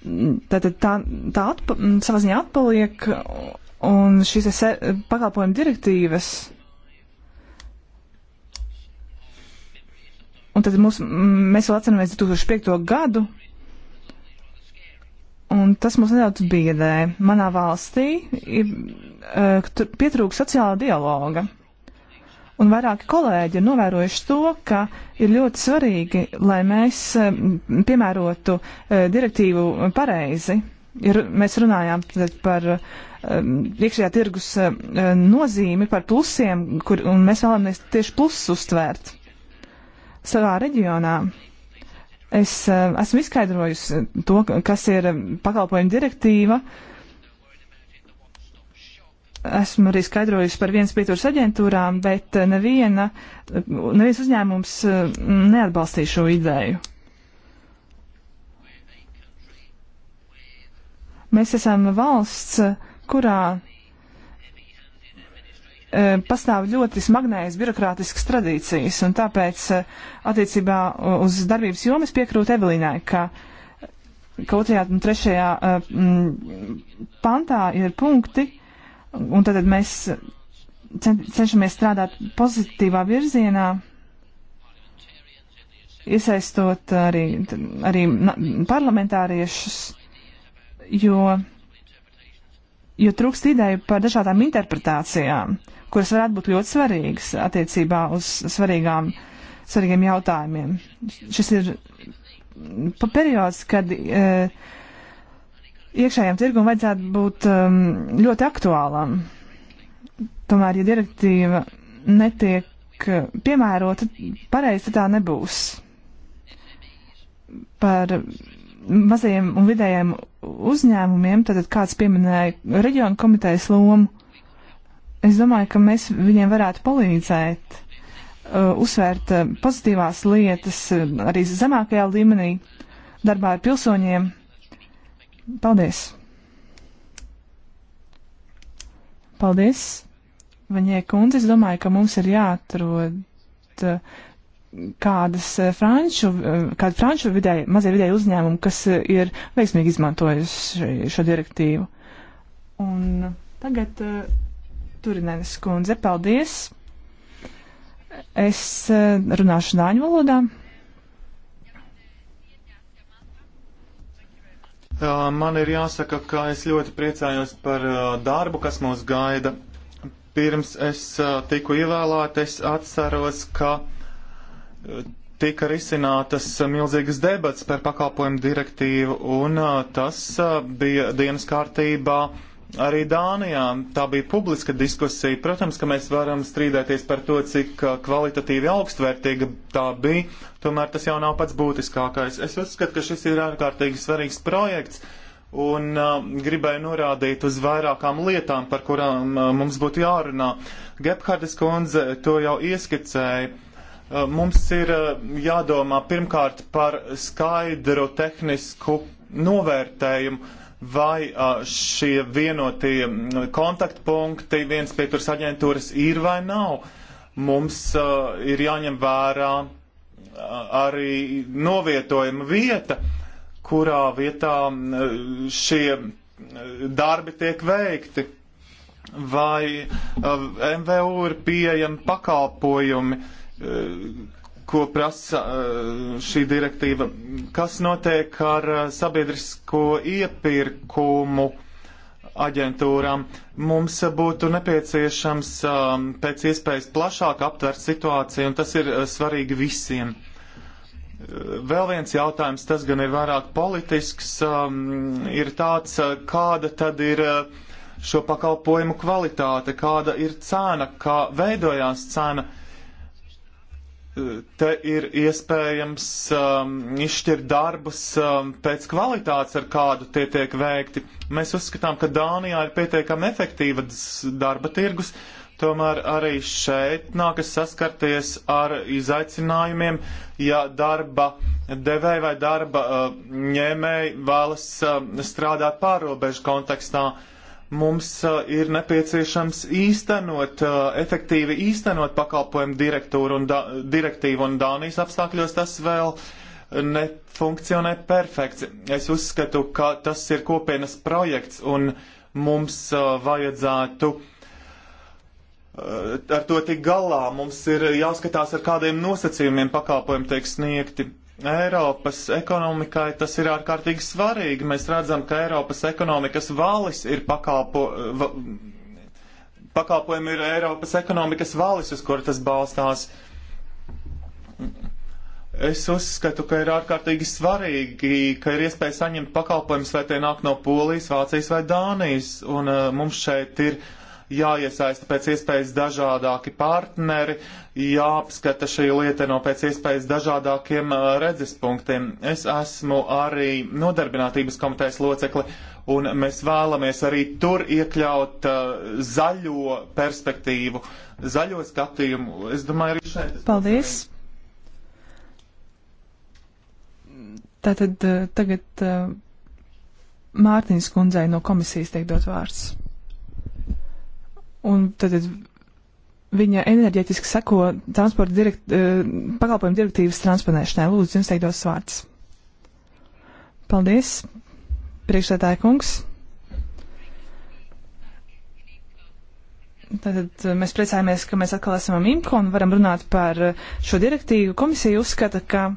mm, tātad tā, tā atpa, mm, savā ziņā atpaliek un šīs eh, pakalpojuma direktīvas. Un tad mums, mm, mēs vēl atceramies 2005. gadu, un tas mums nedaudz biedē. Manā valstī ir, uh, pietrūka sociāla dialoga. Un vairāki kolēģi ir novērojuši to, ka ir ļoti svarīgi, lai mēs eh, piemērotu eh, direktīvu pareizi. Ir, mēs runājām par eh, iekšējā tirgus nozīmi, par plusiem, kur, un mēs vēlamies tieši plusus uztvērt savā reģionā. Es esmu izskaidrojusi to, kas ir pakalpojumu direktīva. Uh, esmu arī skaidrojusi par vienas pieturas aģentūrām, bet neviena, neviens uzņēmums eh, neatbalstīja šo ideju. Mēs esam valsts, kurā eh, pastāv ļoti smagnējas birokrātiskas tradīcijas, un tāpēc eh, attiecībā uz darbības jomas piekrūt Evelīnai, ka kaut kādā un trešajā pantā ir punkti, Un tad mēs cenšamies strādāt pozitīvā virzienā, iesaistot arī, arī parlamentāriešus, jo, jo trūkst ideju par dažādām interpretācijām, kuras varētu būt ļoti svarīgas attiecībā uz svarīgām, svarīgiem jautājumiem. Šis ir periods, kad. Uh, iekšējām tirgum vajadzētu būt um, ļoti aktuālām. Tomēr, ja direktīva netiek piemērota, pareizi tā nebūs. Par mazajiem un vidējiem uzņēmumiem, tad kāds pieminēja reģionu komitejas lomu. Es domāju, ka mēs viņiem varētu palīdzēt, uh, uzsvērt uh, pozitīvās lietas uh, arī zemākajā līmenī, darbā ar pilsoņiem. Paldies! Paldies, Vaņie kundze. Es domāju, ka mums ir jāatrod eh, kādas eh, franču, eh, kādu franču vidēji, mazie vidēji uzņēmumi, kas ir veiksmīgi izmantojuši šo direktīvu. Un tagad Turinēnes kundze, paldies! Es runāšu dāņu valodā. Man ir jāsaka, ka es ļoti priecājos par darbu, kas mūs gaida. Pirms es tiku ievēlēta, es atceros, ka tika risinātas milzīgas debats par pakalpojumu direktīvu, un tas bija dienas kārtībā Arī Dānijā tā bija publiska diskusija. Protams, ka mēs varam strīdēties par to, cik uh, kvalitatīvi augstvērtīga tā bija, tomēr tas jau nav pats būtiskākais. Es uzskatu, ka šis ir ārkārtīgi svarīgs projekts un uh, gribēju norādīt uz vairākām lietām, par kurām uh, mums būtu jārunā. Gebhardes kundze to jau ieskicēja. Uh, mums ir uh, jādomā pirmkārt par skaidru tehnisku novērtējumu vai uh, šie vienotie kontaktpunkti viens pieturas aģentūras ir vai nav. Mums uh, ir jāņem vērā uh, arī novietojuma vieta, kurā vietā šie darbi tiek veikti. Vai uh, MVU ir pieejami pakalpojumi, ko prasa eh, šī direktīva. Kas notiek ar eh, sabiedrisko iepirkumu aģentūrām? Mums būtu nepieciešams eh, pēc iespējas plašāk aptvert situāciju, un tas ir svarīgi visiem. Vēl viens jautājums, tas gan ir vairāk politisks, ir tāds, kāda tad ir šo pakalpojumu kvalitāte, kāda ir cena, kā veidojās cena te ir iespējams um, izšķirt darbus um, pēc kvalitātes, ar kādu tie tiek veikti. Mēs uzskatām, ka Dānijā ir pietiekami efektīva darba tirgus, tomēr arī šeit nākas saskarties ar izaicinājumiem, ja darba devēja vai darba uh, ņēmēji vēlas uh, strādāt pārobežu kontekstā. Uh, mums ir nepieciešams īstenot, efektīvi īstenot pakalpojumu direktīvu un, da, direktīvu, un Dānijas apstākļos tas vēl nefunkcionē perfekts. Es uzskatu, ka tas ir kopienas projekts un mums vajadzētu ar to tik galā. Mums ir jāskatās, ar kādiem nosacījumiem pakalpojumi tiek sniegti. Eiropas ekonomikai tas ir ārkārtīgi svarīgi. Mēs redzam, ka Eiropas ekonomikas valis ir pakalpo, va, pakalpojumi ir Eiropas ekonomikas valis, uz kur tas balstās. Es uzskatu, ka ir ārkārtīgi svarīgi, ka ir iespēja saņemt pakalpojumus, vai tie nāk no Polijas, Vācijas vai Dānijas, un uh, mums šeit ir uh, jāiesaista pēc iespējas dažādāki partneri, jāapskata šī lieta no pēc iespējas dažādākiem redzespunktiem. Es esmu arī nodarbinātības komitejas locekli, un mēs vēlamies arī tur iekļaut uh, zaļo perspektīvu, zaļo skatījumu. Es domāju, arī šeit. Paldies! Tātad tagad uh, Mārtiņas kundzei no komisijas tiek dot vārds un tad viņa enerģētiski seko transporta direkt, e, pakalpojumu direktīvas transponēšanai. Lūdzu, jums teiktos vārds. Paldies, priekšsētāja kungs. Tātad e, mēs priecājamies, ka mēs atkal esam IMCO un varam runāt par e, šo direktīvu. Komisija uzskata, ka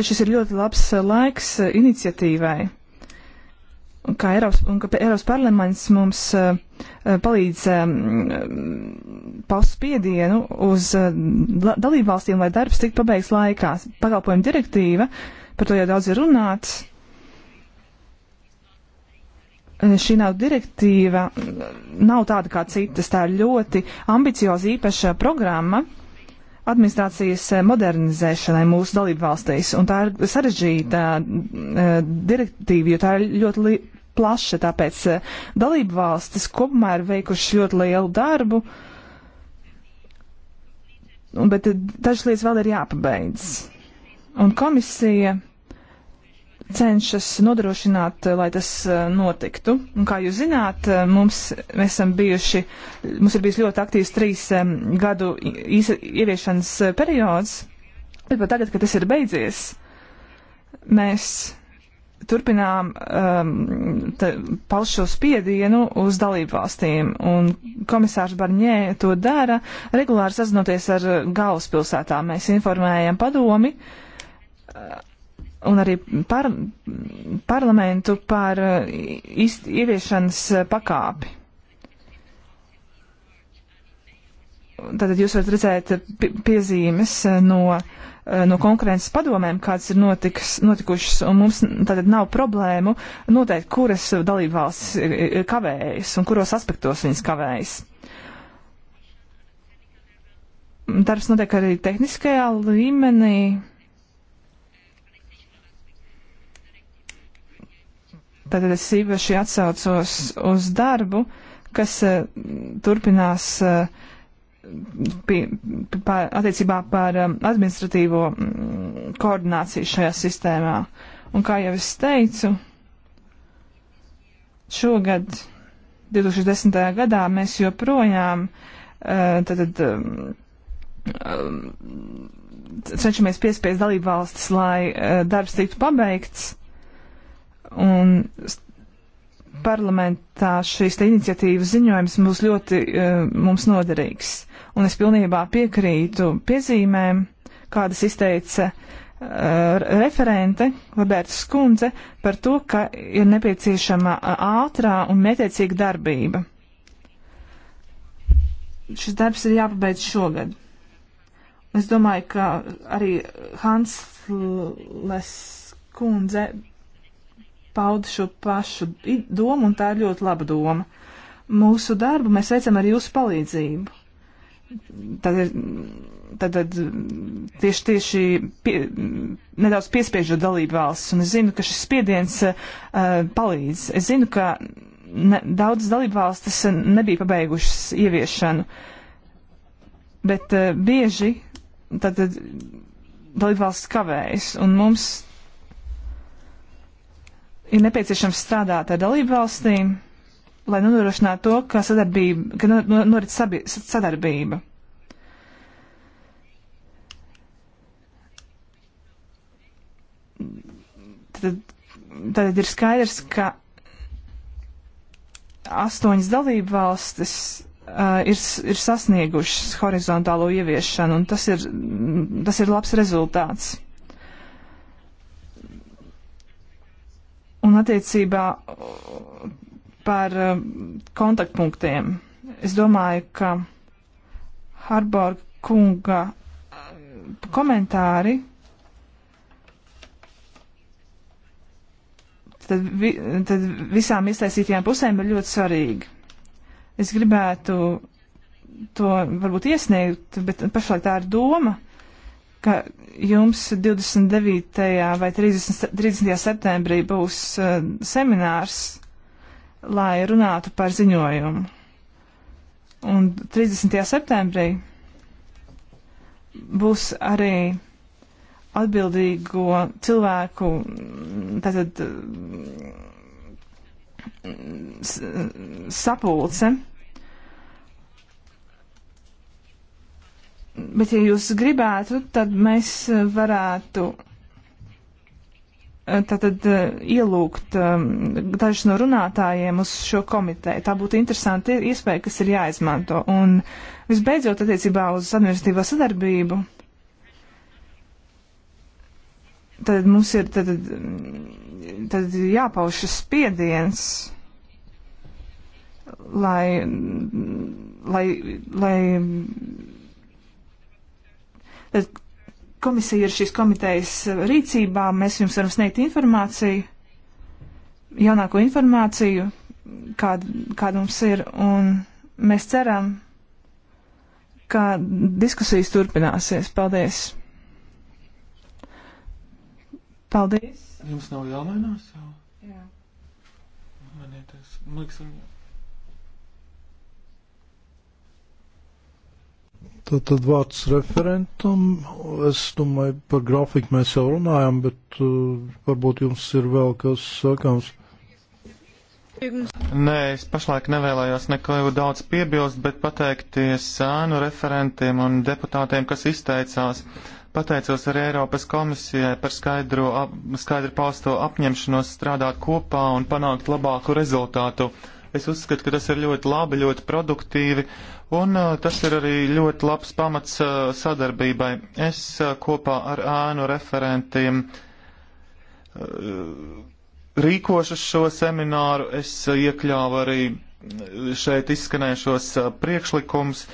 šis ir ļoti labs laiks iniciatīvai kā Eiropas, un ka Eiropas parlaments mums uh, palīdz um, paust spiedienu uz uh, dalībvalstīm, lai darbs tiktu pabeigts laikā. Pakalpojuma direktīva, par to jau daudz ir runāts. Šī nav direktīva, nav tāda kā citas, tā ir ļoti ambicioza īpaša programma, administrācijas eh, modernizēšanai mūsu dalību valstīs. Un tā ir sarežģīta eh, direktīva, jo tā ir ļoti li plaša, tāpēc eh, dalību valstis kopumā ir veikuši ļoti lielu darbu. Un, bet dažas lietas vēl ir jāpabeidz. Un komisija cenšas nodrošināt, lai tas eh, notiktu. Un, kā jūs zināt, eh, mums, mēs esam bijuši, mums ir bijis ļoti aktīvs trīs eh, gadu ieviešanas periods, bet pat tagad, kad tas ir beidzies, mēs turpinām um, paust šo spiedienu uz dalību valstīm, un komisārs Barņē to dara, regulāri sazinoties ar galvaspilsētām. Mēs informējam padomi un arī par, parlamentu par uh, iz, ieviešanas uh, pakāpi. Tātad jūs varat redzēt uh, piezīmes no, no konkurences padomēm, kādas ir notiks, notikušas, un mums tātad nav problēmu noteikt, kuras dalību valsts kavējas un kuros aspektos viņas kavējas. Darbs notiek arī tehniskajā līmenī, Tad es īpaši atsaucos uz darbu, kas uh, turpinās uh, eh, pie, pār, attiecībā par um, administratīvo mm, koordināciju šajā sistēmā. Un kā jau es teicu, šogad, 2010. gadā, mēs joprojām uh, tad, um, cenšamies piespiest dalību valstis, lai uh, darbs tiktu pabeigts. Un parlamentā šīs iniciatīvas ziņojums būs ļoti uh, mums noderīgs. Un es pilnībā piekrītu piezīmēm, kādas izteica uh, referente Roberta Skundze par to, ka ir nepieciešama e, ātrā un mētiecīga darbība. Šis darbs ir jāpabeidz šogad. Es domāju, ka arī Hansles kundze pauda šo pašu domu, un tā ir ļoti laba doma. Mūsu darbu mēs veicam ar jūsu palīdzību. Tad, tad, tad tieši, tieši pie, nedaudz piespiežot dalību valsts, un es zinu, ka šis spiediens uh, palīdz. Es zinu, ka ne, daudz dalību valstis nebija pabeigušas ieviešanu, bet uh, bieži tad, tad dalību valsts kavējas, un mums ir nepieciešams strādāt ar dalību valstīm, lai nodrošinātu to, ka, sadarbība, ka norit sabi, sadarbība. Tad, tad ir skaidrs, ka astoņas dalību valstis uh, ir, ir sasniegušas horizontālo ieviešanu, un tas ir, tas ir labs rezultāts. attiecībā uh, par uh, kontaktpunktiem. Es domāju, ka Harborga kunga uh, komentāri tad, vi, tad visām iztaisītajām pusēm ir ļoti svarīgi. Es gribētu to varbūt iesniegt, bet pašlaik tā ir doma ka jums 29. vai 30. 30. septembrī būs uh, seminārs, lai runātu par ziņojumu. Un 30. septembrī būs arī atbildīgo cilvēku tātad, sapulce. Bet, ja jūs gribētu, tad mēs varētu tātad eh, eh, ielūgt ehm, dažus no runātājiem uz šo komiteju. Tā būtu interesanti iespēja, kas ir jāizmanto. Un visbeidzot, attiecībā uz administratīvo sadarbību, tad mums ir tad, tad jāpauž šis spiediens, lai, lai, lai Komisija ir šīs komitejas rīcībā, mēs jums varam sniegt informāciju, jaunāko informāciju, kāda, kāda mums ir, un mēs ceram, ka diskusijas turpināsies. Paldies! Paldies! Jums nav jāmainās jau? Jā. Manieties, man liekas, viņa. Tātad vārds referentam. Es domāju, par grafiku mēs jau runājam, bet uh, varbūt jums ir vēl kas sakāms. Nē, es pašlaik nevēlējos neko daudz piebilst, bet pateikties sānu referentiem un deputātiem, kas izteicās. Pateicos arī Eiropas komisijai par skaidru, ap, skaidru pausto apņemšanos strādāt kopā un panākt labāku rezultātu. Es uzskatu, ka tas ir ļoti labi, ļoti produktīvi Un uh, tas ir arī ļoti labs pamats uh, sadarbībai. Es uh, kopā ar ēnu referentiem rīkošu šo semināru. Es iekļāvu arī šeit izskanējušos priekšlikums.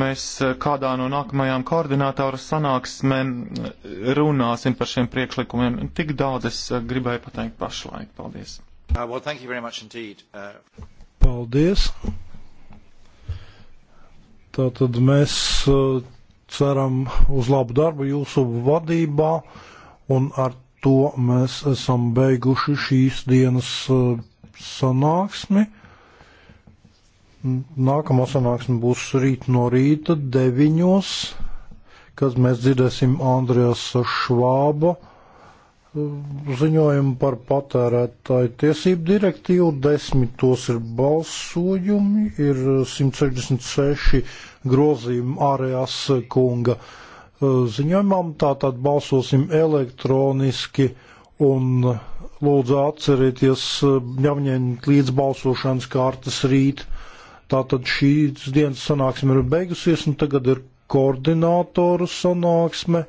Mēs kādā no nākamajām koordinātoru sanāksmēm runāsim par šiem priekšlikumiem. Tik daudz es gribēju pateikt pašlaik. Paldies! Uh, well, thank you very much indeed. Uh... Paldies! Tātad mēs eh, ceram uz labu darbu jūsu vadībā, un ar to mēs esam beiguši šīs dienas eh, sanāksmi. Nākamā sanāksme būs rīt no rīta deviņos, kad mēs dzirdēsim Andrijas Švāba ziņojumu par patērētāju tiesību direktīvu. Desmitos ir balsojumi, ir 166 grozījumi ārējās kunga uh, ziņojumam. Tātad balsosim elektroniski un lūdzu atcerieties uh, ņemņiet līdz balsošanas kārtas rīt. Tātad šīs dienas sanāksme ir beigusies un tagad ir koordinātoru sanāksme.